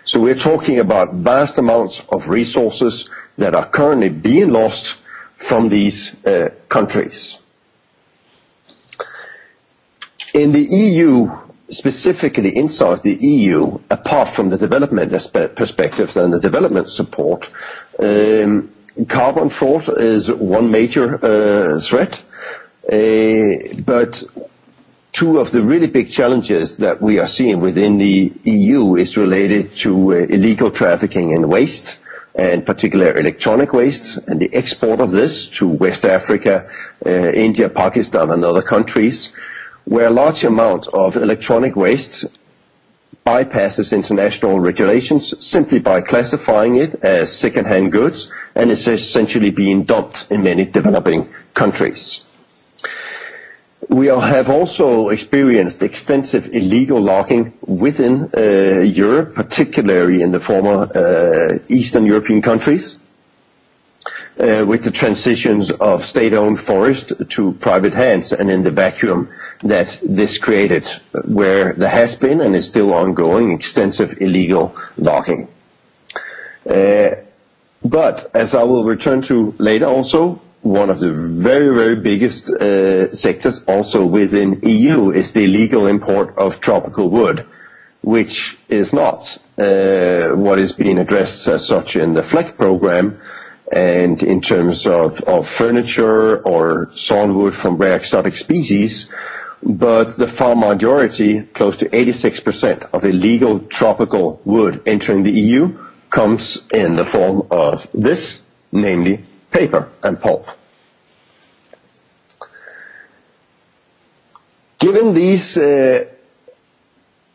So we're talking about vast amounts of resources that are currently being lost from these uh, countries. In the EU, specifically inside the EU, apart from the development perspectives and the development support, um, carbon fraud is one major uh, threat. Uh, but two of the really big challenges that we are seeing within the EU is related to uh, illegal trafficking in waste and particular electronic waste and the export of this to West Africa, uh, India, Pakistan and other countries where a large amount of electronic waste bypasses international regulations simply by classifying it as second-hand goods and is essentially being dumped in many developing countries. We are, have also experienced extensive illegal logging within uh, Europe, particularly in the former uh, Eastern European countries, uh, with the transitions of state-owned forest to private hands and in the vacuum that this created, where there has been and is still ongoing extensive illegal logging. Uh, but as I will return to later also, one of the very, very biggest uh, sectors also within EU is the illegal import of tropical wood, which is not uh, what is being addressed as such in the FLEC program. And in terms of, of furniture or sawn wood from rare exotic species, but the far majority, close to 86% of illegal tropical wood entering the EU comes in the form of this, namely paper and pulp. Given these uh,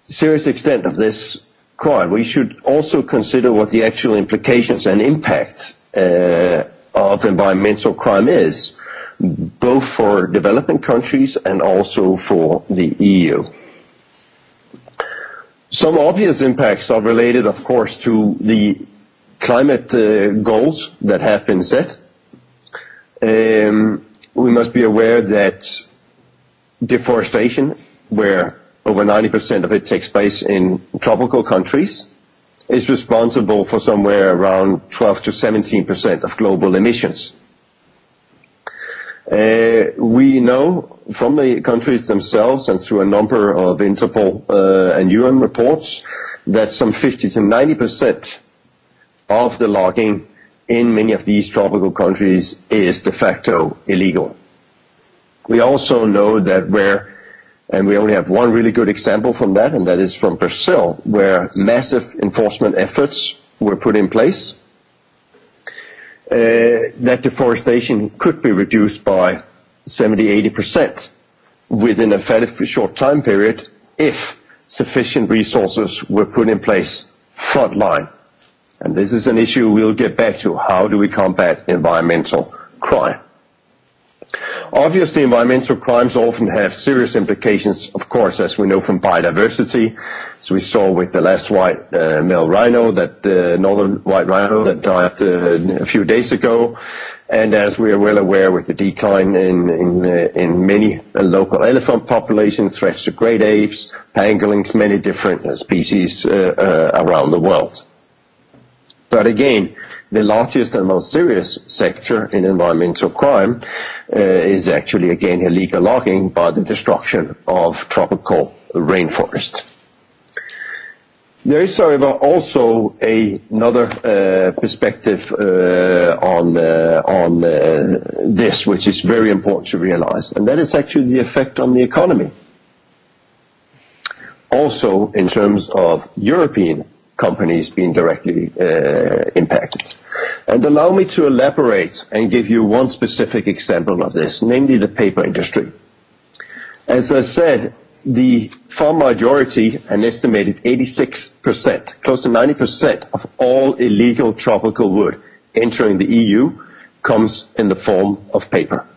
serious extent of this crime, we should also consider what the actual implications and impacts uh, of environmental crime is, both for developing countries and also for the EU. Some obvious impacts are related, of course, to the climate uh, goals that have been set um, we must be aware that deforestation, where over 90% of it takes place in tropical countries, is responsible for somewhere around 12 to 17% of global emissions. Uh, we know from the countries themselves and through a number of Interpol uh, and UN reports that some 50 to 90% of the logging in many of these tropical countries is de facto illegal. We also know that where, and we only have one really good example from that, and that is from Brazil, where massive enforcement efforts were put in place, uh, that deforestation could be reduced by 70-80% within a fairly short time period if sufficient resources were put in place frontline And this is an issue we'll get back to. How do we combat environmental crime? Obviously, environmental crimes often have serious implications, of course, as we know from biodiversity. So we saw with the last white uh, male rhino, that uh, northern white rhino that died uh, a few days ago, and as we are well aware with the decline in in, uh, in many uh, local elephant populations, threats to great apes, pangolins, many different uh, species uh, uh, around the world. But again, the largest and most serious sector in environmental crime uh, is actually, again, illegal logging by the destruction of tropical rainforest. There is, however, also a, another uh, perspective uh, on uh, on uh, this, which is very important to realize, and that is actually the effect on the economy. Also, in terms of European companies being directly uh, impacted. And allow me to elaborate and give you one specific example of this, namely the paper industry. As I said, the far majority, an estimated 86%, close to 90% of all illegal tropical wood entering the EU comes in the form of paper.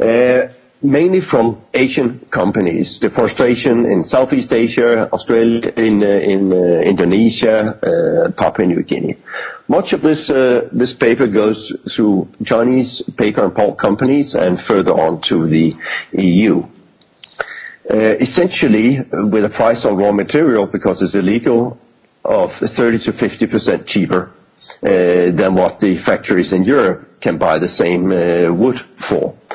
Uh, mainly from Asian companies. The frustration in Southeast Asia, Australia, in, uh, in uh, Indonesia, uh, Papua New Guinea. Much of this uh, this paper goes through Chinese paper and pulp companies and further on to the EU. Uh, essentially, with a price on raw material because it's illegal of 30 to 50 percent cheaper uh, than what the factories in Europe can buy the same uh, wood for. Uh,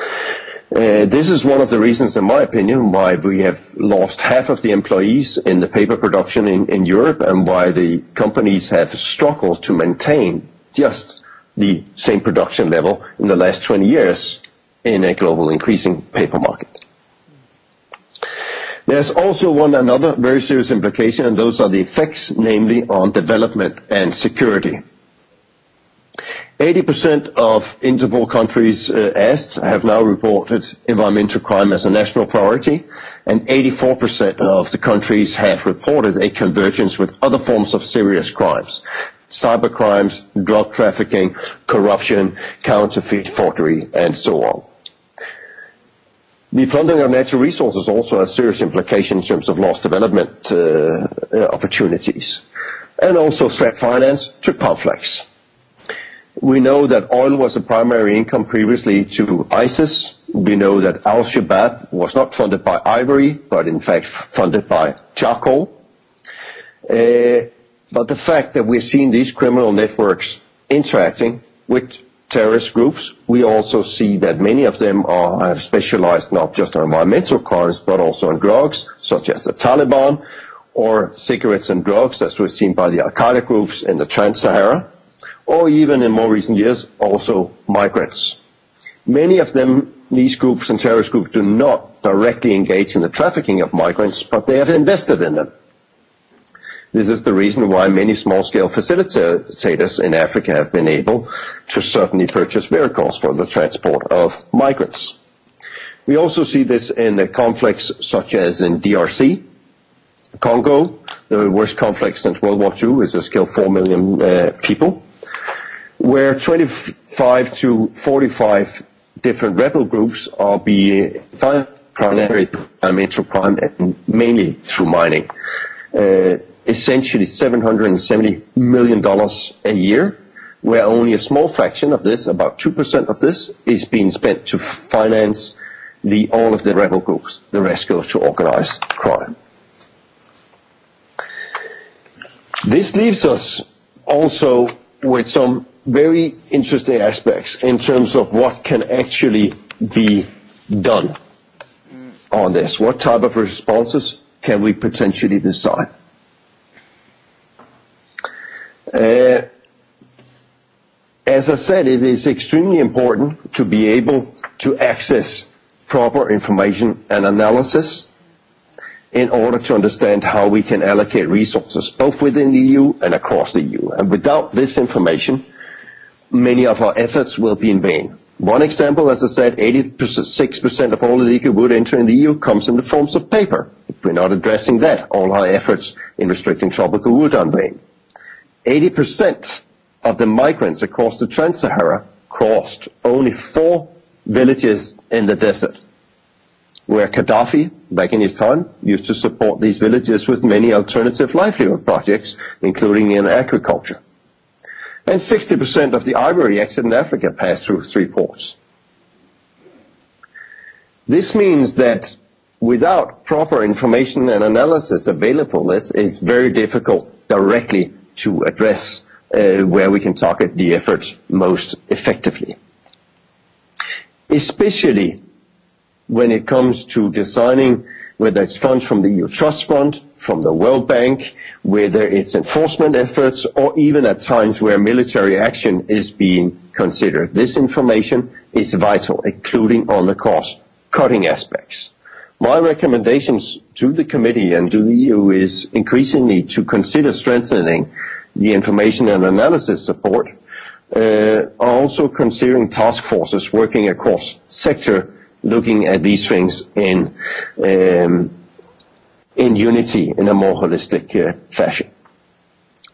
Uh, this is one of the reasons, in my opinion, why we have lost half of the employees in the paper production in Europe and why the companies have struggled to maintain just the same production level in the last 20 years in a global increasing paper market. There's also one another very serious implication, and those are the effects, namely on development and security. 80% of Interpol countries uh, asked have now reported environmental crime as a national priority, and 84% of the countries have reported a convergence with other forms of serious crimes, cyber crimes, drug trafficking, corruption, counterfeit, forgery, and so on. The plundering of natural resources also has serious implications in terms of lost development uh, uh, opportunities, and also threat finance to conflicts. We know that oil was a primary income previously to ISIS. We know that al-Shabaab was not funded by ivory, but in fact funded by charcoal. Uh, but the fact that we're seeing these criminal networks interacting with terrorist groups, we also see that many of them are, have specialized not just on environmental crimes, but also on drugs, such as the Taliban, or cigarettes and drugs, as we've seen by the Al-Qaeda groups in the Trans-Sahara or even in more recent years, also migrants. Many of them, these groups and terrorist groups, do not directly engage in the trafficking of migrants, but they have invested in them. This is the reason why many small-scale facilitators in Africa have been able to certainly purchase vehicles for the transport of migrants. We also see this in the conflicts such as in DRC, Congo, the worst conflict since World War II, which has killed 4 million uh, people where 25 to 45 different rebel groups are being financed primarily through crime and mainly through mining. Uh, essentially $770 million a year, where only a small fraction of this, about 2% of this, is being spent to finance the, all of the rebel groups. The rest goes to organized crime. This leaves us also with some very interesting aspects in terms of what can actually be done on this. What type of responses can we potentially design? Uh, as I said, it is extremely important to be able to access proper information and analysis in order to understand how we can allocate resources, both within the EU and across the EU. And without this information, many of our efforts will be in vain. One example, as I said, 86% of all illegal wood entering the EU comes in the forms of paper. If we're not addressing that, all our efforts in restricting tropical wood are in vain. 80% of the migrants across the Trans-Sahara crossed only four villages in the desert, where Gaddafi, back in his time, used to support these villages with many alternative livelihood projects, including in agriculture and 60% of the ivory exit in Africa passed through three ports. This means that without proper information and analysis available, this is very difficult directly to address uh, where we can target the efforts most effectively. Especially when it comes to designing whether it's funds from the EU Trust Fund, from the World Bank, whether it's enforcement efforts or even at times where military action is being considered. This information is vital, including on the cost cutting aspects. My recommendations to the committee and to the EU is increasingly to consider strengthening the information and analysis support, uh, also considering task forces working across sector looking at these things in um, in unity in a more holistic uh, fashion.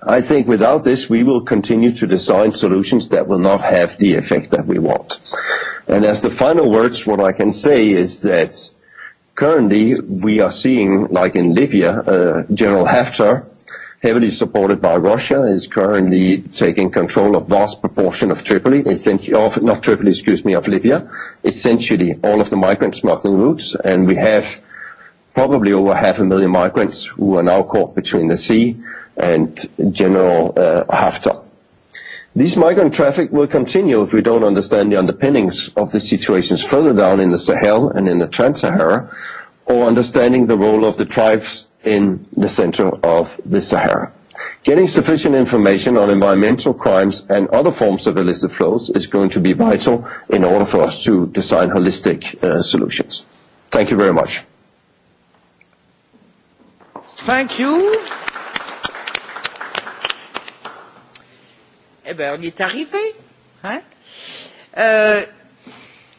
I think without this, we will continue to design solutions that will not have the effect that we want. And as the final words, what I can say is that currently we are seeing, like in Libya, uh, General Haftar, heavily supported by Russia, is currently taking control of vast proportion of Tripoli, essentially, of, not Tripoli, excuse me, of Libya, essentially all of the migrant smuggling routes, and we have probably over half a million migrants who are now caught between the sea and general uh, Haftar. This migrant traffic will continue if we don't understand the underpinnings of the situations further down in the Sahel and in the Trans-Sahara, or understanding the role of the tribes in the center of the Sahara. Getting sufficient information on environmental crimes and other forms of illicit flows is going to be vital in order for us to design holistic uh, solutions. Thank you very much.
Thank you. Eh bien, on est arrivé. Hein euh,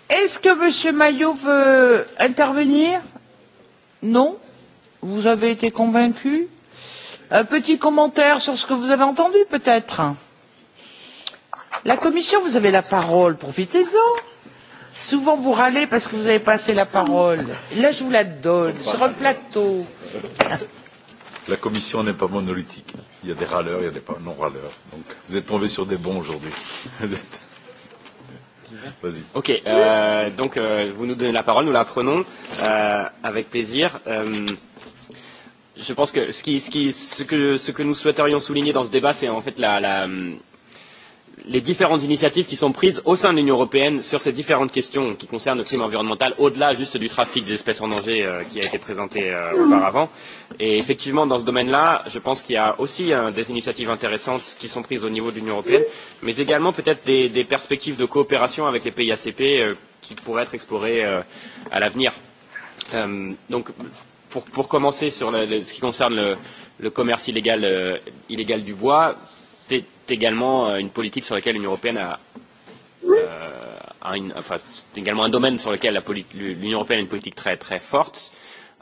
Est-ce que M. Maillot veut intervenir Non Vous avez été convaincu Un petit commentaire sur ce que vous avez entendu, peut-être La Commission, vous avez la parole, profitez-en. Souvent, vous râlez parce que vous avez passé la parole. Là, je vous la donne, sur un plateau.
La commission n'est pas monolithique. Il y a des râleurs, il y a des non-râleurs. Donc vous êtes tombé sur des bons aujourd'hui.
(laughs) Vas-y. Ok, euh, donc euh, vous nous donnez la parole, nous la prenons euh, avec plaisir. Euh, je pense que ce, qui, ce, qui, ce, que, ce que nous souhaiterions souligner dans ce débat, c'est en fait la, la, les différentes initiatives qui sont prises au sein de l'Union européenne sur ces différentes questions qui concernent le crime environnemental, au-delà juste du trafic des espèces en danger euh, qui a été présenté euh, auparavant. Et effectivement, dans ce domaine-là, je pense qu'il y a aussi euh, des initiatives intéressantes qui sont prises au niveau de l'Union européenne, mais également peut-être des, des perspectives de coopération avec les pays ACP euh, qui pourraient être explorées euh, à l'avenir. Euh, donc, pour, pour commencer sur le, le, ce qui concerne le, le commerce illégal, euh, illégal du bois, c'est également euh, une politique sur laquelle l'Union européenne a, euh, a une, enfin, c'est également un domaine sur lequel l'Union européenne a une politique très très forte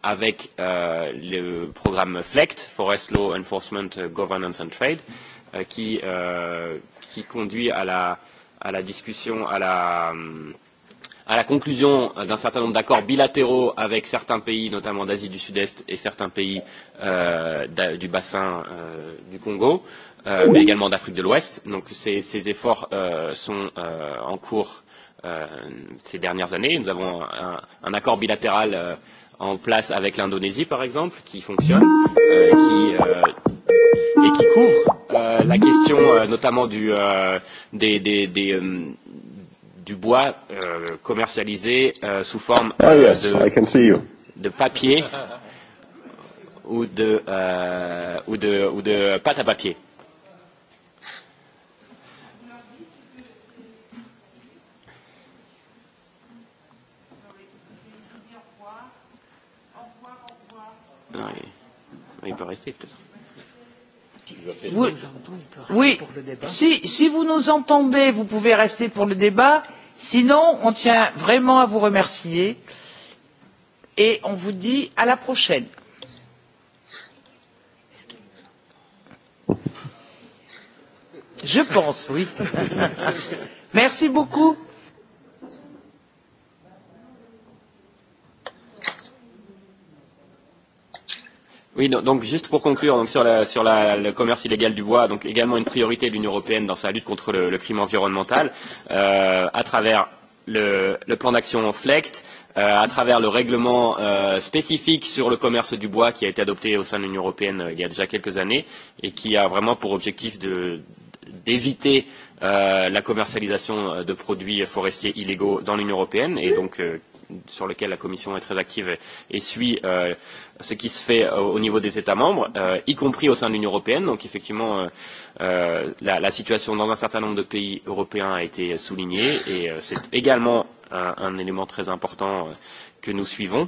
avec euh, le programme FLECT, Forest Law Enforcement euh, Governance and Trade, euh, qui, euh, qui conduit à la, à la discussion, à la, à la conclusion d'un certain nombre d'accords bilatéraux avec certains pays, notamment d'Asie du Sud-Est et certains pays euh, du bassin euh, du Congo, euh, mais également d'Afrique de l'Ouest. Donc ces, ces efforts euh, sont euh, en cours euh, ces dernières années. Nous avons un, un accord bilatéral euh, en place avec l'Indonésie, par exemple, qui fonctionne euh, qui, euh, et qui couvre euh, la question euh, notamment du, euh, des, des, des, euh, du bois euh, commercialisé euh, sous forme ah, euh, oh, yes, de, I can see you. de papier ou de, euh, ou de, ou de pâte à papier. Euh, Non, il, il peut rester peut-être. Vous, oui, si,
si vous nous entendez, vous pouvez rester pour le débat. Sinon, on tient vraiment à vous remercier et on vous dit à la prochaine. Je pense, oui. (laughs) Merci beaucoup.
Oui, donc juste pour conclure donc sur, la, sur la, le commerce illégal du bois, donc également une priorité de l'Union européenne dans sa lutte contre le, le crime environnemental, euh, à travers le, le plan d'action FLECT, euh, à travers le règlement euh, spécifique sur le commerce du bois qui a été adopté au sein de l'Union européenne euh, il y a déjà quelques années et qui a vraiment pour objectif d'éviter euh, la commercialisation euh, de produits forestiers illégaux dans l'Union européenne et donc euh, sur lequel la Commission est très active et et suit euh, ce qui se fait euh, au niveau des États membres, euh, y compris au sein de l'Union européenne. Donc effectivement, euh, euh, la, la situation dans un certain nombre de pays européens a été soulignée et euh, c'est également un, un élément très important euh, que nous suivons.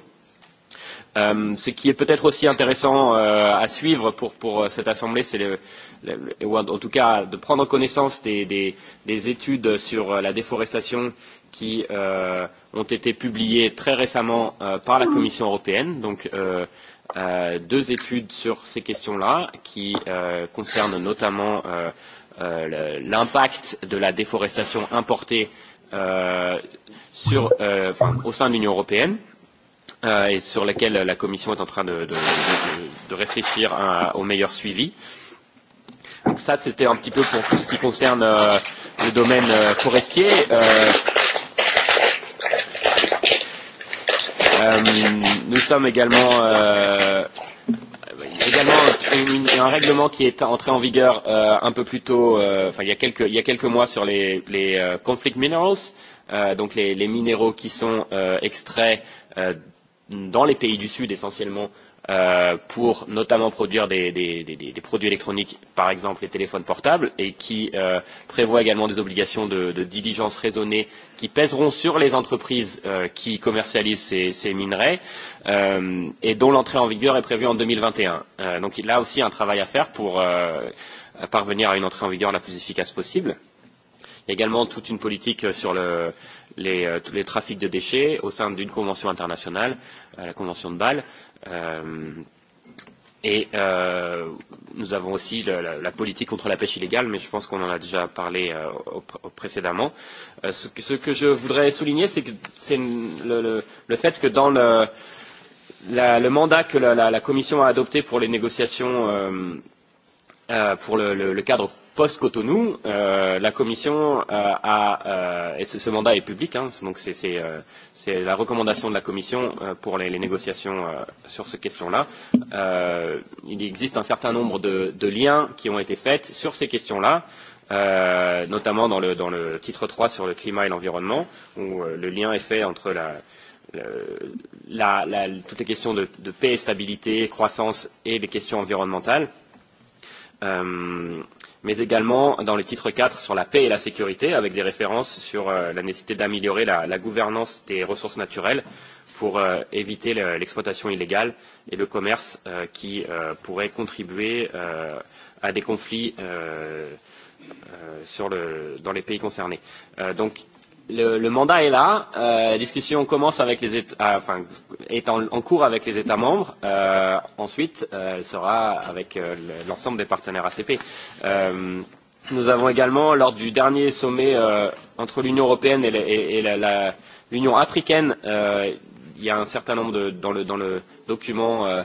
Euh, ce qui est peut-être aussi intéressant euh, à suivre pour, pour euh, cette assemblée, c'est le, le, ou en tout cas de prendre connaissance des, des, des études sur euh, la déforestation qui euh, ont été publiées très récemment euh, par la Commission européenne. Donc, euh, euh, deux études sur ces questions-là qui euh, concernent notamment euh, euh, l'impact de la déforestation importée euh, sur, euh, enfin, au sein de l'Union européenne euh, et sur laquelle la Commission est en train de, de, de, de réfléchir à, au meilleur suivi. Donc ça, c'était un petit peu pour tout ce qui concerne euh, le domaine euh, forestier. Euh, Euh, nous sommes également, euh, également une, un règlement qui est entré en vigueur euh, un peu plus tôt, euh, enfin il y a quelques, il y a quelques mois sur les, les euh, conflict minerals, euh, donc les, les minéraux qui sont euh, extraits euh, dans les pays du Sud essentiellement euh, Euh, pour notamment produire des, des, des, des produits électroniques, par exemple les téléphones portables, et qui euh, prévoit également des obligations de, de diligence raisonnée qui pèseront sur les entreprises euh, qui commercialisent ces, ces minerais euh, et dont l'entrée en vigueur est prévue en 2021. Euh, donc là aussi un travail à faire pour euh, parvenir à une entrée en vigueur la plus efficace possible. Il y a également toute une politique sur le, les, euh, tous les trafics de déchets au sein d'une convention internationale, euh, la convention de Bâle, euh, Euh, et euh, nous avons aussi le, la, la politique contre la pêche illégale, mais je pense qu'on en a déjà parlé euh, au, au précédemment. Euh, ce, que, ce que je voudrais souligner, c'est que c'est le, le, le fait que dans le, la, le mandat que la, la, la Commission a adopté pour les négociations euh, Euh, pour le, le, le cadre post-Cotonou, euh, la Commission euh, a, euh, et ce, ce mandat est public, hein, donc c'est euh, la recommandation de la Commission euh, pour les, les négociations euh, sur ces questions-là. Euh, il existe un certain nombre de, de liens qui ont été faits sur ces questions-là. Euh, notamment dans le, dans le titre 3 sur le climat et l'environnement, où euh, le lien est fait entre la, le, la, la, toutes les questions de, de paix et stabilité, croissance et les questions environnementales euh, mais également dans le titre 4 sur la paix et la sécurité, avec des références sur euh, la nécessité d'améliorer la, la gouvernance des ressources naturelles pour euh, éviter l'exploitation illégale et le commerce euh, qui euh, pourrait contribuer euh, à des conflits euh, euh, sur le, dans les pays concernés. Euh, donc le, le mandat est là. Euh, la discussion commence avec les États, euh, enfin, est en, en cours avec les États membres. Euh, ensuite, euh, elle sera avec euh, l'ensemble des partenaires ACP. Euh, nous avons également, lors du dernier sommet euh, entre l'Union européenne et, le, et, et l'Union africaine, euh, il y a un certain nombre de, dans le, dans le document euh,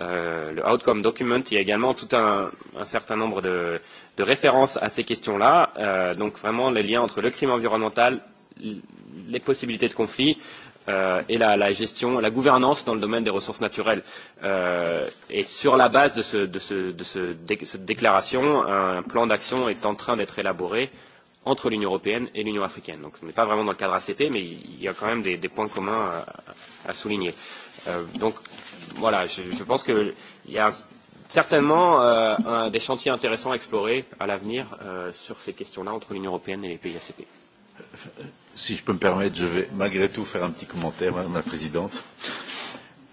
Euh, le outcome document, il y a également tout un, un certain nombre de, de références à ces questions-là. Euh, donc vraiment les liens entre le crime environnemental, les possibilités de conflit euh, et la, la gestion, la gouvernance dans le domaine des ressources naturelles. Euh, et sur la base de, ce, de, ce, de, ce, de cette déclaration, un plan d'action est en train d'être élaboré entre l'Union européenne et l'Union africaine. Donc on n'est pas vraiment dans le cadre ACP, mais il y a quand même des, des points communs à, à souligner. Euh, donc voilà, je, je pense qu'il y a certainement euh, un, des chantiers intéressants à explorer à l'avenir euh, sur ces questions-là entre l'Union européenne et les pays ACP.
Si je peux me permettre, je vais malgré tout faire un petit commentaire, Madame la Présidente.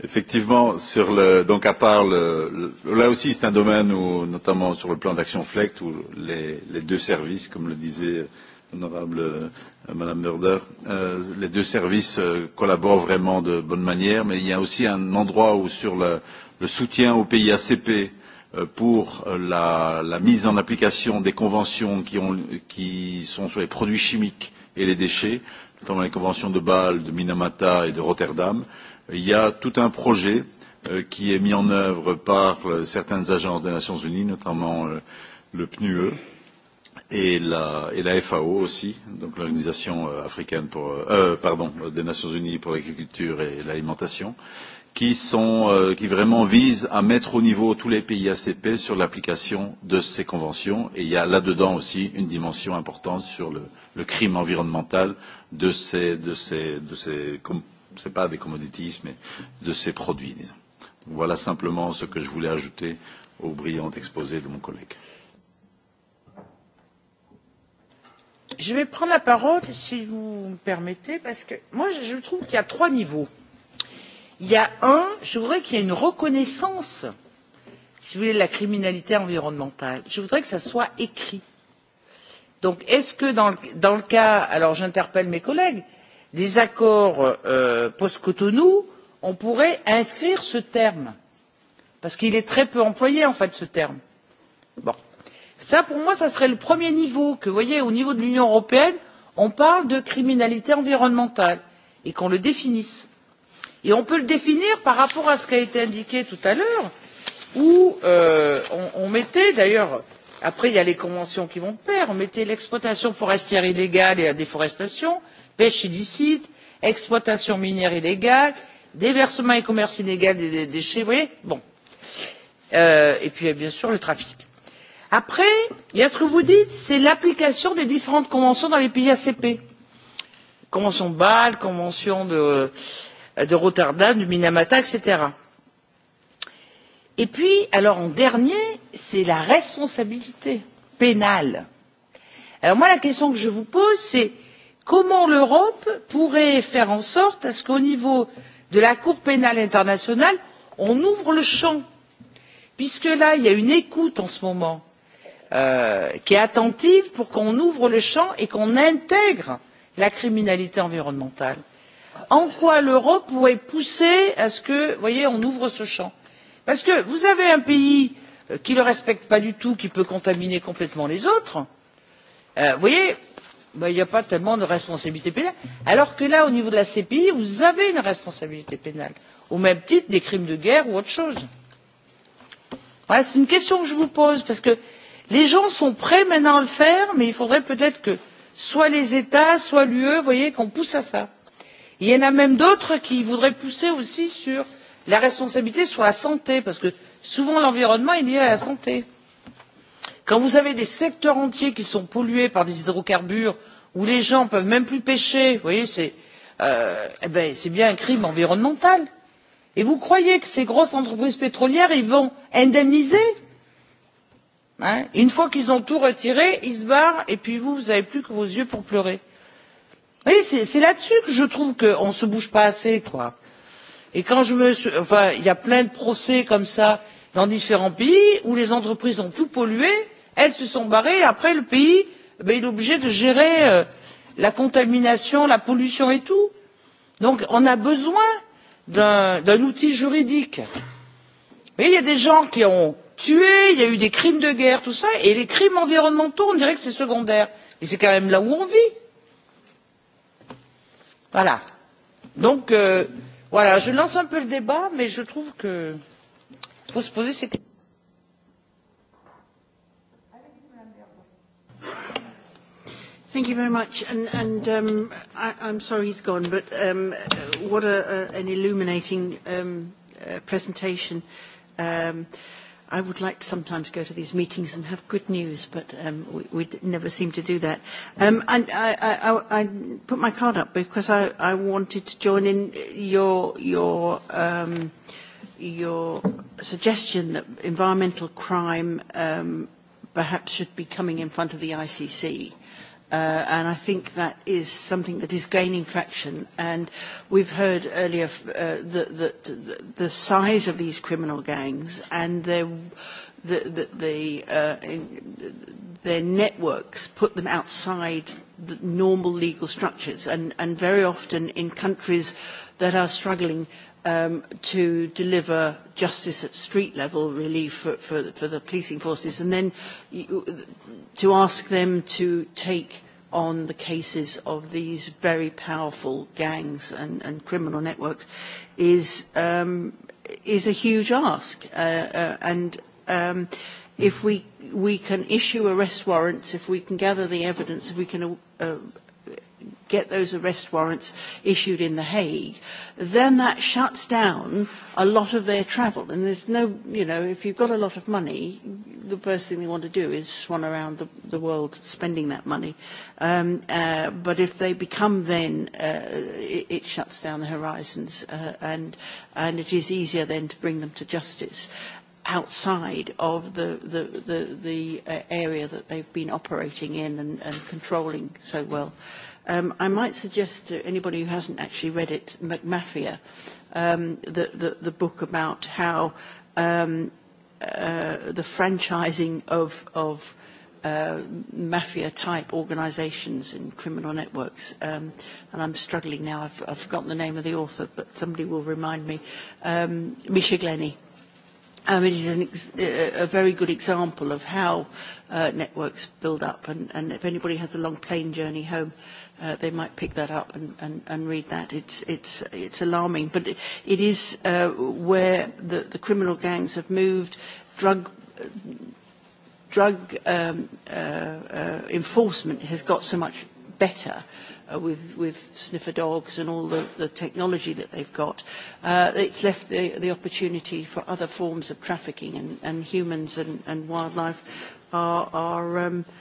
Effectivement, sur le, donc à part le, le, là aussi, c'est un domaine où, notamment sur le plan d'action FLECT, où les, les deux services, comme le disait euh, honorable euh, Madame Murder, euh, les deux services euh, collaborent vraiment de bonne manière, mais il y a aussi un endroit où sur le, le soutien aux pays ACP euh, pour euh, la, la mise en application des conventions qui, ont, qui sont sur les produits chimiques et les déchets, notamment les conventions de Bâle, de Minamata et de Rotterdam, il y a tout un projet euh, qui est mis en œuvre par certaines agences des Nations Unies, notamment le PNUE, et la, et la FAO aussi, donc l'organisation euh, africaine pour, euh, euh, pardon, des Nations Unies pour l'agriculture et l'alimentation, qui sont, euh, qui vraiment visent à mettre au niveau tous les pays ACP sur l'application de ces conventions. Et il y a là-dedans aussi une dimension importante sur le, le crime environnemental de ces, de ces, de ces, c'est pas des commodities, mais de ces produits, disons. Voilà simplement ce que je voulais ajouter au brillant exposé de mon collègue.
je vais prendre la parole si vous me permettez parce que moi je trouve qu'il y a trois niveaux. il y a un je voudrais qu'il y ait une reconnaissance si vous voulez de la criminalité environnementale. je voudrais que ça soit écrit. donc est ce que dans le, dans le cas alors j'interpelle mes collègues des accords euh, post cotonou on pourrait inscrire ce terme parce qu'il est très peu employé en fait ce terme. Bon ça pour moi ce serait le premier niveau que vous voyez au niveau de l'union européenne on parle de criminalité environnementale et qu'on le définisse et on peut le définir par rapport à ce qui a été indiqué tout à l'heure où euh, on, mettait d'ailleurs après il y a les conventions qui vont de pair on mettait l'exploitation forestière illégale et la déforestation pêche illicite exploitation minière illégale déversement et commerce illégal des déchets vous voyez bon euh, et puis bien sûr le trafic après il y a ce que vous dites c'est l'application des différentes conventions dans les pays acp convention de bâle convention de, rotterdam de minamata etc. et puis alors en dernier c'est la responsabilité pénale. alors moi la question que je vous pose c'est comment l'europe pourrait faire en sorte à ce qu'au niveau de la cour pénale internationale on ouvre le champ puisque là il y a une écoute en ce moment Euh, qui est attentive pour qu'on ouvre le champ et qu'on intègre la criminalité environnementale. En quoi l'Europe pourrait elle pousser à ce que, vous voyez, on ouvre ce champ Parce que vous avez un pays euh, qui ne le respecte pas du tout, qui peut contaminer complètement les autres. Euh, vous voyez, il n'y a pas tellement de responsabilité pénale. Alors que là, au niveau de la CPI, vous avez une responsabilité pénale, au même titre que des crimes de guerre ou autre chose. Voilà, c'est une question que je vous pose, parce que les gens sont prêts maintenant à le faire mais il faudrait peut être que soit les états soit l'ue vous voyez qu'on pousse à ça. il y en a même d'autres qui voudraient pousser aussi sur la responsabilité sur la santé parce que souvent l'environnement est lié à la santé. quand vous avez des secteurs entiers qui sont pollués par des hydrocarbures où les gens ne peuvent même plus pêcher vous voyez c'est euh, eh ben, bien un crime environnemental. et vous croyez que ces grosses entreprises pétrolières vont indemniser? une fois qu'ils ont tout retiré, ils se barrent et puis vous, vous n'avez plus que vos yeux pour pleurer. c'est là-dessus que je trouve qu'on ne se bouge pas assez, il y a plein de procès comme cela dans différents pays où les entreprises ont tout pollué, elles se sont barrées, et après le pays, eh ben, il est obligé de gérer euh, la contamination, la pollution et tout. Donc on a besoin d'un outil juridique. Vous il y a des gens qui ont tués il y a eu des crimes de guerre tout ça et les crimes environnementaux on dirait que c'est secondaire mais c'est quand même là où on vit. voilà. donc euh, voilà je lance un peu le débat mais je trouve que faut se poser ces questions.
Thank you very much. And, and um, I, I'm sorry he's gone, but um, what a, a, an illuminating um, uh, presentation. Um, I would like to sometimes go to these meetings and have good news, but um, we, never seem to do that. Um, and I, I, I put my card up because I, I wanted to join in your, your, um, your suggestion that environmental crime um, perhaps should be coming in front of the ICC Uh, and I think that is something that is gaining traction. And we've heard earlier uh, the, the, the size of these criminal gangs and their, the, the, the, uh, in, their networks put them outside the normal legal structures. And, and very often in countries that are struggling, um, to deliver justice at street level relief for, for, for the policing forces and then to ask them to take on the cases of these very powerful gangs and, and criminal networks is, um, is a huge ask. Uh, uh, and um, if we, we can issue arrest warrants, if we can gather the evidence, if we can uh, get those arrest warrants issued in The Hague, then that shuts down a lot of their travel. And there's no, you know, if you've got a lot of money, the first thing they want to do is swan around the, the world spending that money. Um, uh, but if they become then, uh, it, it shuts down the horizons uh, and, and it is easier then to bring them to justice outside of the, the, the, the uh, area that they've been operating in and, and controlling so well. Uh, Um, I might suggest to anybody who hasn't actually read it, McMafia, um, the, the, the book about how um, uh, the franchising of, of uh, mafia-type organisations and criminal networks, um, and I'm struggling now, I've, I've forgotten the name of the author, but somebody will remind me, um, Misha Glenny. Um, it is an ex- uh, a very good example of how uh, networks build up, and, and if anybody has a long plane journey home, uh, uh, they might pick that up and, and, and read that. It's, it's, it's alarming. But it, it is uh, where the, the criminal gangs have moved, drug, uh, drug um, uh, uh, enforcement has got so much better uh, with, with sniffer dogs and all the, the technology that they've got. Uh, it's left the, the opportunity for other forms of trafficking and, and humans and, and wildlife are, are um, uh,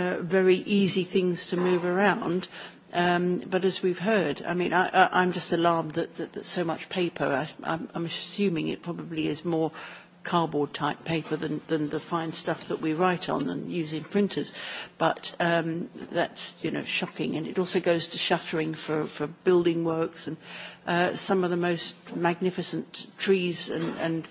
Uh, very easy things to move around. Um, but as we've heard, I mean, I, I, I'm just alarmed that, that, that so much paper, I, I'm, I'm assuming it probably is more cardboard type paper than, than the fine stuff that we write on and use in printers. But um, that's, you know, shocking. And it also goes to shuttering for, for building works and uh, some of the most magnificent trees and, and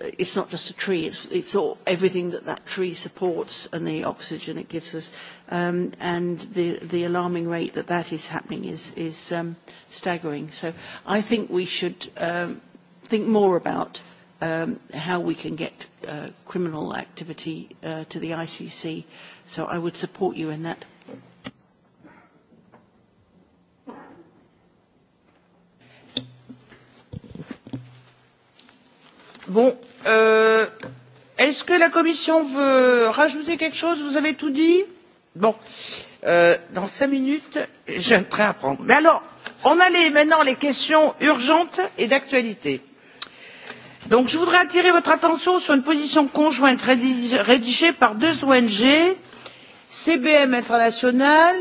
it's not just a tree, it's, it's all, everything that that tree supports and the oxygen it gives us. Um, and the, the alarming rate that that is happening is, is um, staggering. So I think we should um, think more about um, how we can get uh, criminal activity uh, to the ICC. So I would support you in that.
Bon, euh, est-ce que la Commission veut rajouter quelque chose Vous avez tout dit Bon, euh, dans cinq minutes, j'ai un train à prendre. Mais alors, on a les, maintenant les questions urgentes et d'actualité. Donc, je voudrais attirer votre attention sur une position conjointe rédigée par deux ONG, CBM International,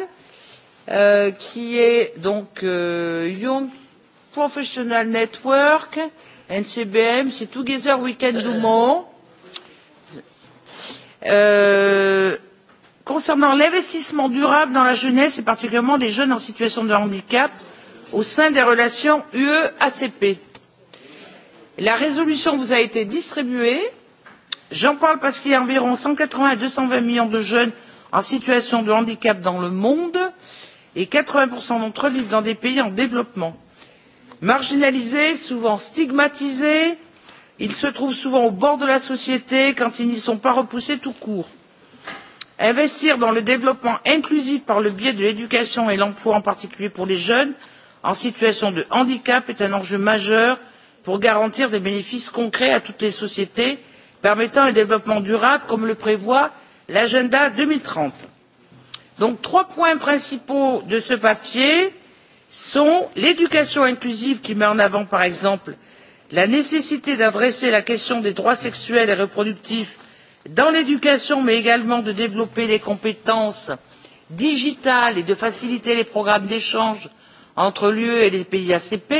euh, qui est donc euh, Young Professional Network, euh, ncbm c'est together we can do more. Euh, concernant l'investissement durable dans la jeunesse et particulièrement les jeunes en situation de handicap au sein des relations ue acp la résolution vous a été distribuée j'en parle parce qu'il y a environ cent quatre vingts à deux cent vingt millions de jeunes en situation de handicap dans le monde et quatre vingts d'entre eux vivent dans des pays en développement marginalisés souvent stigmatisés ils se trouvent souvent au bord de la société quand ils n'y sont pas repoussés tout court. investir dans le développement inclusif par le biais de l'éducation et de l'emploi en particulier pour les jeunes en situation de handicap est un enjeu majeur pour garantir des bénéfices concrets à toutes les sociétés permettant un développement durable comme le prévoit l'agenda. deux mille trente trois points principaux de ce papier sont l'éducation inclusive qui met en avant par exemple la nécessité d'adresser la question des droits sexuels et reproductifs dans l'éducation mais également de développer les compétences digitales et de faciliter les programmes d'échange entre l'ue et les pays acp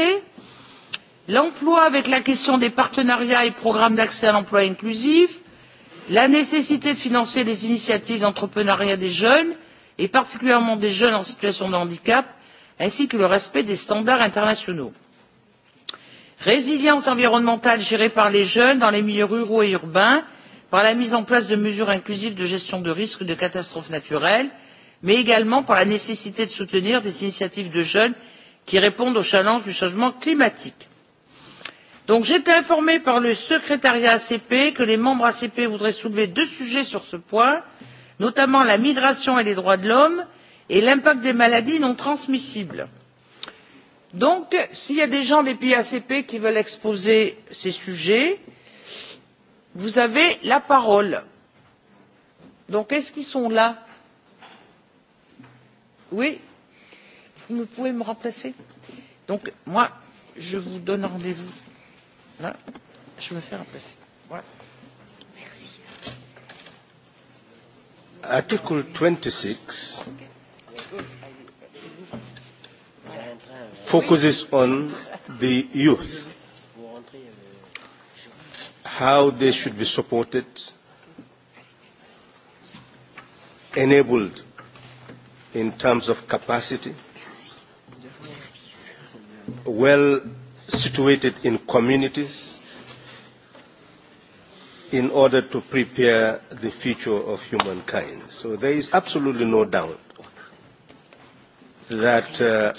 l'emploi avec la question des partenariats et programmes d'accès à l'emploi inclusif la nécessité de financer les initiatives d'entrepreneuriat des jeunes et particulièrement des jeunes en situation de handicap ainsi que le respect des standards internationaux. résilience environnementale gérée par les jeunes dans les milieux ruraux et urbains par la mise en place de mesures inclusives de gestion de risques de catastrophes naturelles mais également par la nécessité de soutenir des initiatives de jeunes qui répondent aux challenges du changement climatique. j'ai été informée par le secrétariat acp que les membres acp voudraient soulever deux sujets sur ce point notamment la migration et les droits de l'homme et l'impact des maladies non transmissibles. donc s'il y a des gens des pays acp qui veulent exposer ces sujets vous avez la parole. donc est ce qu'ils sont là? oui? vous pouvez me remplacer? donc moi je vous donne rendez vous. je me fais remplacer. Voilà. Merci.
Article focuses on the youth, how they should be supported, enabled in terms of capacity, well situated in communities in order to prepare the future of humankind. So there is absolutely no doubt that uh,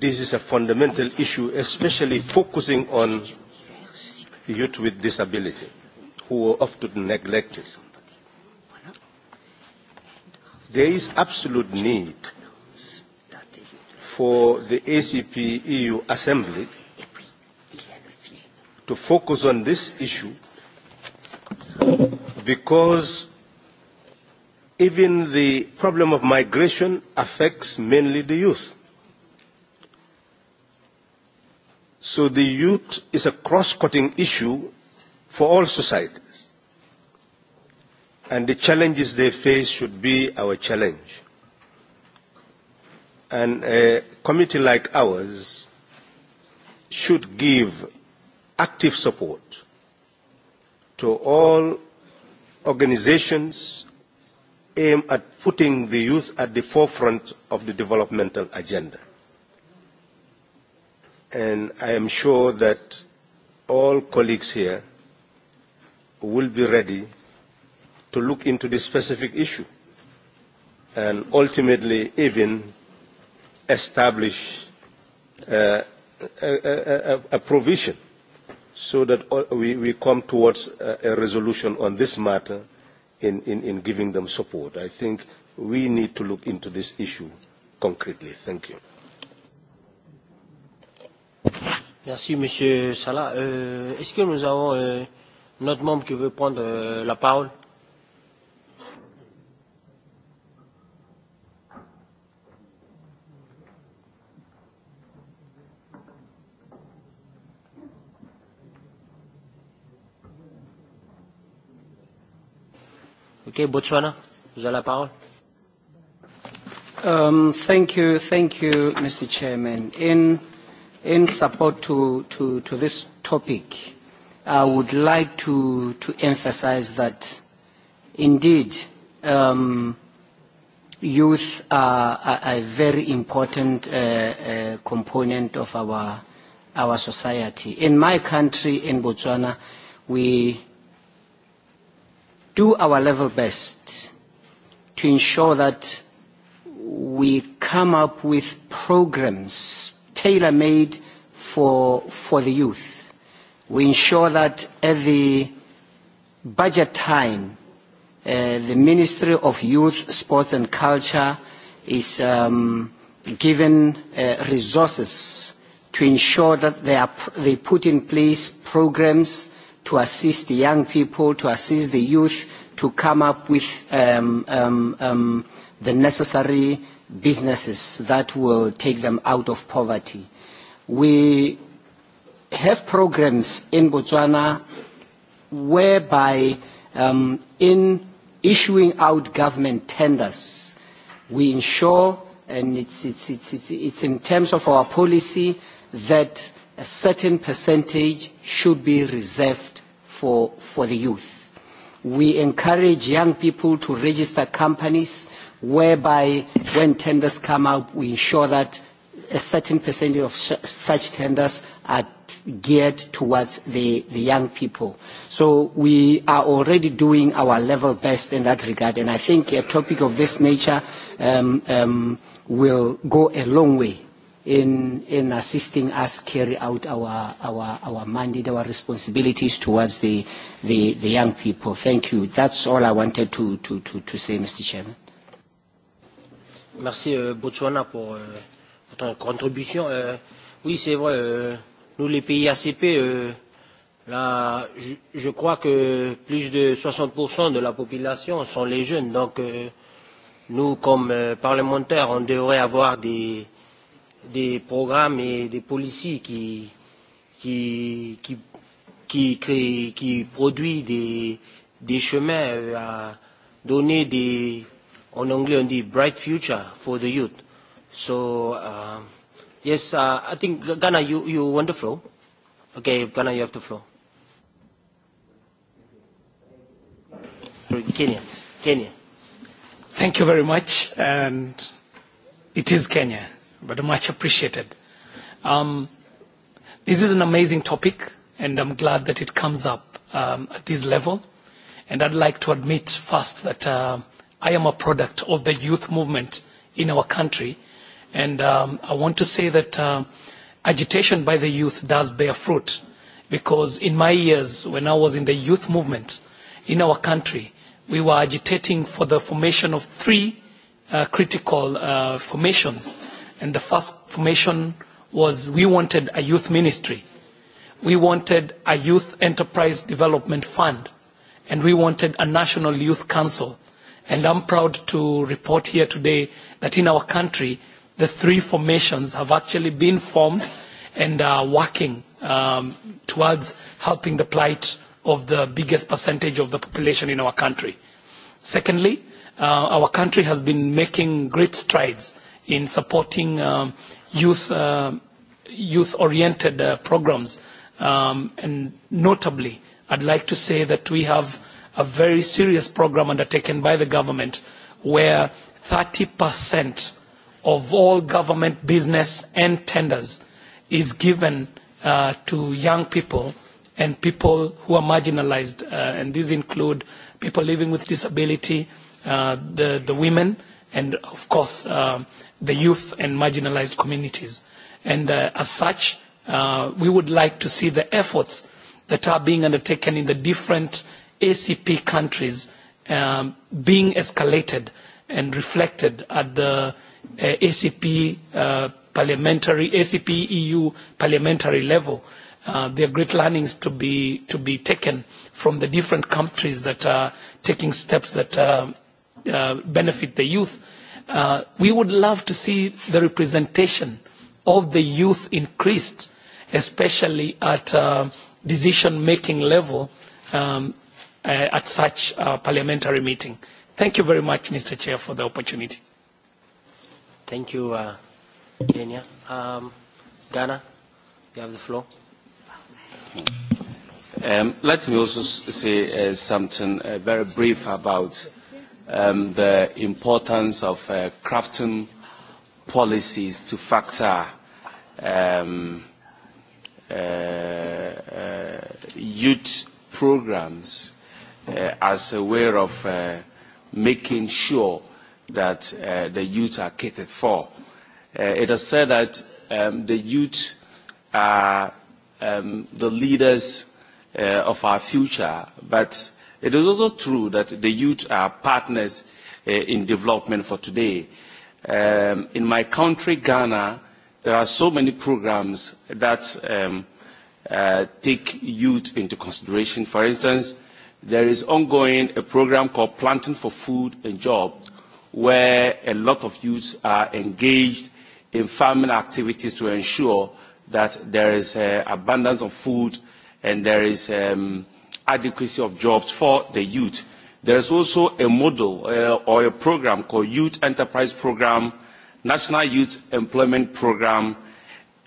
this is a fundamental issue, especially focusing on youth with disability, who are often neglected. There is absolute need for the ACP EU Assembly to focus on this issue because even the problem of migration affects mainly the youth. So the youth is a cross-cutting issue for all societies. And the challenges they face should be our challenge. And a committee like ours should give active support to all organizations aimed at putting the youth at the forefront of the developmental agenda and I am sure that all colleagues here will be ready to look into this specific issue and ultimately even establish uh, a, a, a provision so that all, we, we come towards a, a resolution on this matter in, in, in giving them support. I think we need to look into this issue concretely. Thank you.
Merci, Monsieur Salah. Euh, Est-ce que nous avons euh, notre membre qui veut prendre euh, la parole Okay, Botswana, vous avez la parole.
Um, thank you, thank you, Mr. Chairman. In in support to, to, to this topic, I would like to, to emphasize that indeed um, youth are, are a very important uh, uh, component of our, our society. In my country, in Botswana, we do our level best to ensure that we come up with programs tailor-made for, for the youth. We ensure that at the budget time, uh, the Ministry of Youth, Sports and Culture is um, given uh, resources to ensure that they, are, they put in place programs to assist the young people, to assist the youth to come up with um, um, um, the necessary businesses that will take them out of poverty. We have programs in Botswana whereby um, in issuing out government tenders, we ensure, and it's, it's, it's, it's, it's in terms of our policy, that a certain percentage should be reserved for, for the youth. We encourage young people to register companies whereby when tenders come out, we ensure that a certain percentage of such tenders are geared towards the, the young people. So we are already doing our level best in that regard, and I think a topic of this nature um, um, will go a long way in, in assisting us carry out our, our, our mandate, our responsibilities towards the, the, the young people. Thank you. That's all I wanted to, to, to, to say, Mr. Chairman.
Merci euh, Botswana pour, euh, pour ton contribution. Euh, oui, c'est vrai, euh, nous les pays ACP, euh, là, je, je crois que plus de 60% de la population sont les jeunes. Donc euh, nous, comme euh, parlementaires, on devrait avoir des, des programmes et des policiers qui, qui, qui, qui, créent, qui produisent des, des chemins euh, à donner des on only on the bright future for the youth. So, uh, yes, uh, I think, Ghana, you, you want the floor? Okay, Ghana, you have the floor. Kenya. Kenya.
Thank you very much. And it is Kenya, but much appreciated. Um, this is an amazing topic, and I'm glad that it comes up um, at this level. And I'd like to admit first that uh, I am a product of the youth movement in our country. And um, I want to say that uh, agitation by the youth does bear fruit because in my years, when I was in the youth movement in our country, we were agitating for the formation of three uh, critical uh, formations. And the first formation was we wanted a youth ministry. We wanted a youth enterprise development fund. And we wanted a national youth council And I'm proud to report here today that in our country, the three formations have actually been formed and are working um, towards helping the plight of the biggest percentage of the population in our country. Secondly, uh, our country has been making great strides in supporting um, youth uh, youth oriented uh, programs um, and notably I'd like to say that we have a very serious programme undertaken by the government where 30% of all government business and tenders is given uh, to young people and people who are marginalised. Uh, and these include people living with disability, uh, the, the women, and of course uh, the youth and marginalised communities. And uh, as such, uh, we would like to see the efforts that are being undertaken in the different ACP countries um, being escalated and reflected at the uh, ACP uh, parliamentary, ACP EU parliamentary level. Uh, there are great learnings to be, to be taken from the different countries that are taking steps that uh, uh, benefit the youth. Uh, we would love to see the representation of the youth increased, especially at uh, decision-making level um, uh, at such a parliamentary meeting. Thank you very much, Mr. Chair, for the opportunity.
Thank you, uh, Kenya. Um, Ghana, you have the floor.
Um, let me also say uh, something uh, very brief about um, the importance of uh, crafting policies to factor um, uh, uh, youth programs uh, as a way of uh, making sure that uh, the youth are catered for. Uh, it is said that um, the youth are um, the leaders uh, of our future, but it is also true that the youth are partners uh, in development for today. Um, in my country, Ghana, there are so many programs that um, uh, take youth into consideration. For instance, there is ongoing a program called Planting for Food and Jobs, where a lot of youths are engaged in farming activities to ensure that there is uh, abundance of food and there is um, adequacy of jobs for the youth. There is also a model uh, or a program called Youth Enterprise Program, National Youth Employment Program,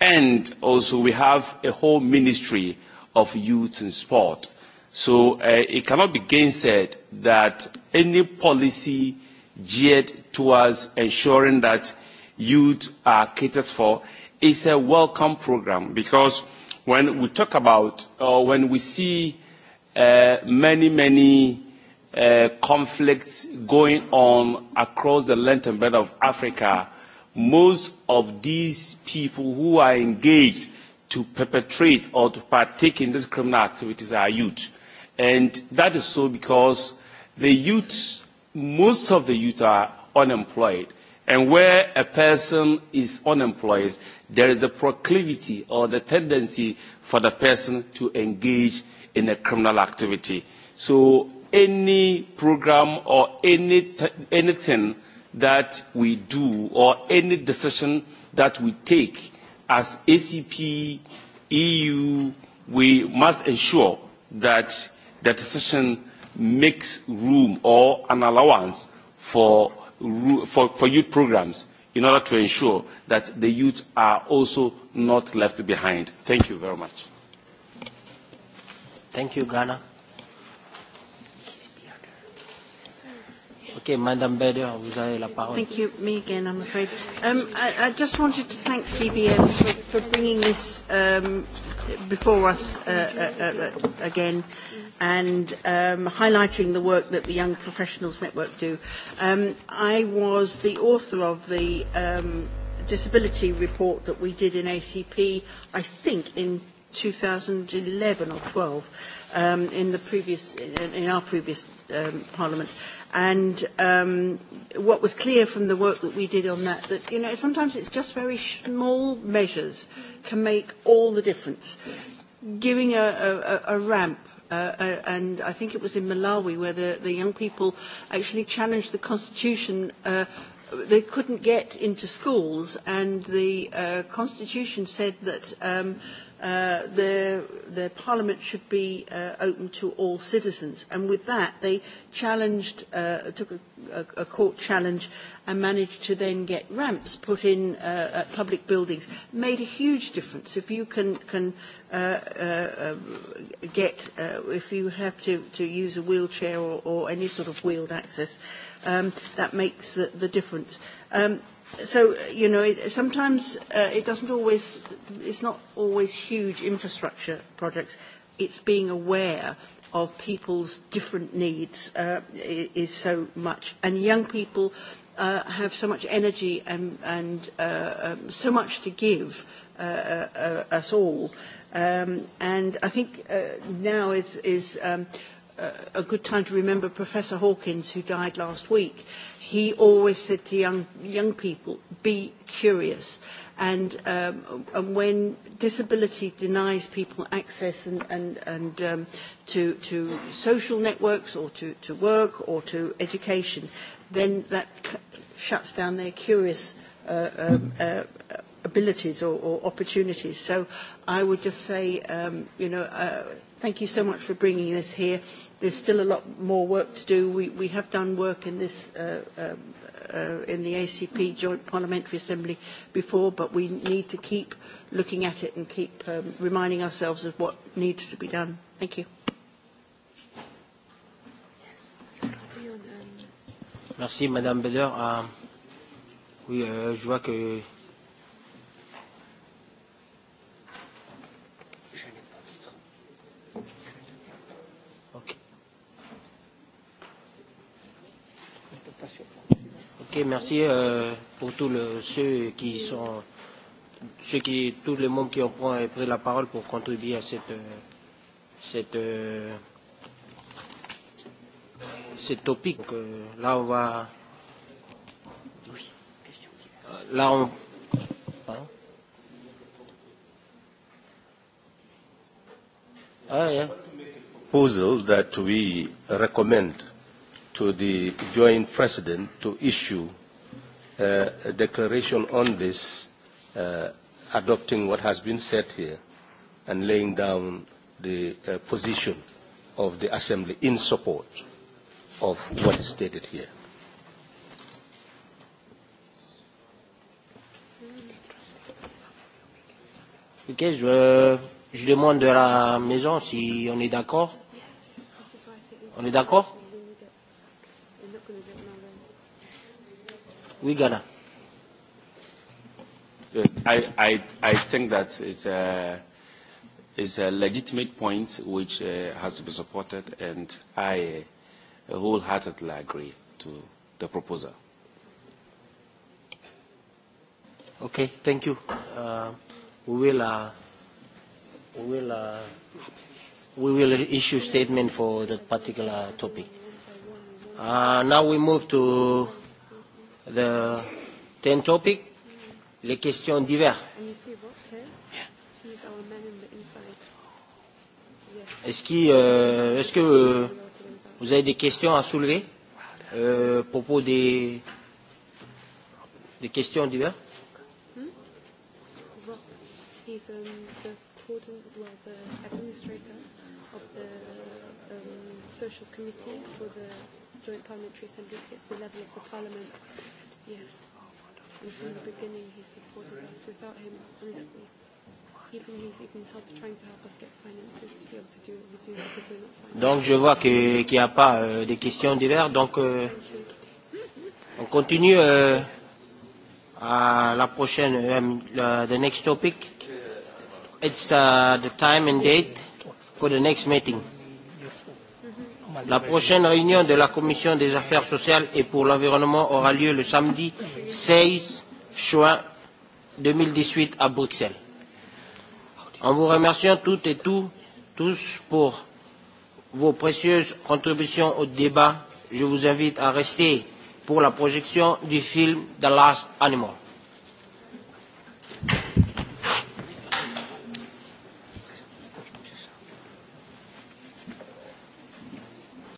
and also we have a whole ministry of youth and sport So uh, it cannot be gainsaid that any policy geared towards ensuring that youth are catered for is a welcome program because when we talk about or when we see uh, many, many uh, conflicts going on across the length and breadth of Africa, most of these people who are engaged to perpetrate or to partake in these criminal activities are youth And that is so because the youth, most of the youth are unemployed. And where a person is unemployed, there is the proclivity or the tendency for the person to engage in a criminal activity. So any program or any th- anything that we do or any decision that we take as ACP, EU, we must ensure that the decision makes room or an allowance for, for, for youth programs in order to ensure that the youth are also not left behind. Thank you very much.
Thank you, Ghana. Okay, Madam Beder, vous avez la parole. Thank
you. Me again, I'm afraid. Um, I, I just wanted to thank CBM for, for bringing this um, before us uh, uh, uh, again and um, highlighting the work that the Young Professionals Network do. Um, I was the author of the um, disability report that we did in ACP, I think in 2011 or 12, um, in, the previous, in, in our previous um, parliament. And um, what was clear from the work that we did on that, that, you know, sometimes it's just very small measures can make all the difference. Yes. Giving a, a, a ramp Uh, uh, and I think it was in Malawi where the, the young people actually challenged the constitution uh, they couldn't get into schools, and the uh, constitution said that um, uh, their, their parliament should be uh, open to all citizens. And with that, they challenged, uh, took a a, court challenge and managed to then get ramps put in uh, at public buildings made a huge difference. If you can, can uh, uh, uh, get, uh, if you have to, to use a wheelchair or, or any sort of wheeled access, um, that makes the, the difference. Um, so you know it, sometimes uh, it doesn't always it's not always huge infrastructure projects it's being aware of people's different needs uh, is so much. And young people uh, have so much energy and, and uh, um, so much to give uh, uh, us all. Um, and I think uh, now is, is um, a good time to remember Professor Hawkins, who died last week he always said to young, young people, be curious. And, um, and when disability denies people access and, and, and um, to, to social networks or to, to work or to education, then that shuts down their curious uh, um, uh, abilities or, or opportunities. So I would just say, um, you know, uh, thank you so much for bringing this here there's still a lot more work to do. We, we have done work in this uh, um, uh, in the ACP Joint Parliamentary Assembly before, but we need to keep looking at it and keep um, reminding ourselves of what needs to be done. Thank you.
Merci, Madame Beller. Euh, ah, oui, euh, je vois que Ok, merci euh, pour tous le, ceux qui sont, ceux qui, tous les membres qui ont pris, ont euh, pris la parole pour contribuer à cette, euh, cette, euh, cette topic. Donc, euh, là, on va, là, on, hein? Ah, yeah.
Proposal that we recommend to the joint president to issue uh, a declaration on this, uh, adopting what has been said here and laying down the uh, position of the assembly in support of what is stated here.
Ok, je, je demande à la maison si on est d'accord. On est d'accord we
gonna Yes, I, I, I think that is a, is a legitimate point which uh, has to be supported, and I uh, wholeheartedly agree to the proposal.
Okay, thank you. Uh, we will, uh, we will, uh, we will issue statement for that particular topic. Uh, now we move to the ten topic, les questions diverses. Est-ce qu euh, est que euh, vous avez des questions à soulever euh, à propos des, des questions diverses
hmm? um, um, social committee for the Joint Parliamentary Assembly at the level of the Parliament. Yes. And from the beginning, he supported us. Without him, honestly, even he's even help, trying to help us get finances to be able to do what we do because we're not Donc je vois
qu'il n'y a pas euh, des questions diverses, donc euh, on continue euh, à la prochaine, um, uh, the next topic. It's uh, the time and date for the next meeting. La prochaine réunion de la Commission des affaires sociales et pour l'environnement aura lieu le samedi 16 juin 2018 à Bruxelles. En vous remerciant toutes et tous, tous pour vos précieuses contributions au débat, je vous invite à rester pour la projection du film The Last Animal.